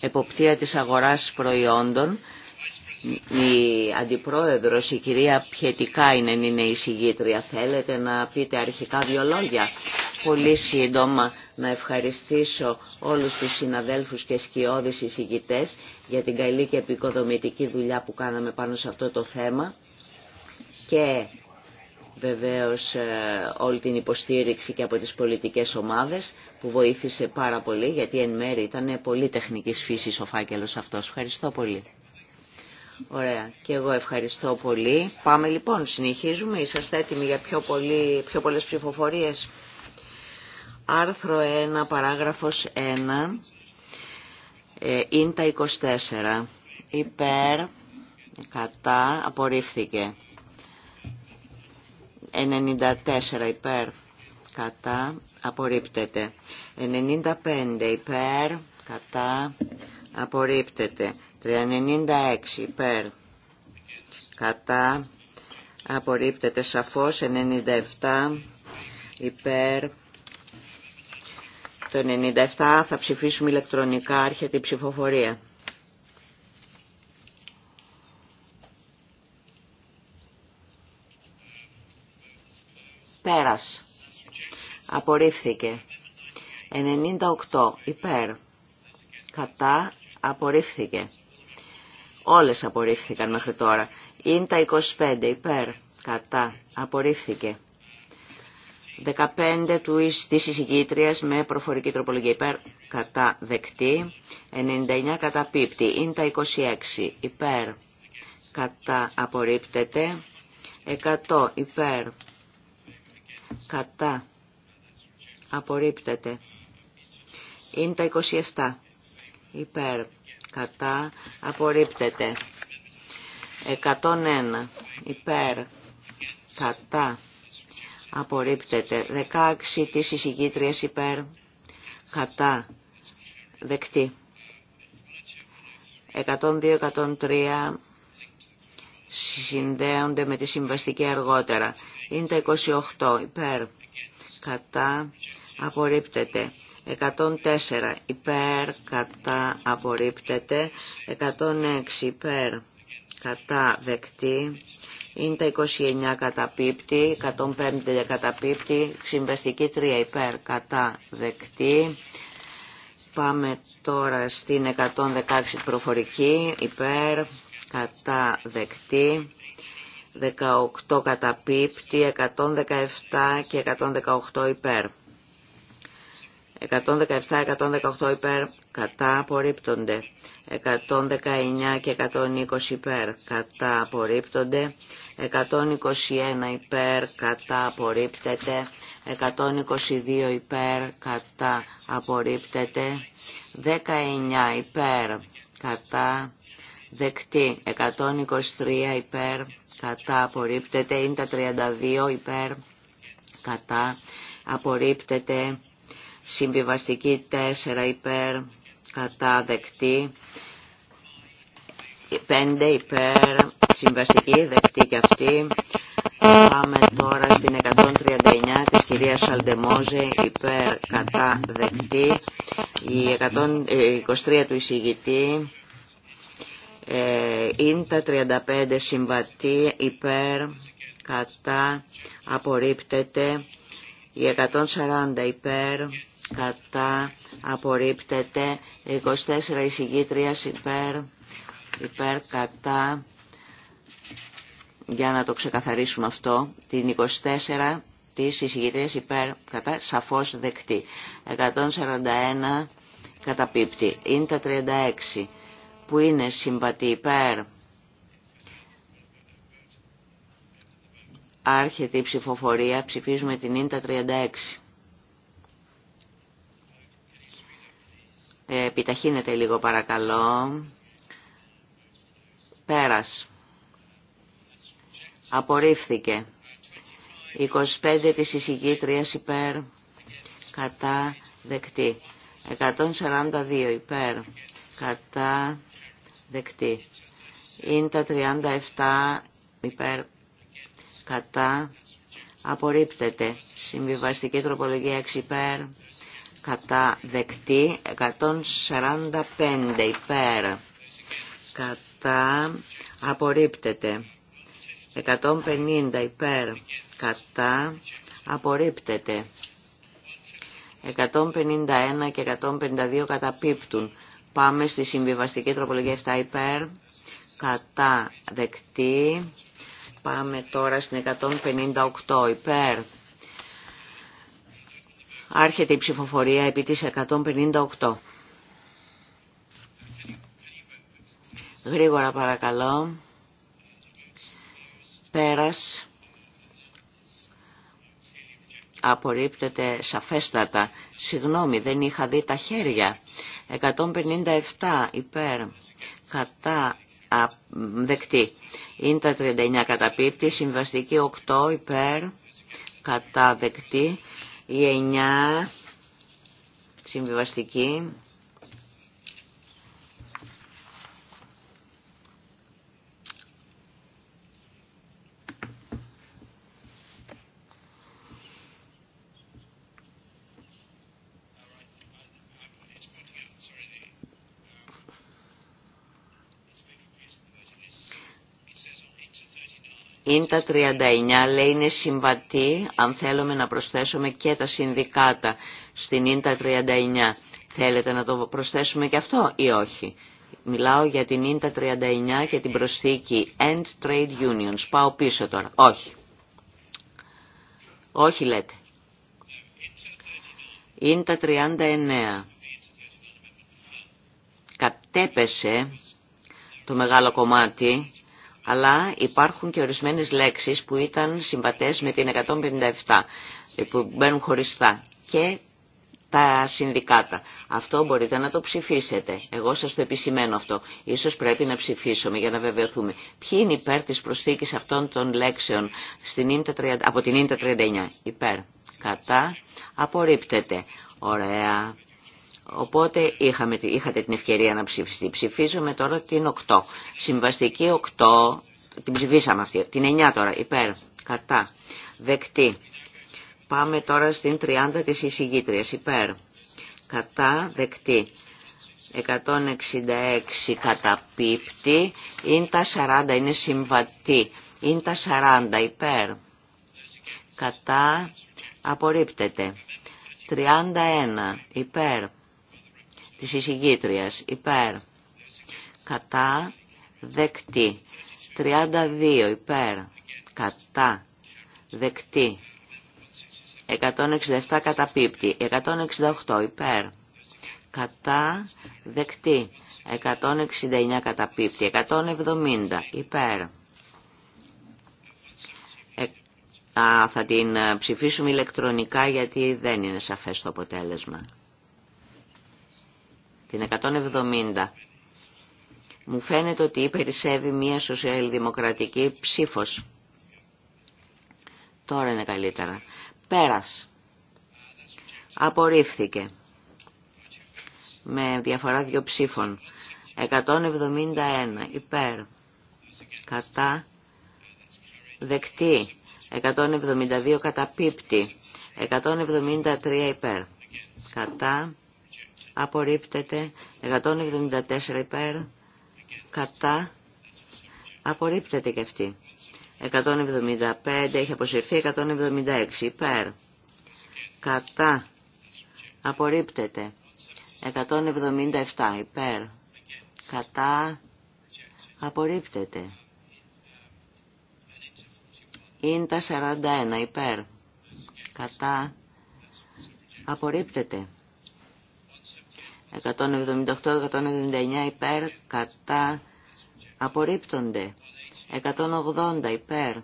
εποπτεία της αγοράς προϊόντων. Η Αντιπρόεδρος, η κυρία Πιετικάινεν είναι, είναι η συγγήτρια. Θέλετε να πείτε αρχικά δύο λόγια. Πολύ σύντομα να ευχαριστήσω όλους τους συναδέλφους και σκιώδεις συγγητές για την καλή και επικοδομητική δουλειά που κάναμε πάνω σε αυτό το θέμα και βεβαίως ε, όλη την υποστήριξη και από τις πολιτικές ομάδες που βοήθησε πάρα πολύ γιατί εν μέρει ήταν πολύ τεχνικής φύσης ο φάκελος αυτός. Ευχαριστώ πολύ. Ωραία. Και εγώ ευχαριστώ πολύ. Πάμε λοιπόν, συνεχίζουμε. Είσαστε έτοιμοι για πιο, πολύ, πιο πολλές ψηφοφορίες. Άρθρο 1, παράγραφος 1, ε, ίντα 24. Υπέρ, κατά, απορρίφθηκε. 94 υπέρ κατά απορρίπτεται 95 υπέρ κατά απορρίπτεται 96 υπέρ κατά απορρίπτεται σαφώς 97 υπέρ το 97 θα ψηφίσουμε ηλεκτρονικά άρχεται η ψηφοφορία πέρας. Απορρίφθηκε. 98 υπέρ. Κατά απορρίφθηκε. Όλες απορρίφθηκαν μέχρι τώρα. Είναι 25 υπέρ. Κατά απορρίφθηκε. 15 του, της εισηγήτριας με προφορική τροπολογία υπέρ κατά δεκτή, 99 κατά πίπτη, είναι 26 υπέρ κατά απορρίπτεται, 100 υπέρ κατά απορρίπτεται. Είναι τα 27 υπέρ κατά απορρίπτεται. 101 υπέρ κατά απορρίπτεται. 16 της εισηγήτριας υπέρ κατά δεκτή. 102-103 συνδέονται με τη συμβαστική αργότερα. Είναι τα 28 υπέρ κατά απορρίπτεται. 104 υπέρ κατά απορρίπτεται. 106 υπέρ κατά δεκτή. Είναι τα 29 πίπτη, 105 πίπτη, συμβαστική 3 υπέρ κατά δεκτή. Πάμε τώρα στην 116 προφορική υπέρ κατά δεκτή. 18 πίπτη, 117 και 118 υπέρ. 117-118 υπέρ κατά απορρίπτονται. 119 και 120 υπέρ κατά απορρίπτονται. 121 υπέρ κατά απορρίπτεται. 122 υπέρ κατά απορρίπτεται. 19 υπέρ κατά δεκτή 123 υπέρ κατά απορρίπτεται είναι τα 32 υπέρ κατά απορρίπτεται συμβιβαστική 4 υπέρ κατά δεκτή 5 υπέρ συμβαστική δεκτή και αυτή Πάμε τώρα στην 139 της κυρίας Σαλντεμόζε υπέρ κατά δεκτή, η 123 του εισηγητή είναι τα 35 συμβατή υπέρ κατά απορρίπτεται η 140 υπέρ κατά απορρίπτεται 24 εισηγήτρια υπέρ υπέρ κατά για να το ξεκαθαρίσουμε αυτό την 24 της εισηγητρίας υπέρ κατά σαφώς δεκτή 141 καταπίπτει είναι τα 36 που είναι συμβατή υπέρ. Άρχεται η ψηφοφορία, ψηφίζουμε την ίντα 36. Ε, επιταχύνεται λίγο παρακαλώ. Πέρας. Απορρίφθηκε. 25 της εισηγήτριας υπέρ. Κατά δεκτή. 142 υπέρ. Κατά δεκτή. Είναι τα 37 υπέρ κατά απορρίπτεται. Συμβιβαστική τροπολογία 6 υπέρ κατά δεκτεί. 145 υπέρ κατά απορρίπτεται. 150 υπέρ κατά απορρίπτεται. 151 και 152 καταπίπτουν. Πάμε στη συμβιβαστική τροπολογία 7 υπέρ, κατά δεκτή. Πάμε τώρα στην 158 υπέρ. Άρχεται η ψηφοφορία επί της 158. Γρήγορα παρακαλώ. Πέρας απορρίπτεται σαφέστατα. Συγγνώμη, δεν είχα δει τα χέρια. 157 υπέρ κατά δεκτή. Είναι τα 39 καταπίπτει, συμβαστική 8 υπέρ κατά δεκτή. Η 9 συμβιβαστική Ίντα 39 λέει είναι συμβατή αν θέλουμε να προσθέσουμε και τα συνδικάτα στην Ίντα 39. Θέλετε να το προσθέσουμε και αυτό ή όχι. Μιλάω για την Ίντα 39 και την προσθήκη End Trade Unions. Πάω πίσω τώρα. Όχι. Όχι λέτε. Ίντα 39. Κατέπεσε το μεγάλο κομμάτι αλλά υπάρχουν και ορισμένες λέξεις που ήταν συμβατές με την 157, ε, που μπαίνουν χωριστά και τα συνδικάτα. Αυτό μπορείτε να το ψηφίσετε. Εγώ σας το επισημαίνω αυτό. Ίσως πρέπει να ψηφίσουμε για να βεβαιωθούμε. Ποιοι είναι υπέρ της προσθήκης αυτών των λέξεων στην 30, από την Ίντα 39. Υπέρ. Κατά. Απορρίπτεται. Ωραία. Οπότε είχαμε, είχατε την ευκαιρία να ψηφιστεί. Ψηφίζουμε τώρα την 8. Συμβαστική 8, την ψηφίσαμε αυτή. Την 9 τώρα, υπέρ, κατά, δεκτή. Πάμε τώρα στην 30 της εισηγήτριας, υπέρ, κατά, δεκτή. 166 καταπίπτει, είναι τα 40, είναι συμβατή, είναι τα 40 υπέρ, κατά απορρίπτεται, 31 υπέρ, της εισηγήτριας υπέρ κατά δεκτή 32 υπέρ κατά δεκτή 167 κατά πίπτη 168 υπέρ κατά δεκτή 169 κατά πίπτη 170 υπέρ ε, Α, θα την ψηφίσουμε ηλεκτρονικά γιατί δεν είναι σαφές το αποτέλεσμα την 170, μου φαίνεται ότι υπερισσεύει μια σοσιαλδημοκρατική ψήφος. Τώρα είναι καλύτερα. Πέρας. Απορρίφθηκε. Με διαφορά δύο ψήφων. 171 υπέρ. Κατά. Δεκτή. 172 πίπτη. 173 υπέρ. Κατά απορρίπτεται 174 υπέρ κατά απορρίπτεται και αυτή 175 έχει αποσυρθεί 176 υπέρ κατά απορρίπτεται 177 υπέρ κατά απορρίπτεται είναι τα 41 υπέρ κατά απορρίπτεται 178-179 υπέρ κατά απορρίπτονται. 180 υπέρ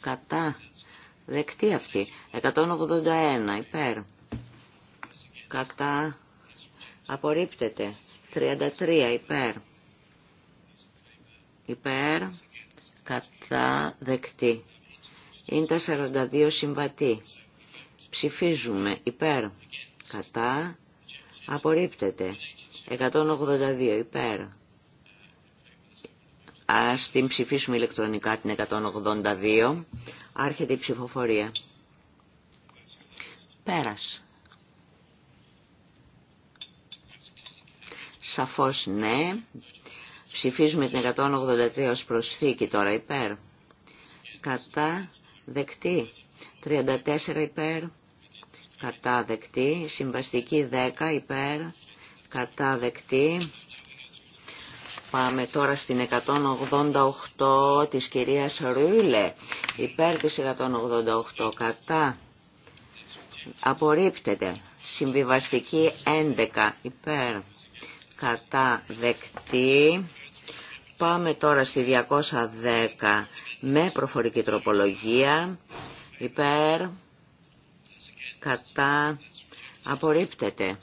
κατά δεκτή αυτή. 181 υπέρ κατά απορρίπτεται. 33 υπέρ υπέρ κατά δεκτή. Είναι τα 42 συμβατή. Ψηφίζουμε υπέρ κατά Απορρίπτεται. 182 υπέρ. Ας την ψηφίσουμε ηλεκτρονικά την 182. Άρχεται η ψηφοφορία. Πέρας. Σαφώς ναι. Ψηφίζουμε την 183 ως προσθήκη τώρα υπέρ. Κατά δεκτή. 34 υπέρ Κατάδεκτη. συμβαστική 10 υπέρ, κατά δεκτή. Πάμε τώρα στην 188 της κυρίας Ρούλε, υπέρ της 188, κατά, απορρίπτεται, συμβιβαστική 11 υπέρ, κατά δεκτή. Πάμε τώρα στη 210 με προφορική τροπολογία, υπέρ, κατά απορρίπτεται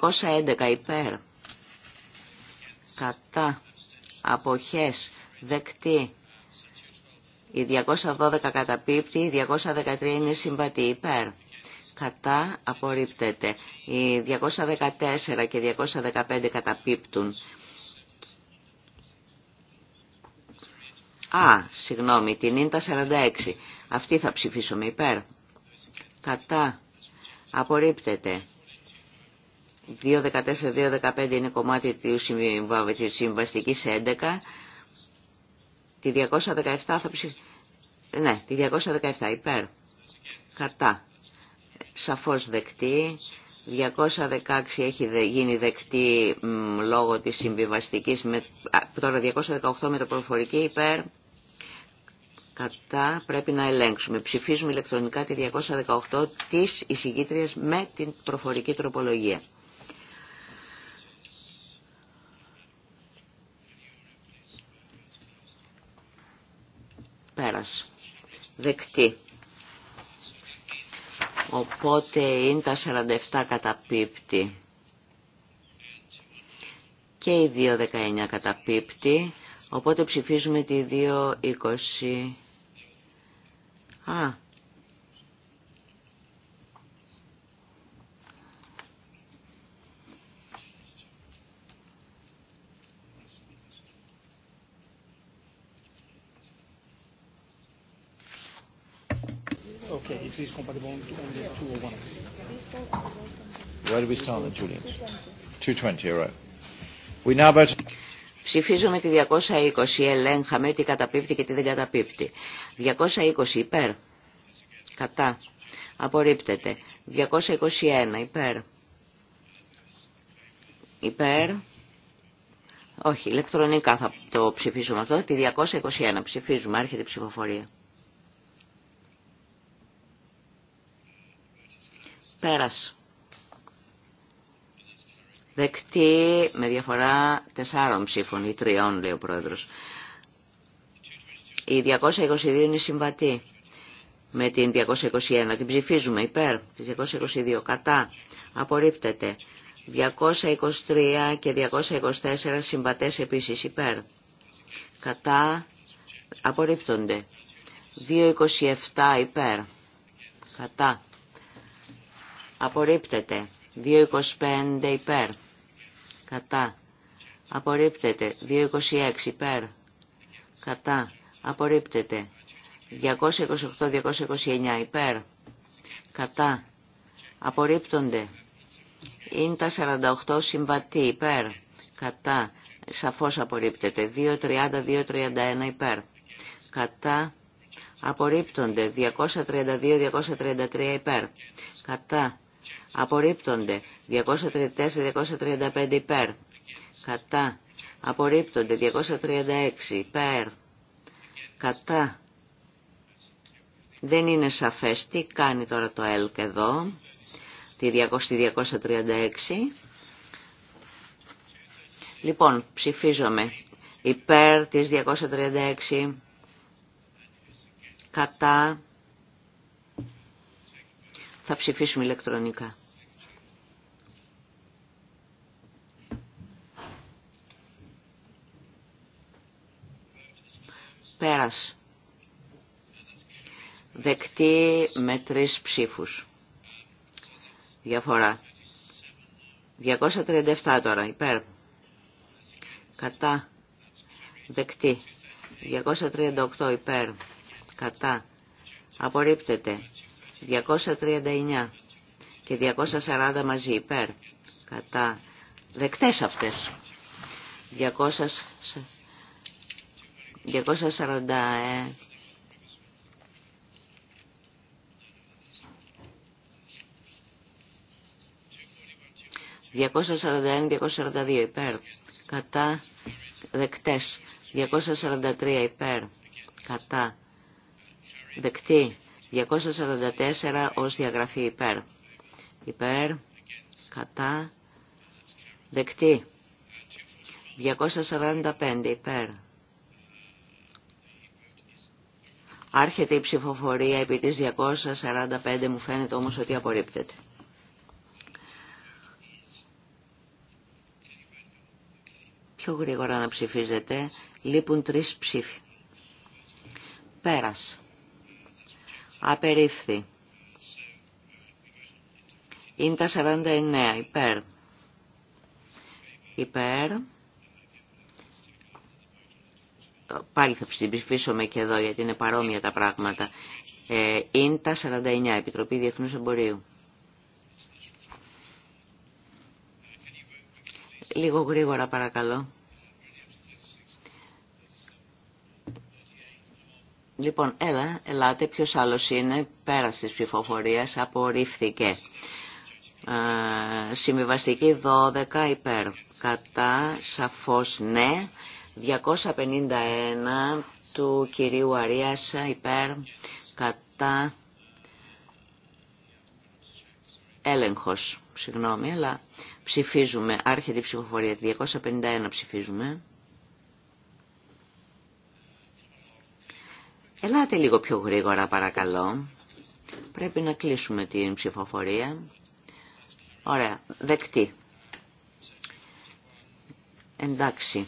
211 υπέρ κατά αποχές δεκτή η 212 καταπίπτει, η 213 είναι συμβατή υπέρ. Κατά απορρίπτεται. Οι 214 και 215 καταπίπτουν. Α, συγγνώμη, την τα 46. Αυτή θα ψηφίσουμε υπέρ κατά απορρίπτεται 2.14-2.15 είναι κομμάτι της συμβαστικής 11 τη 217 θα ναι, τη 217 υπέρ κατά σαφώς δεκτή 216 έχει γίνει δεκτή λόγω της συμβιβαστικής με, τώρα 218 με το προφορική υπέρ κατά πρέπει να ελέγξουμε. Ψηφίζουμε ηλεκτρονικά τη 218 της εισηγήτριας με την προφορική τροπολογία. Πέρας. Δεκτή. Οπότε είναι τα 47 καταπίπτει. Και η 219 καταπίπτει. Οπότε ψηφίζουμε τη 220. Α. Okay, it is compatible only 201. Where do we start, Julian? 220, all right. We now about... Ψηφίζουμε τη 220, ελέγχαμε τι καταπίπτει και τι δεν καταπίπτει. 220 υπέρ, κατά, απορρίπτεται. 221 υπέρ, υπέρ, όχι, ηλεκτρονικά θα το ψηφίσουμε αυτό, τη 221 ψηφίζουμε, άρχεται η ψηφοφορία. Πέρας. Δεκτή με διαφορά τεσσάρων ψήφων ή τριών, λέει ο Πρόεδρος. Η 222 είναι συμβατή με την 221. Την ψηφίζουμε υπέρ. Τη 222 κατά. Απορρίπτεται. 223 και 224 συμβατές επίσης υπέρ. Κατά. Απορρίπτονται. 227 υπέρ. Κατά. Απορρίπτεται. 225 υπέρ κατά, απορρίπτεται. 226 υπέρ, κατά, απορρίπτεται. 228-229 υπέρ, κατά, απορρίπτονται. Είναι τα 48 συμβατή υπέρ, κατά, σαφώς απορρίπτεται. 230-231 υπέρ, κατά, απορρίπτονται. 232-233 υπέρ, κατά, απορρίπτονται 234-235 υπέρ, κατά, απορρίπτονται 236 υπέρ, κατά. Δεν είναι σαφές τι κάνει τώρα το ΕΛΚ εδώ, τη 236. Λοιπόν, ψηφίζομαι υπέρ της 236, κατά, θα ψηφίσουμε ηλεκτρονικά. Πέρας. Δεκτή με τρεις ψήφους. Διαφορά. 237 τώρα, υπέρ. Κατά. Δεκτή. 238 υπέρ. Κατά. Απορρίπτεται. 239 και 240 μαζί υπέρ κατά δεκτές αυτές ...241-242 υπέρ, κατά δεκτές, 243 υπέρ, κατά δεκτή, 244 ως διαγραφή υπέρ. Υπέρ, κατά, δεκτή. 245 υπέρ. Άρχεται η ψηφοφορία επί της 245, μου φαίνεται όμως ότι απορρίπτεται. Πιο γρήγορα να ψηφίζετε, λείπουν τρεις ψήφοι. Πέρας. Απερίφθη. Είναι τα 49. Υπέρ. Υπέρ. Πάλι θα ψηφίσουμε και εδώ γιατί είναι παρόμοια τα πράγματα. είναι τα 49. Επιτροπή Διεθνούς Εμπορίου. Λίγο γρήγορα παρακαλώ. Λοιπόν, έλα, ελάτε, ποιος άλλος είναι, πέρασε της ψηφοφορίας, απορρίφθηκε. Ε, συμβιβαστική 12 υπέρ, κατά, σαφώς ναι, 251 του κυρίου Αρίασα υπέρ, κατά, έλεγχος, συγγνώμη, αλλά ψηφίζουμε, άρχεται η ψηφοφορία, 251 ψηφίζουμε. Ελάτε λίγο πιο γρήγορα παρακαλώ. Πρέπει να κλείσουμε την ψηφοφορία. Ωραία, δεκτή. Εντάξει.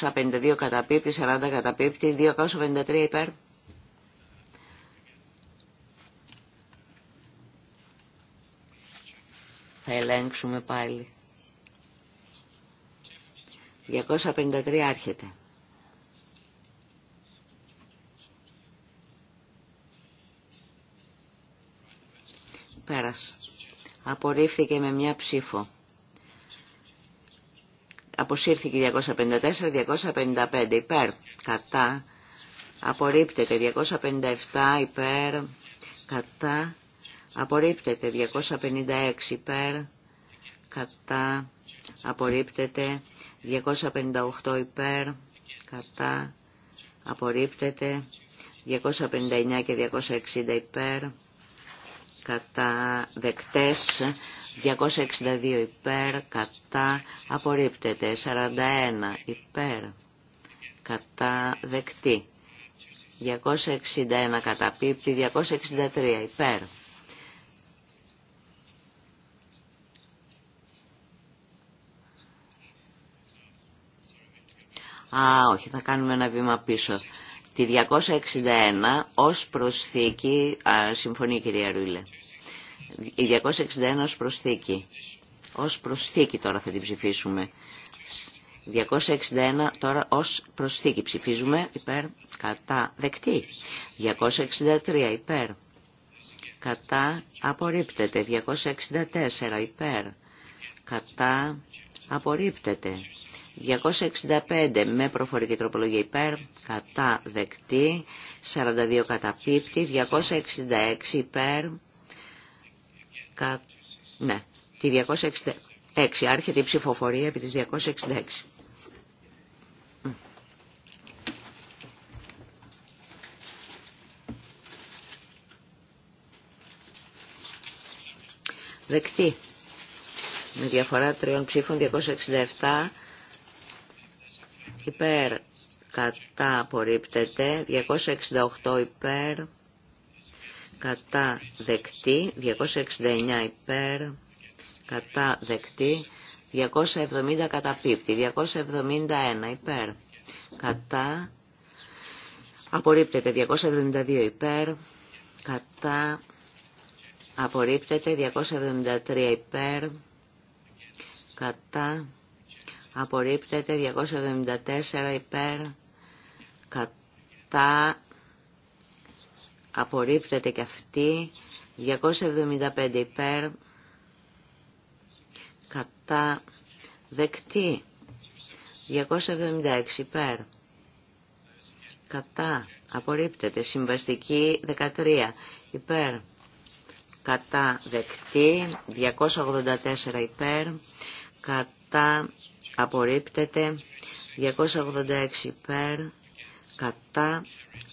252 καταπίπτει, 40 καταπίπτει, 253 υπέρ. Θα ελέγξουμε πάλι. 253 άρχεται. Πέρας. Απορρίφθηκε με μια ψήφο. Αποσύρθηκε 254-255 υπέρ. Κατά. Απορρίπτεται 257 υπέρ. Κατά. Απορρίπτεται 256 υπέρ. Κατά. Απορρίπτεται 258 υπέρ. Κατά. Απορρίπτεται 259 και 260 υπέρ κατά δεκτές 262 υπέρ κατά απορρίπτεται 41 υπέρ κατά δεκτή 261 κατά πίπτη 263 υπέρ Α, όχι, θα κάνουμε ένα βήμα πίσω. Τη 261 ως προσθήκη, α, συμφωνεί η κυρία Ρούιλε, η 261 ως προσθήκη, ως προσθήκη τώρα θα την ψηφίσουμε. 261 τώρα ως προσθήκη ψηφίζουμε υπέρ κατά δεκτή. 263 υπέρ κατά απορρίπτεται. 264 υπέρ κατά απορρίπτεται. 265 με προφορική τροπολογία υπέρ, κατά δεκτή, 42 κατά πίπτη, 266 υπέρ, κα, ναι, τη 266, άρχεται η ψηφοφορία επί της 266. Δεκτή. Με διαφορά τριών ψήφων 267 υπέρ κατά απορρίπτεται 268 υπέρ κατά δεκτή 269 υπέρ κατά δεκτή 270 κατά πίπτη, 271 υπέρ κατά απορρίπτεται 272 υπέρ κατά απορρίπτεται 273 υπέρ κατά απορρίπτεται 274 υπέρ κατά απορρίπτεται και αυτή 275 υπέρ κατά δεκτή 276 υπέρ κατά απορρίπτεται συμβαστική 13 υπέρ κατά δεκτή 284 υπέρ κατά κατά απορρίπτεται 286 υπέρ κατά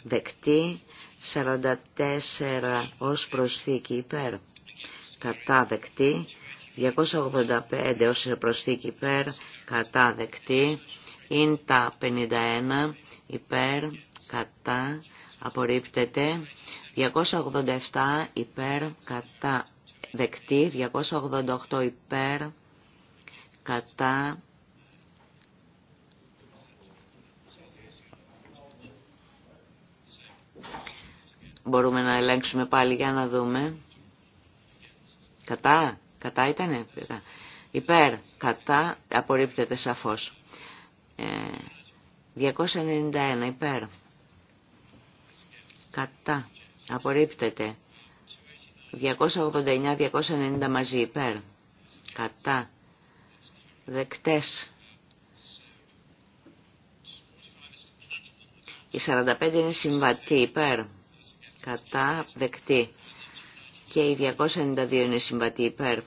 δεκτή 44 ως προσθήκη υπέρ κατά δεκτή 285 ως προσθήκη υπέρ κατά δεκτή τα 51 υπέρ κατά απορρίπτεται 287 υπέρ κατά δεκτή 288 υπέρ κατά Μπορούμε να ελέγξουμε πάλι για να δούμε. Κατά, κατά ήτανε. Υπέρ, κατά, απορρίπτεται σαφώς. 291, ε, υπέρ. Κατά, απορρίπτεται. 289-290 μαζί, υπέρ. Κατά, δεκτές. Οι 45 είναι συμβατή υπέρ, κατά δεκτή. Και οι 292 είναι συμβατή υπέρ,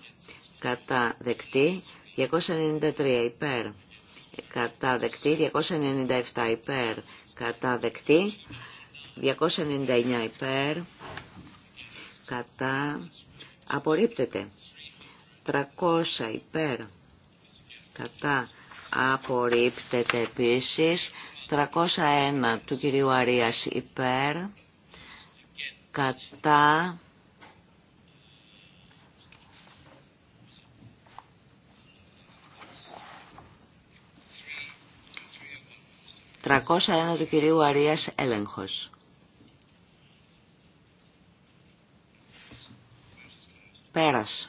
κατά δεκτή. 293 υπέρ, κατά δεκτή. 297 υπέρ, κατά δεκτή. 299 υπέρ, κατά απορρίπτεται. 300 υπέρ, κατά απορρίπτεται επίσης 301 του κυρίου Αρίας υπέρ κατά 301 του κυρίου Αρίας έλεγχος. Πέρασε.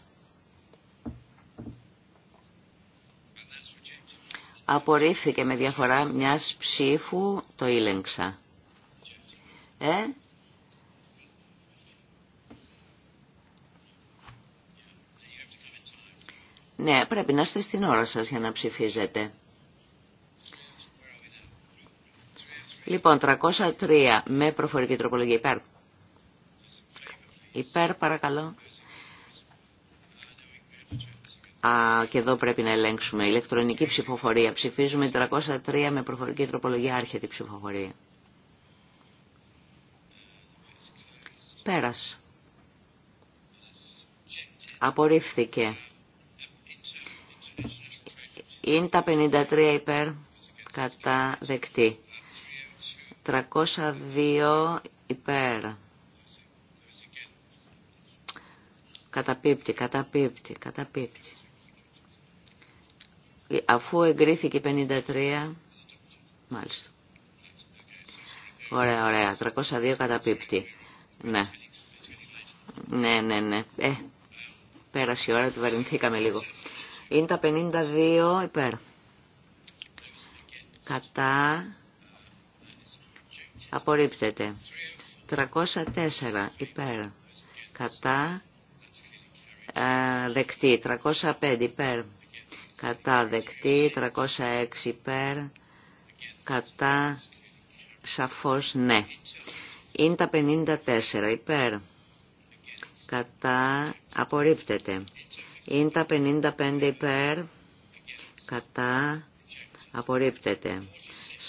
Απορρίφθηκε με διαφορά μιας ψήφου, το ήλεγξα. Ε? Ναι, πρέπει να είστε στην ώρα σας για να ψηφίζετε. Λοιπόν, 303 με προφορική τροπολογία υπέρ. Υπέρ, παρακαλώ. Α, και εδώ πρέπει να ελέγξουμε. Ηλεκτρονική ψηφοφορία. Ψηφίζουμε 303 με προφορική τροπολογία άρχεται ψηφοφορία. Πέρασε. Απορρίφθηκε. Είναι τα 53 υπέρ κατά δεκτή. 302 υπέρ. Καταπίπτει, καταπίπτει, καταπίπτει. Αφού εγκρίθηκε 53, μάλιστα. Ωραία, ωραία. 302 καταπίπτει. Ναι. Ναι, ναι, ναι. Ε, πέρασε η ώρα, του βαρυνθήκαμε λίγο. Είναι τα 52 υπέρ. Κατά. Απορρίπτεται. 304 υπέρ. Κατά. Ε, δεκτή. 305 υπέρ κατά δεκτή, 306 υπέρ, κατά σαφώς ναι. Είναι τα 54 υπέρ, κατά απορρίπτεται. Είναι τα 55 υπέρ, κατά απορρίπτεται.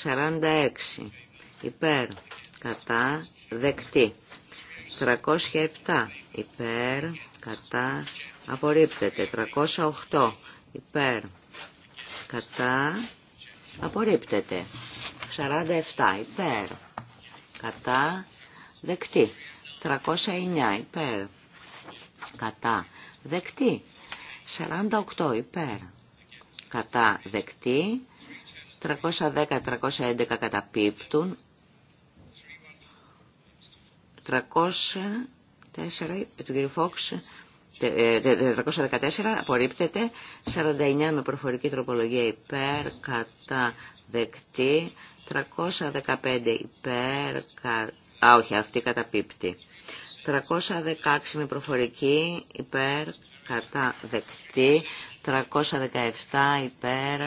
46 υπέρ, κατά δεκτή. 307 υπέρ, κατά απορρίπτεται. 308 υπέρ κατά απορρίπτεται 47 υπέρ κατά δεκτή 309 υπέρ κατά δεκτή 48 υπέρ κατά δεκτή 310-311 καταπίπτουν 304 του κύριου Φόξ 414 απορρίπτεται, 49 με προφορική τροπολογία υπέρ, κατά δεκτή, 315 υπέρ, κα... α όχι αυτή καταπίπτει, 316 με προφορική υπέρ, κατά δεκτή, 317 υπέρ,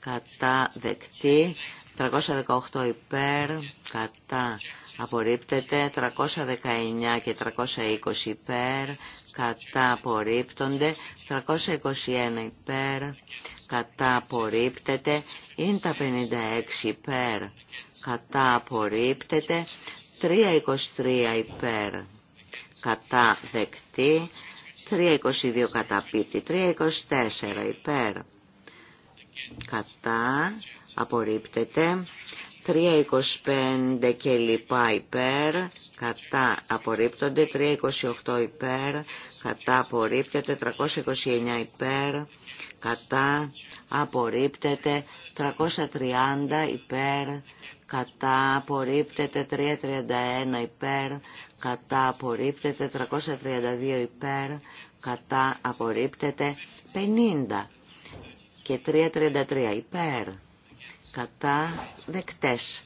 κατά δεκτή, 318 υπέρ, κατά απορρίπτεται, 319 και 320 υπέρ, κατά απορρίπτονται, 321 υπέρ, κατά απορρίπτεται, είναι τα 56 υπέρ, κατά απορρίπτεται, 323 υπέρ, κατά δεκτή, 322 καταπίτη, 324 υπέρ, κατά, απορρίπτεται. 3.25 και λοιπά υπέρ, κατά απορρίπτονται, 3.28 υπέρ, κατά απορρίπτεται, 329 υπέρ, κατά απορρίπτεται, 330 υπέρ, κατά απορρίπτεται, 331 υπέρ, κατά απορρίπτεται, 332 υπέρ, κατά απορρίπτεται, 50 και 3.33 υπέρ κατά δεκτές.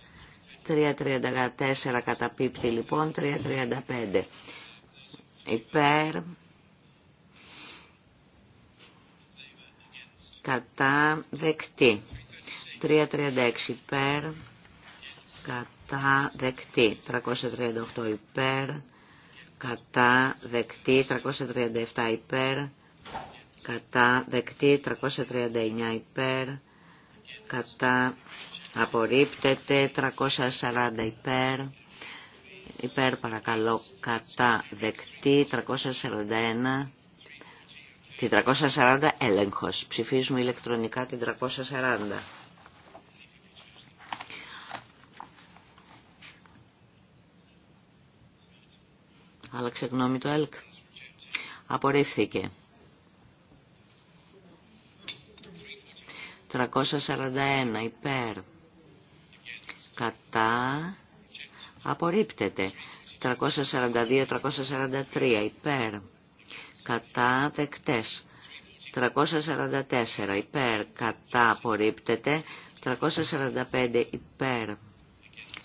3.34 κατά πίπτη, λοιπόν, 3.35 υπέρ κατά δεκτή. 3.36 υπέρ κατά δεκτή. 338 υπέρ κατά δεκτή. 337 υπέρ κατά δεκτή 339 υπέρ, κατά απορρίπτεται 340 υπέρ, υπέρ παρακαλώ κατά δεκτή 341 την 340 έλεγχος. Ψηφίζουμε ηλεκτρονικά την 340. Άλλαξε γνώμη το ΕΛΚ. Απορρίφθηκε. 341 υπέρ κατά απορρίπτεται 342 343 υπέρ κατά δεκτές 344 υπέρ κατά απορρίπτεται 345 υπέρ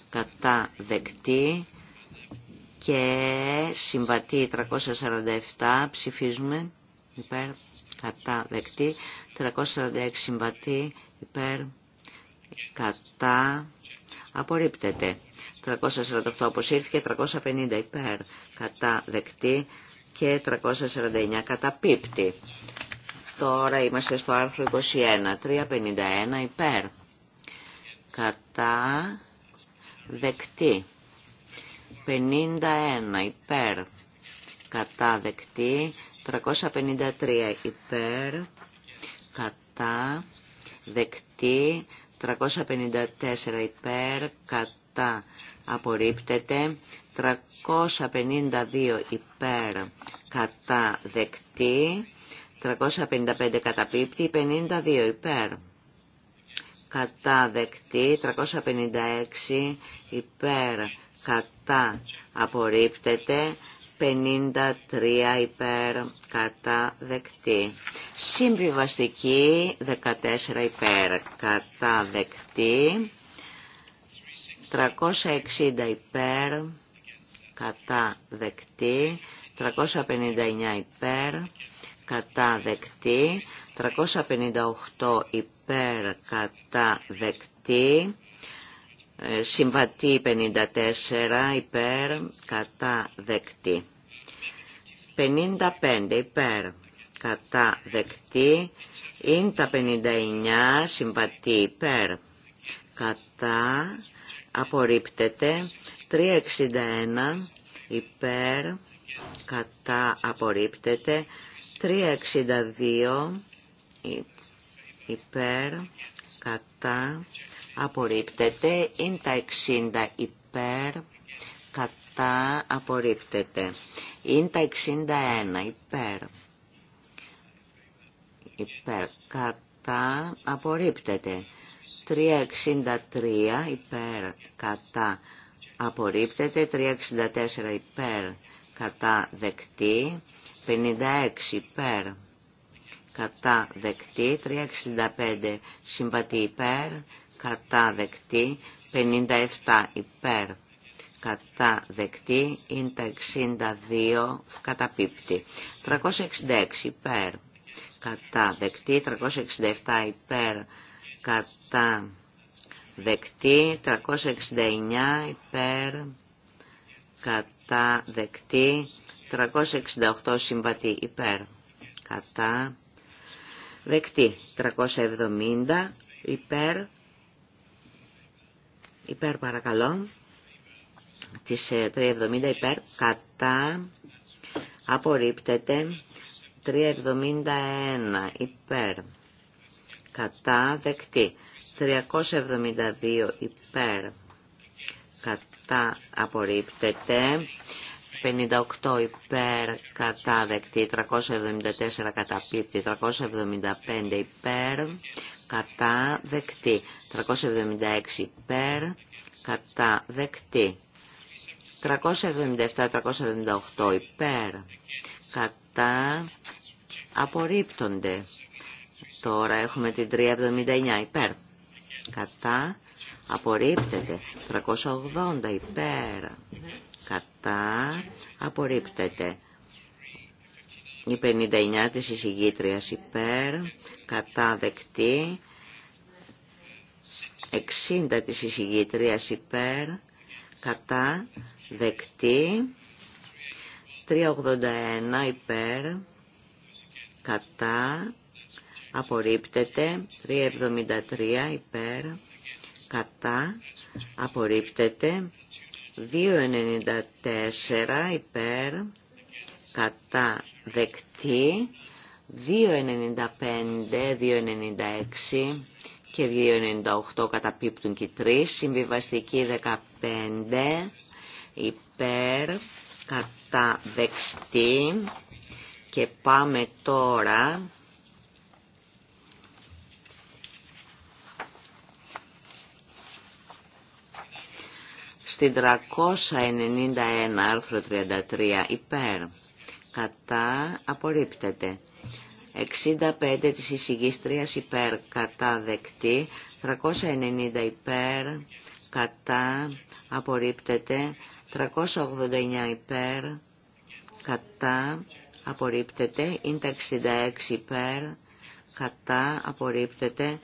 κατά δεκτή και συμβατή 347 ψηφίζουμε υπέρ, κατά, δεκτή. 346 συμβατή, υπέρ, κατά, απορρίπτεται. 348 ήρθε, 350 υπέρ, κατά, δεκτή και 349 κατά πίπτη. Τώρα είμαστε στο άρθρο 21, 351 υπέρ, κατά, δεκτή. 51 υπέρ, κατά, δεκτή. 353 υπέρ, κατά, δεκτή, 354 υπέρ, κατά, απορρίπτεται, 352 υπέρ, κατά, δεκτή, 355 καταπίπτει, 52 υπέρ, κατά, δεκτή, 356 υπέρ, κατά, απορρίπτεται, 53 υπέρ κατά δεκτή. Συμβιβαστική 14 υπέρ κατά δεκτή. 360 υπέρ κατά δεκτή. 359 υπέρ κατά δεκτή. 358 υπέρ κατά δεκτή. Συμβατή 54 υπέρ κατά δεκτή. 55 υπέρ κατά δεκτή. Είναι τα 59 συμβατή υπέρ κατά απορρίπτεται. 361 υπέρ κατά απορρίπτεται. 362 υπέρ κατά απορρίπτεται, είναι τα 60 υπέρ, κατά απορρίπτεται, είναι τα 61 υπέρ, υπέρ, κατά απορρίπτεται, 363 υπέρ, κατά απορρίπτεται, 364 υπέρ, κατά δεκτή, 56 υπέρ, κατά δεκτή, 365 συμβατή υπέρ, κατά δεκτή 57 υπέρ κατά δεκτή είναι τα 62 καταπίπτει 366 υπέρ κατά δεκτή 367 υπέρ κατά δεκτή 369 υπέρ κατά δεκτή 368 συμβατή υπέρ κατά δεκτή 370 υπέρ υπέρ παρακαλώ, της 370 ε, υπέρ, κατά, απορρίπτεται, 371 υπέρ, κατά, δεκτή, 372 υπέρ, κατά, απορρίπτεται, 58 υπέρ κατά δεκτή, 374 κατά πίπτη, 375 υπέρ κατά δεκτή, 376 υπέρ, κατά, δεκτή. 377-378 υπέρ, κατά, απορρίπτονται. Τώρα έχουμε την 379 υπέρ, κατά, απορρίπτεται. 380 υπέρ, κατά, απορρίπτεται. Η 59 της εισηγήτριας υπέρ, κατά δεκτή, 60 της εισηγήτριας υπέρ, κατά, δεκτή, 381 υπέρ, κατά, απορρίπτεται, 373 υπέρ, κατά, απορρίπτεται, 294 υπέρ, κατά, δεκτή, 295, 296 και 2,98 καταπίπτουν και 3. Συμβιβαστική 15 υπέρ κατά δεξτή. Και πάμε τώρα... Στην 391 άρθρο 33 υπέρ κατά απορρίπτεται. 65 της εισηγήστριας υπέρ κατά δεκτή, 390 υπέρ κατά απορρίπτεται, 389 υπέρ κατά απορρίπτεται, είναι 66 υπέρ κατά απορρίπτεται,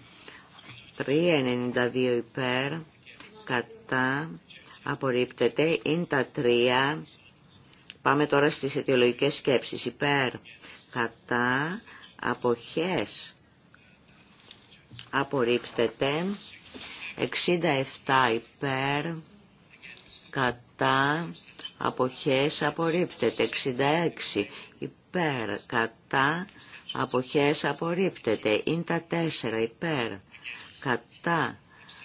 392 υπέρ κατά απορρίπτεται, είναι τα 3 Πάμε τώρα στις αιτιολογικές σκέψεις. Υπέρ, κατά, αποχές απορρίπτεται 67 υπέρ κατά αποχές απορρίπτεται 66 υπέρ κατά αποχές απορρίπτεται είναι τα 4 υπέρ κατά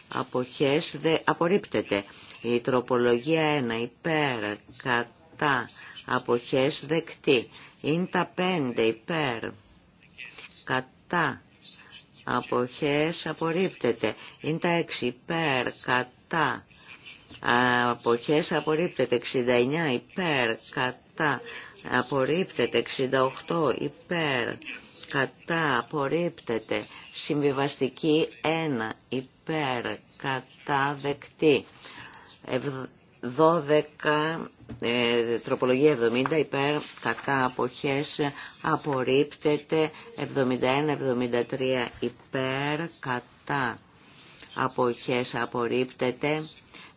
αποχές δε, απορρίπτεται η τροπολογία 1 υπέρ κατά αποχές δεκτή είναι τα 5 υπέρ κατά αποχές απορρίπτεται. Είναι τα 6 υπέρ κατά αποχές απορρίπτεται. 69 υπέρ κατά απορρίπτεται. 68 υπέρ κατά απορρίπτεται. Συμβιβαστική 1 υπέρ κατά δεκτή. 12 ε, τροπολογία 70 υπέρ κατά αποχές απορρίπτεται 71-73 υπέρ κατά αποχές απορρίπτεται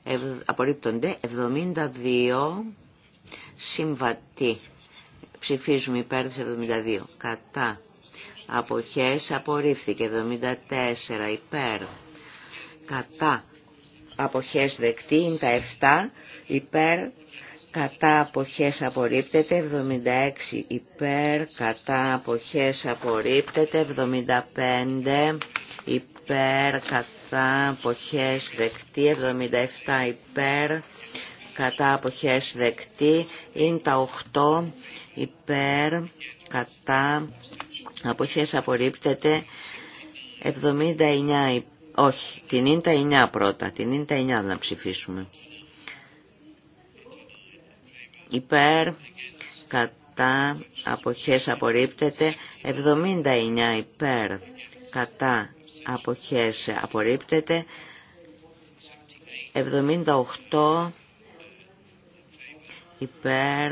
ευ, απορρίπτονται 72 συμβατή ψηφίζουμε υπέρ της 72 κατά αποχές απορρίφθηκε 74 υπέρ κατά αποχές δεκτή είναι τα 7 υπέρ κατά αποχές απορρίπτεται 76 υπέρ κατά αποχές απορρίπτεται 75 υπέρ κατά αποχές δεκτή 77 υπέρ κατά αποχές δεκτή είναι τα 8 υπέρ κατά αποχές απορρίπτεται 79 όχι την είναι τα 9 πρώτα την είναι τα 9 να ψηφίσουμε υπέρ, κατά, αποχές απορρίπτεται, 79 υπέρ, κατά, αποχές απορρίπτεται, 78 υπέρ,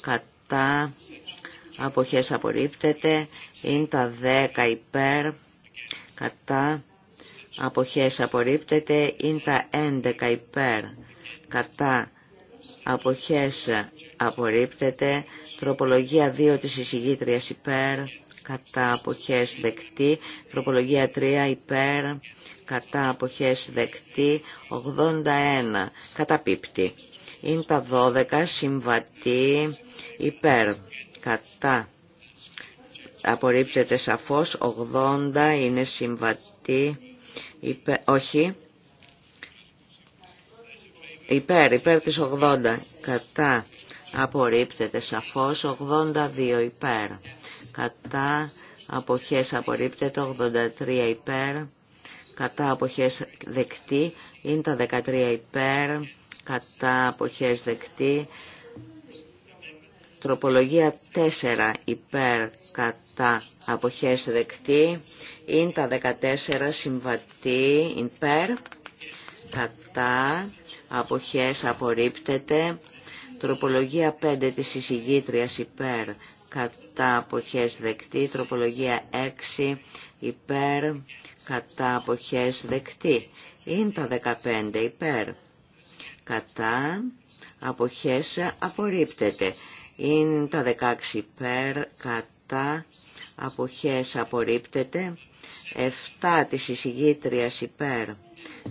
κατά, αποχές απορρίπτεται, είναι τα 10 υπέρ, κατά, αποχές απορρίπτεται, είναι τα 11 υπέρ, κατά, αποχές ε, απορρίπτεται, τροπολογία 2 της εισηγήτριας υπέρ, κατά αποχές δεκτή, τροπολογία 3 υπέρ, κατά αποχές δεκτή, 81 καταπίπτει. Είναι τα 12 συμβατή υπέρ, κατά απορρίπτεται σαφώς, 80 είναι συμβατή, υπέρ, όχι, υπέρ, υπέρ της 80 κατά απορρίπτεται σαφώς 82 υπέρ κατά αποχές απορρίπτεται 83 υπέρ κατά αποχές δεκτή είναι τα 13 υπέρ κατά αποχές δεκτή τροπολογία 4 υπέρ κατά αποχές δεκτή είναι τα 14 συμβατή υπέρ κατά αποχές απορρίπτεται. Τροπολογία 5 της εισηγήτριας υπέρ κατά αποχές δεκτή. Τροπολογία 6 υπέρ κατά αποχές δεκτή. Είναι τα 15 υπέρ κατά αποχές απορρίπτεται. Είναι τα 16 υπέρ κατά αποχές απορρίπτεται. 7 της εισηγήτριας υπέρ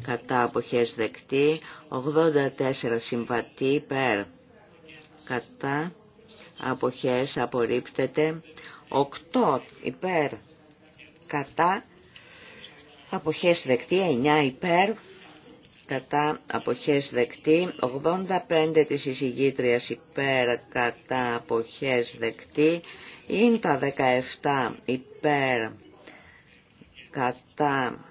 κατά αποχές δεκτή, 84 συμβατή υπέρ κατά αποχές απορρίπτεται, 8 υπέρ κατά αποχές δεκτή, 9 υπέρ κατά αποχές δεκτή, 85 της εισηγήτριας υπέρ κατά αποχές δεκτή, είναι τα 17 υπέρ κατά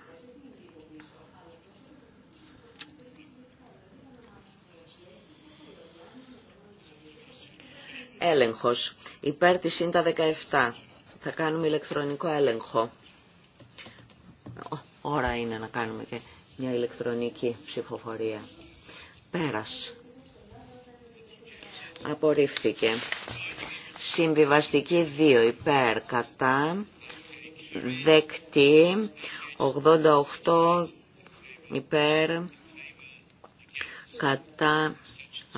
Έλεγχος. Υπέρ της ΣΥΝΤΑ 17. Θα κάνουμε ηλεκτρονικό έλεγχο. Ώρα είναι να κάνουμε και μια ηλεκτρονική ψηφοφορία. Πέρας. Απορρίφθηκε. Συμβιβαστική 2 υπέρ κατά. Δεκτή. 88 υπέρ κατά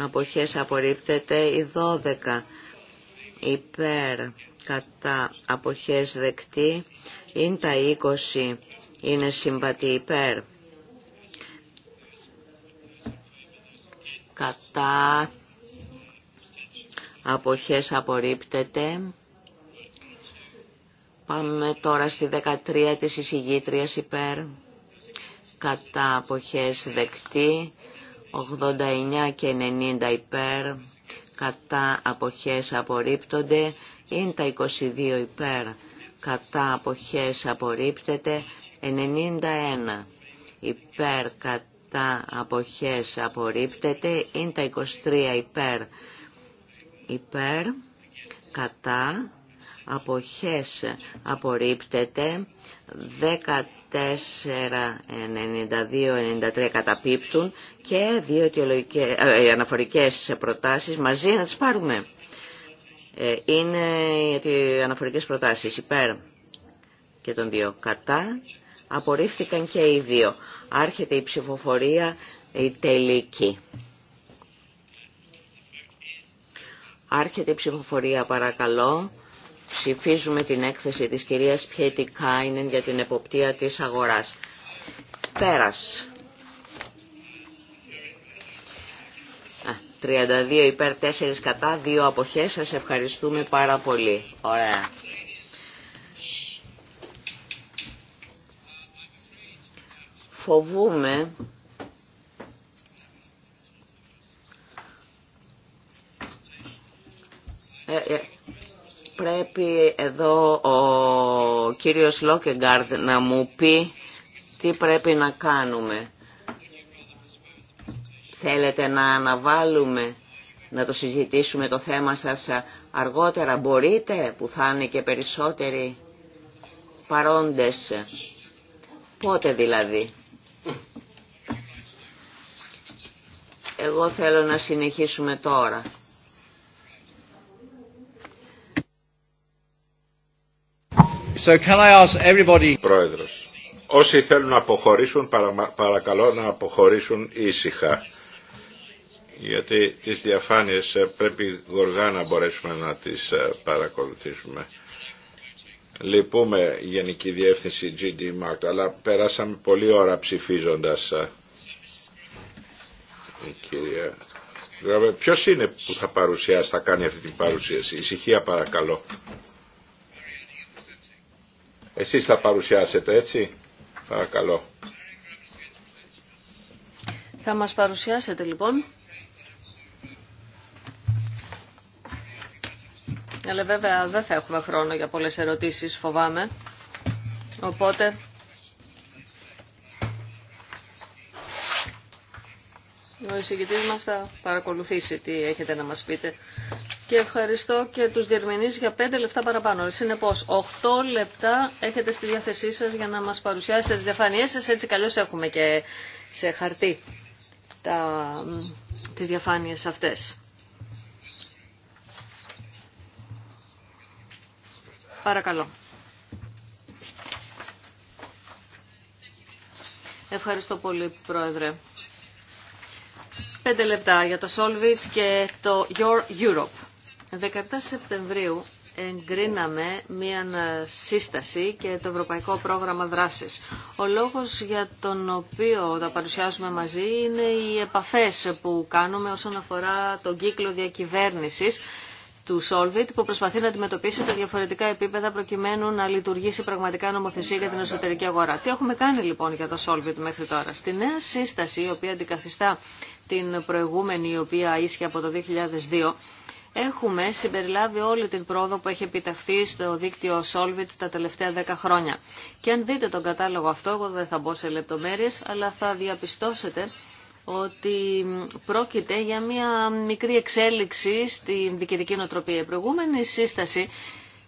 αποχές απορρίπτεται η 12 υπέρ κατά αποχές δεκτή είναι τα 20 είναι συμβατή υπέρ κατά αποχές απορρίπτεται πάμε τώρα στη 13 της εισηγήτριας υπέρ κατά αποχές δεκτή 89 και 90 υπέρ κατά αποχές απορρίπτονται, είναι τα 22 υπέρ, κατά αποχές απορρίπτεται, 91 υπέρ, κατά αποχές απορρίπτεται, είναι τα 23 υπέρ, υπέρ, κατά αποχές απορρίπτεται, 14, 92, 93 καταπίπτουν και δύο αναφορικέ ε, αναφορικές προτάσεις μαζί να τις πάρουμε. Ε, είναι οι αναφορικές προτάσεις υπέρ και των δύο κατά. Απορρίφθηκαν και οι δύο. Άρχεται η ψηφοφορία η τελική. Άρχεται η ψηφοφορία παρακαλώ. Ψηφίζουμε την έκθεση της κυρίας Πιέτη Κάινεν για την εποπτεία της αγοράς. Πέρας. 32 υπέρ 4 κατά, 2 αποχές. Σας ευχαριστούμε πάρα πολύ. Ωραία. Φοβούμε ε, ε, πρέπει εδώ ο κύριος Λόκεγκάρντ να μου πει τι πρέπει να κάνουμε. Θέλετε να αναβάλουμε, να το συζητήσουμε το θέμα σας αργότερα. Μπορείτε που θα είναι και περισσότεροι παρόντες. Πότε δηλαδή. Εγώ θέλω να συνεχίσουμε τώρα. So can Πρόεδρος, όσοι θέλουν να αποχωρήσουν παρακαλώ να αποχωρήσουν ήσυχα γιατί τις διαφάνειες ε, πρέπει γοργά να μπορέσουμε να τις ε, παρακολουθήσουμε. Λυπούμε Γενική Διεύθυνση GD mark, αλλά περάσαμε πολλή ώρα ψηφίζοντας. Ε. Ποιος είναι που θα παρουσιάσει, θα κάνει αυτή την παρουσίαση. Ησυχία παρακαλώ. Εσείς θα παρουσιάσετε, έτσι. Παρακαλώ. Θα μας παρουσιάσετε λοιπόν. Αλλά βέβαια δεν θα έχουμε χρόνο για πολλές ερωτήσεις, φοβάμαι. Οπότε Ο εισηγητής μας θα παρακολουθήσει τι έχετε να μας πείτε. Και ευχαριστώ και τους διερμηνείς για πέντε λεπτά παραπάνω. Συνεπώς, 8 λεπτά έχετε στη διάθεσή σας για να μας παρουσιάσετε τις διαφάνειές σας. Έτσι καλώς έχουμε και σε χαρτί τα, τις διαφάνειες αυτές. Παρακαλώ. Ευχαριστώ πολύ, Πρόεδρε. 5 λεπτά για το Solvit και το Your Europe. 17 Σεπτεμβρίου εγκρίναμε μία σύσταση και το Ευρωπαϊκό Πρόγραμμα Δράσης. Ο λόγος για τον οποίο θα παρουσιάσουμε μαζί είναι οι επαφές που κάνουμε όσον αφορά τον κύκλο διακυβέρνησης του Solvit που προσπαθεί να αντιμετωπίσει τα διαφορετικά επίπεδα προκειμένου να λειτουργήσει πραγματικά νομοθεσία για την εσωτερική αγορά. Τι έχουμε κάνει λοιπόν για το Solvit μέχρι τώρα. Στη νέα σύσταση, η οποία αντικαθιστά την προηγούμενη, η οποία ίσχυε από το 2002, έχουμε συμπεριλάβει όλη την πρόοδο που έχει επιταχθεί στο δίκτυο Solvit τα τελευταία 10 χρόνια. Και αν δείτε τον κατάλογο αυτό, εγώ δεν θα μπω σε λεπτομέρειες, αλλά θα διαπιστώσετε ότι πρόκειται για μια μικρή εξέλιξη στην δικαιωτική νοοτροπία. Η προηγούμενη σύσταση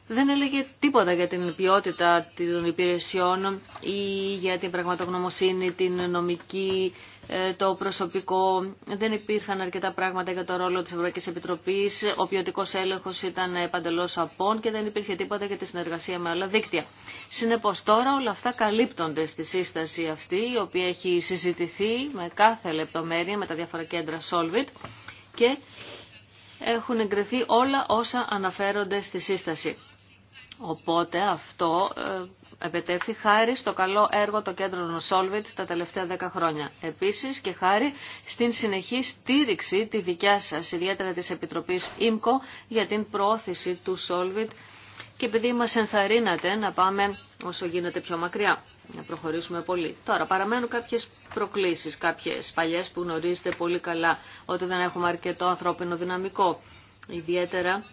δεν έλεγε τίποτα για την ποιότητα των υπηρεσιών ή για την πραγματογνωμοσύνη, την νομική ε, το προσωπικό, δεν υπήρχαν αρκετά πράγματα για το ρόλο της Ευρωπαϊκής Επιτροπής, ο ποιοτικό έλεγχος ήταν παντελώς απόν και δεν υπήρχε τίποτα για τη συνεργασία με άλλα δίκτυα. Συνεπώς τώρα όλα αυτά καλύπτονται στη σύσταση αυτή, η οποία έχει συζητηθεί με κάθε λεπτομέρεια με τα διάφορα κέντρα Solvit και έχουν εγκριθεί όλα όσα αναφέρονται στη σύσταση. Οπότε αυτό ε, επετέφθη χάρη στο καλό έργο το κέντρο Solvit τα τελευταία 10 χρόνια. Επίσης και χάρη στην συνεχή στήριξη τη δικιά σας, ιδιαίτερα της Επιτροπής ΙΜΚΟ, για την προώθηση του Σόλβιτ και επειδή μας ενθαρρύνατε να πάμε όσο γίνεται πιο μακριά, να προχωρήσουμε πολύ. Τώρα παραμένουν κάποιες προκλήσεις, κάποιες παλιές που γνωρίζετε πολύ καλά, ότι δεν έχουμε αρκετό ανθρώπινο δυναμικό, ιδιαίτερα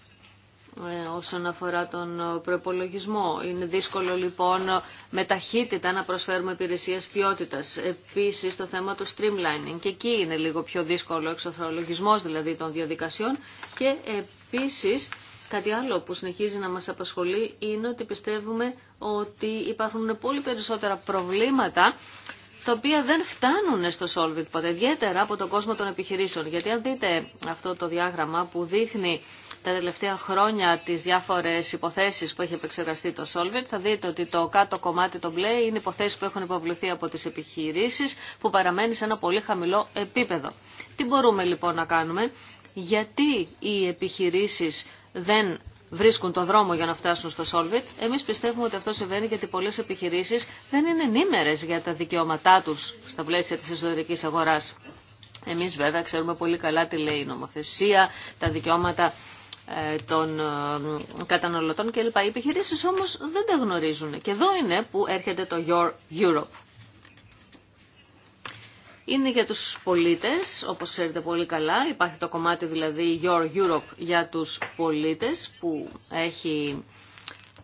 ε, όσον αφορά τον ε, προπολογισμό. Είναι δύσκολο λοιπόν με ταχύτητα να προσφέρουμε υπηρεσίε ποιότητα. Επίση το θέμα του streamlining και εκεί είναι λίγο πιο δύσκολο ο εξωθρολογισμό δηλαδή των διαδικασιών και επίση, Κάτι άλλο που συνεχίζει να μα απασχολεί είναι ότι πιστεύουμε ότι υπάρχουν πολύ περισσότερα προβλήματα τα οποία δεν φτάνουν στο Solvit ποτέ, ιδιαίτερα από τον κόσμο των επιχειρήσεων. Γιατί αν δείτε αυτό το διάγραμμα που δείχνει τα τελευταία χρόνια τις διάφορες υποθέσεις που έχει επεξεργαστεί το Solvit, θα δείτε ότι το κάτω κομμάτι το μπλε είναι υποθέσεις που έχουν υποβληθεί από τις επιχειρήσεις που παραμένει σε ένα πολύ χαμηλό επίπεδο. Τι μπορούμε λοιπόν να κάνουμε, γιατί οι επιχειρήσεις δεν βρίσκουν το δρόμο για να φτάσουν στο Solvit. Εμεί πιστεύουμε ότι αυτό συμβαίνει γιατί πολλέ επιχειρήσει δεν είναι ενήμερε για τα δικαιώματά του στα πλαίσια τη εσωτερική αγορά. Εμεί, βέβαια ξέρουμε πολύ καλά τι λέει η νομοθεσία, τα δικαιώματα ε, των ε, καταναλωτών κλπ. Οι επιχειρήσεις όμως δεν τα γνωρίζουν. Και εδώ είναι που έρχεται το Your Europe. Είναι για τους πολίτες, όπως ξέρετε πολύ καλά. Υπάρχει το κομμάτι δηλαδή Your Europe για τους πολίτες που έχει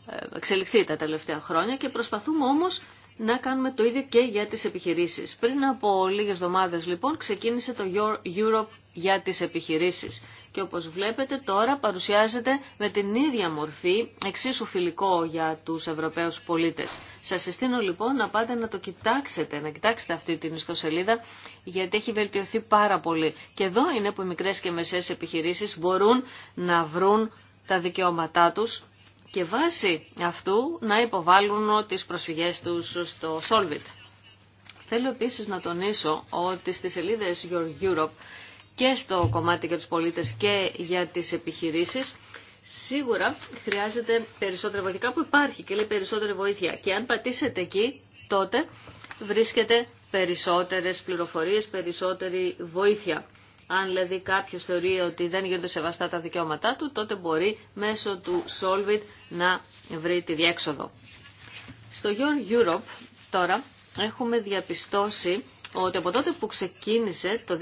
ε, εξελιχθεί τα τελευταία χρόνια και προσπαθούμε όμως να κάνουμε το ίδιο και για τις επιχειρήσεις. Πριν από λίγες εβδομάδες λοιπόν ξεκίνησε το Your Europe για τις επιχειρήσεις και όπως βλέπετε τώρα παρουσιάζεται με την ίδια μορφή εξίσου φιλικό για τους Ευρωπαίους πολίτες. Σας συστήνω λοιπόν να πάτε να το κοιτάξετε, να κοιτάξετε αυτή την ιστοσελίδα γιατί έχει βελτιωθεί πάρα πολύ. Και εδώ είναι που οι μικρές και μεσαίες επιχειρήσεις μπορούν να βρουν τα δικαιώματά τους και βάσει αυτού να υποβάλουν τις προσφυγές τους στο Solvit. Θέλω επίσης να τονίσω ότι στις σελίδες Your Europe και στο κομμάτι για τους πολίτες και για τις επιχειρήσεις, σίγουρα χρειάζεται περισσότερη βοήθεια. Κάπου υπάρχει και λέει περισσότερη βοήθεια. Και αν πατήσετε εκεί, τότε βρίσκεται περισσότερες πληροφορίες, περισσότερη βοήθεια. Αν δηλαδή κάποιο θεωρεί ότι δεν γίνονται σεβαστά τα δικαιώματά του, τότε μπορεί μέσω του Solvit να βρει τη διέξοδο. Στο Your Europe τώρα έχουμε διαπιστώσει ότι από τότε που ξεκίνησε, το 2010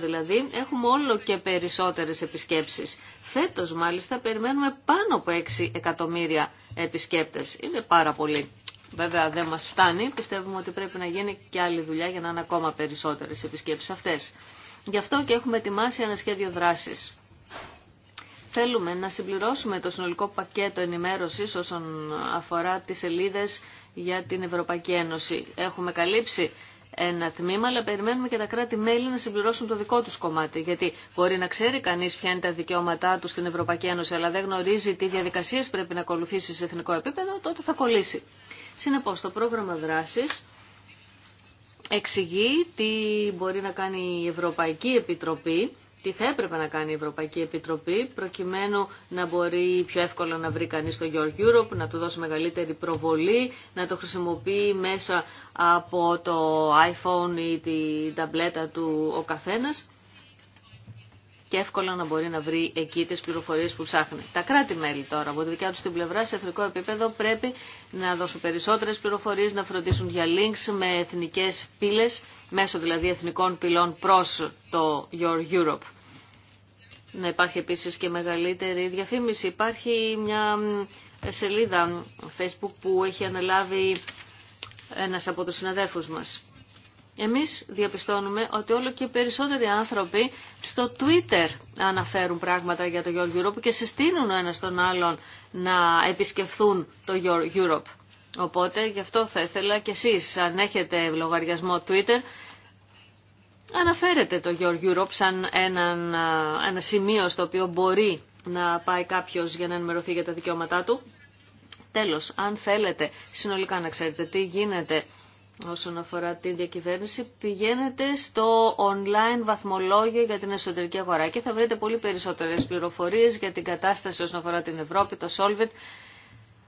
δηλαδή, έχουμε όλο και περισσότερες επισκέψεις. Φέτος μάλιστα περιμένουμε πάνω από 6 εκατομμύρια επισκέπτες. Είναι πάρα πολύ. Βέβαια δεν μας φτάνει, πιστεύουμε ότι πρέπει να γίνει και άλλη δουλειά για να είναι ακόμα περισσότερες επισκέψεις αυτές. Γι' αυτό και έχουμε ετοιμάσει ένα σχέδιο δράσης. Θέλουμε να συμπληρώσουμε το συνολικό πακέτο ενημέρωσης όσον αφορά τις σελίδες για την Ευρωπαϊκή Ένωση. Έχουμε καλύψει ένα τμήμα, αλλά περιμένουμε και τα κράτη-μέλη να συμπληρώσουν το δικό τους κομμάτι. Γιατί μπορεί να ξέρει κανείς ποια είναι τα δικαιώματά του στην Ευρωπαϊκή Ένωση, αλλά δεν γνωρίζει τι διαδικασίε πρέπει να ακολουθήσει σε εθνικό επίπεδο, τότε θα κολλήσει. Συνεπώ, το πρόγραμμα δράσης εξηγεί τι μπορεί να κάνει η Ευρωπαϊκή Επιτροπή τι θα έπρεπε να κάνει η Ευρωπαϊκή Επιτροπή προκειμένου να μπορεί πιο εύκολα να βρει κανείς το Your Europe, να του δώσει μεγαλύτερη προβολή, να το χρησιμοποιεί μέσα από το iPhone ή την ταμπλέτα του ο καθένας και εύκολα να μπορεί να βρει εκεί τις πληροφορίες που ψάχνει. Τα κράτη-μέλη τώρα από τη δικιά τους την πλευρά σε εθνικό επίπεδο πρέπει να δώσουν περισσότερες πληροφορίες, να φροντίσουν για links με εθνικές πύλες, μέσω δηλαδή εθνικών πυλών προς το Your Europe να υπάρχει επίσης και μεγαλύτερη διαφήμιση. Υπάρχει μια ε, σελίδα Facebook που έχει αναλάβει ένας από τους συναδέλφους μας. Εμείς διαπιστώνουμε ότι όλο και περισσότεροι άνθρωποι στο Twitter αναφέρουν πράγματα για το Your Europe και συστήνουν ο ένας τον άλλον να επισκεφθούν το Your Europe. Οπότε γι' αυτό θα ήθελα και εσείς αν έχετε λογαριασμό Twitter αναφέρεται το Your Europe σαν ένα, ένα σημείο στο οποίο μπορεί να πάει κάποιος για να ενημερωθεί για τα δικαιώματά του. Τέλος, αν θέλετε συνολικά να ξέρετε τι γίνεται όσον αφορά την διακυβέρνηση, πηγαίνετε στο online βαθμολόγιο για την εσωτερική αγορά και θα βρείτε πολύ περισσότερες πληροφορίες για την κατάσταση όσον αφορά την Ευρώπη, το Solvit,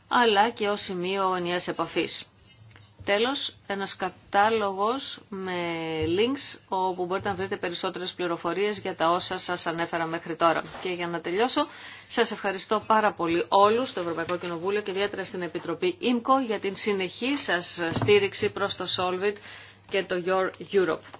αλλά και ως σημείο ενιαίας επαφής. Τέλος, ένας κατάλογος με links όπου μπορείτε να βρείτε περισσότερες πληροφορίες για τα όσα σας ανέφερα μέχρι τώρα. Και για να τελειώσω, σας ευχαριστώ πάρα πολύ όλους στο Ευρωπαϊκό Κοινοβούλιο και ιδιαίτερα στην Επιτροπή ΙΜΚΟ για την συνεχή σας στήριξη προς το Solvit και το Your Europe.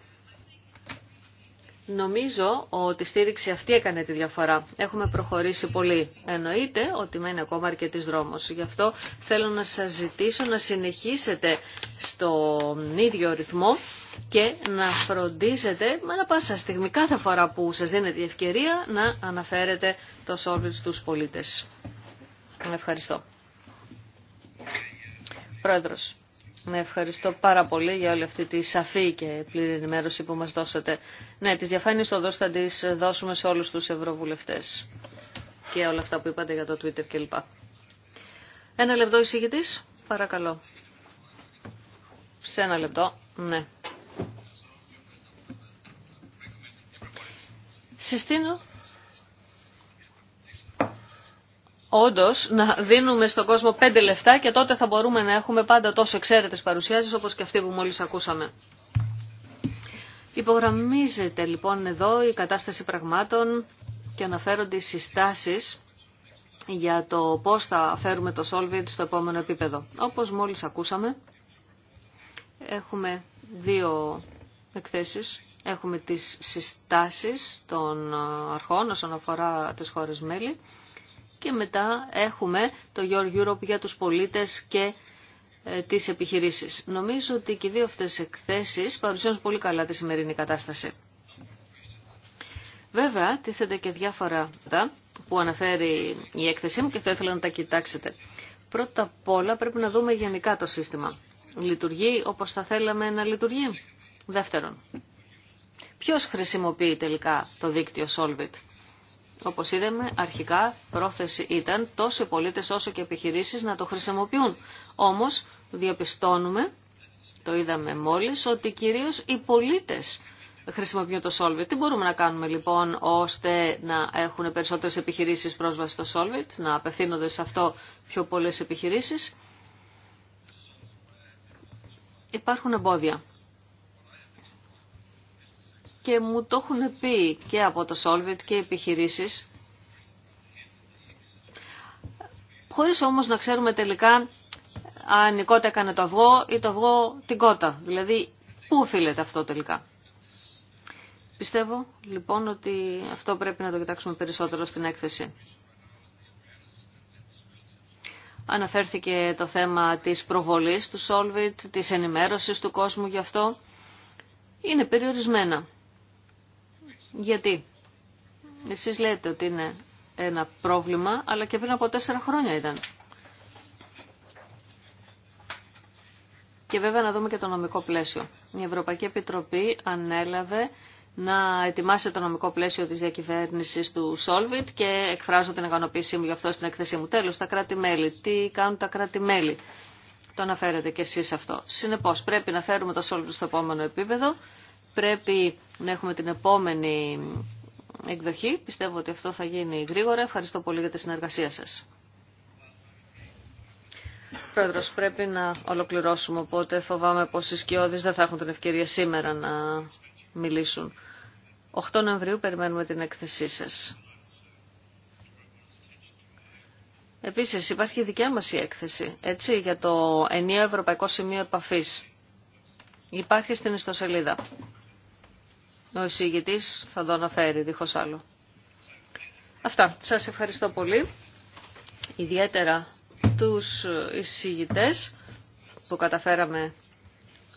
Νομίζω ότι η στήριξη αυτή έκανε τη διαφορά. Έχουμε προχωρήσει πολύ. Εννοείται ότι μένει ακόμα αρκετής δρόμος. Γι' αυτό θέλω να σας ζητήσω να συνεχίσετε στον ίδιο ρυθμό και να φροντίζετε, με ένα πάσα στιγμή, κάθε φορά που σας δίνεται η ευκαιρία, να αναφέρετε το τους στους πολίτες. Ευχαριστώ. Πρόεδρος. Ναι, ευχαριστώ πάρα πολύ για όλη αυτή τη σαφή και πλήρη ενημέρωση που μας δώσατε. Ναι, τις διαφάνειες οδός θα τις δώσουμε σε όλους τους ευρωβουλευτές και όλα αυτά που είπατε για το Twitter κλπ. Ένα λεπτό εισηγητής, παρακαλώ. Σε ένα λεπτό, ναι. Συστήνω Όντω να δίνουμε στον κόσμο πέντε λεφτά και τότε θα μπορούμε να έχουμε πάντα τόσο εξαίρετε παρουσιάσεις όπως και αυτή που μόλις ακούσαμε. Υπογραμμίζεται λοιπόν εδώ η κατάσταση πραγμάτων και αναφέρονται οι συστάσεις για το πώς θα φέρουμε το Solvit στο επόμενο επίπεδο. Όπως μόλις ακούσαμε, έχουμε δύο εκθέσεις. Έχουμε τις συστάσεις των αρχών όσον αφορά τις χώρες μέλη και μετά έχουμε το Your Europe για τους πολίτες και ε, τις επιχειρήσεις. Νομίζω ότι και οι δύο αυτές εκθέσεις παρουσιάζουν πολύ καλά τη σημερινή κατάσταση. Βέβαια, τίθεται και διάφορα που αναφέρει η έκθεσή μου και θα ήθελα να τα κοιτάξετε. Πρώτα απ' όλα πρέπει να δούμε γενικά το σύστημα. Λειτουργεί όπως θα θέλαμε να λειτουργεί. Δεύτερον, ποιος χρησιμοποιεί τελικά το δίκτυο Solvit. Όπως είδαμε, αρχικά πρόθεση ήταν τόσο οι πολίτες όσο και οι επιχειρήσεις να το χρησιμοποιούν. Όμως, διαπιστώνουμε, το είδαμε μόλις, ότι κυρίως οι πολίτες χρησιμοποιούν το Solvit. Τι μπορούμε να κάνουμε λοιπόν ώστε να έχουν περισσότερες επιχειρήσεις πρόσβαση στο Solvit, να απευθύνονται σε αυτό πιο πολλές επιχειρήσεις. Υπάρχουν εμπόδια και μου το έχουν πει και από το Solvit και οι επιχειρήσεις. Χωρίς όμως να ξέρουμε τελικά αν η κότα έκανε το αυγό ή το αυγό την κότα. Δηλαδή, πού οφείλεται αυτό τελικά. Πιστεύω λοιπόν ότι αυτό πρέπει να το κοιτάξουμε περισσότερο στην έκθεση. Αναφέρθηκε το θέμα της προβολής του Solvit, της ενημέρωσης του κόσμου γι' αυτό. Είναι περιορισμένα. Γιατί εσείς λέτε ότι είναι ένα πρόβλημα, αλλά και πριν από τέσσερα χρόνια ήταν. Και βέβαια να δούμε και το νομικό πλαίσιο. Η Ευρωπαϊκή Επιτροπή ανέλαβε να ετοιμάσει το νομικό πλαίσιο της διακυβέρνησης του Solvit και εκφράζω την ικανοποίησή μου γι' αυτό στην εκθεσή μου. Τέλος, τα κράτη-μέλη. Τι κάνουν τα κράτη-μέλη. Το αναφέρετε και εσείς αυτό. Συνεπώς, πρέπει να φέρουμε το Solvit στο επόμενο επίπεδο πρέπει να έχουμε την επόμενη εκδοχή. Πιστεύω ότι αυτό θα γίνει γρήγορα. Ευχαριστώ πολύ για τη συνεργασία σας. Πρόεδρος, πρέπει να ολοκληρώσουμε, οπότε φοβάμαι πως οι σκιώδεις δεν θα έχουν την ευκαιρία σήμερα να μιλήσουν. 8 Νοεμβρίου περιμένουμε την έκθεσή σας. Επίσης υπάρχει δικιά μας η έκθεση, έτσι, για το ενιαίο Ευρωπαϊκό Σημείο Επαφής. Υπάρχει στην ιστοσελίδα. Ο εισηγητής θα το αναφέρει δίχως άλλο. Αυτά. Σας ευχαριστώ πολύ. Ιδιαίτερα τους εισηγητές που καταφέραμε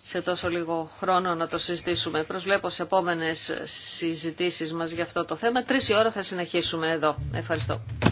σε τόσο λίγο χρόνο να το συζητήσουμε. Προσβλέπω σε επόμενες συζητήσεις μας για αυτό το θέμα. Τρεις η ώρα θα συνεχίσουμε εδώ. Ευχαριστώ.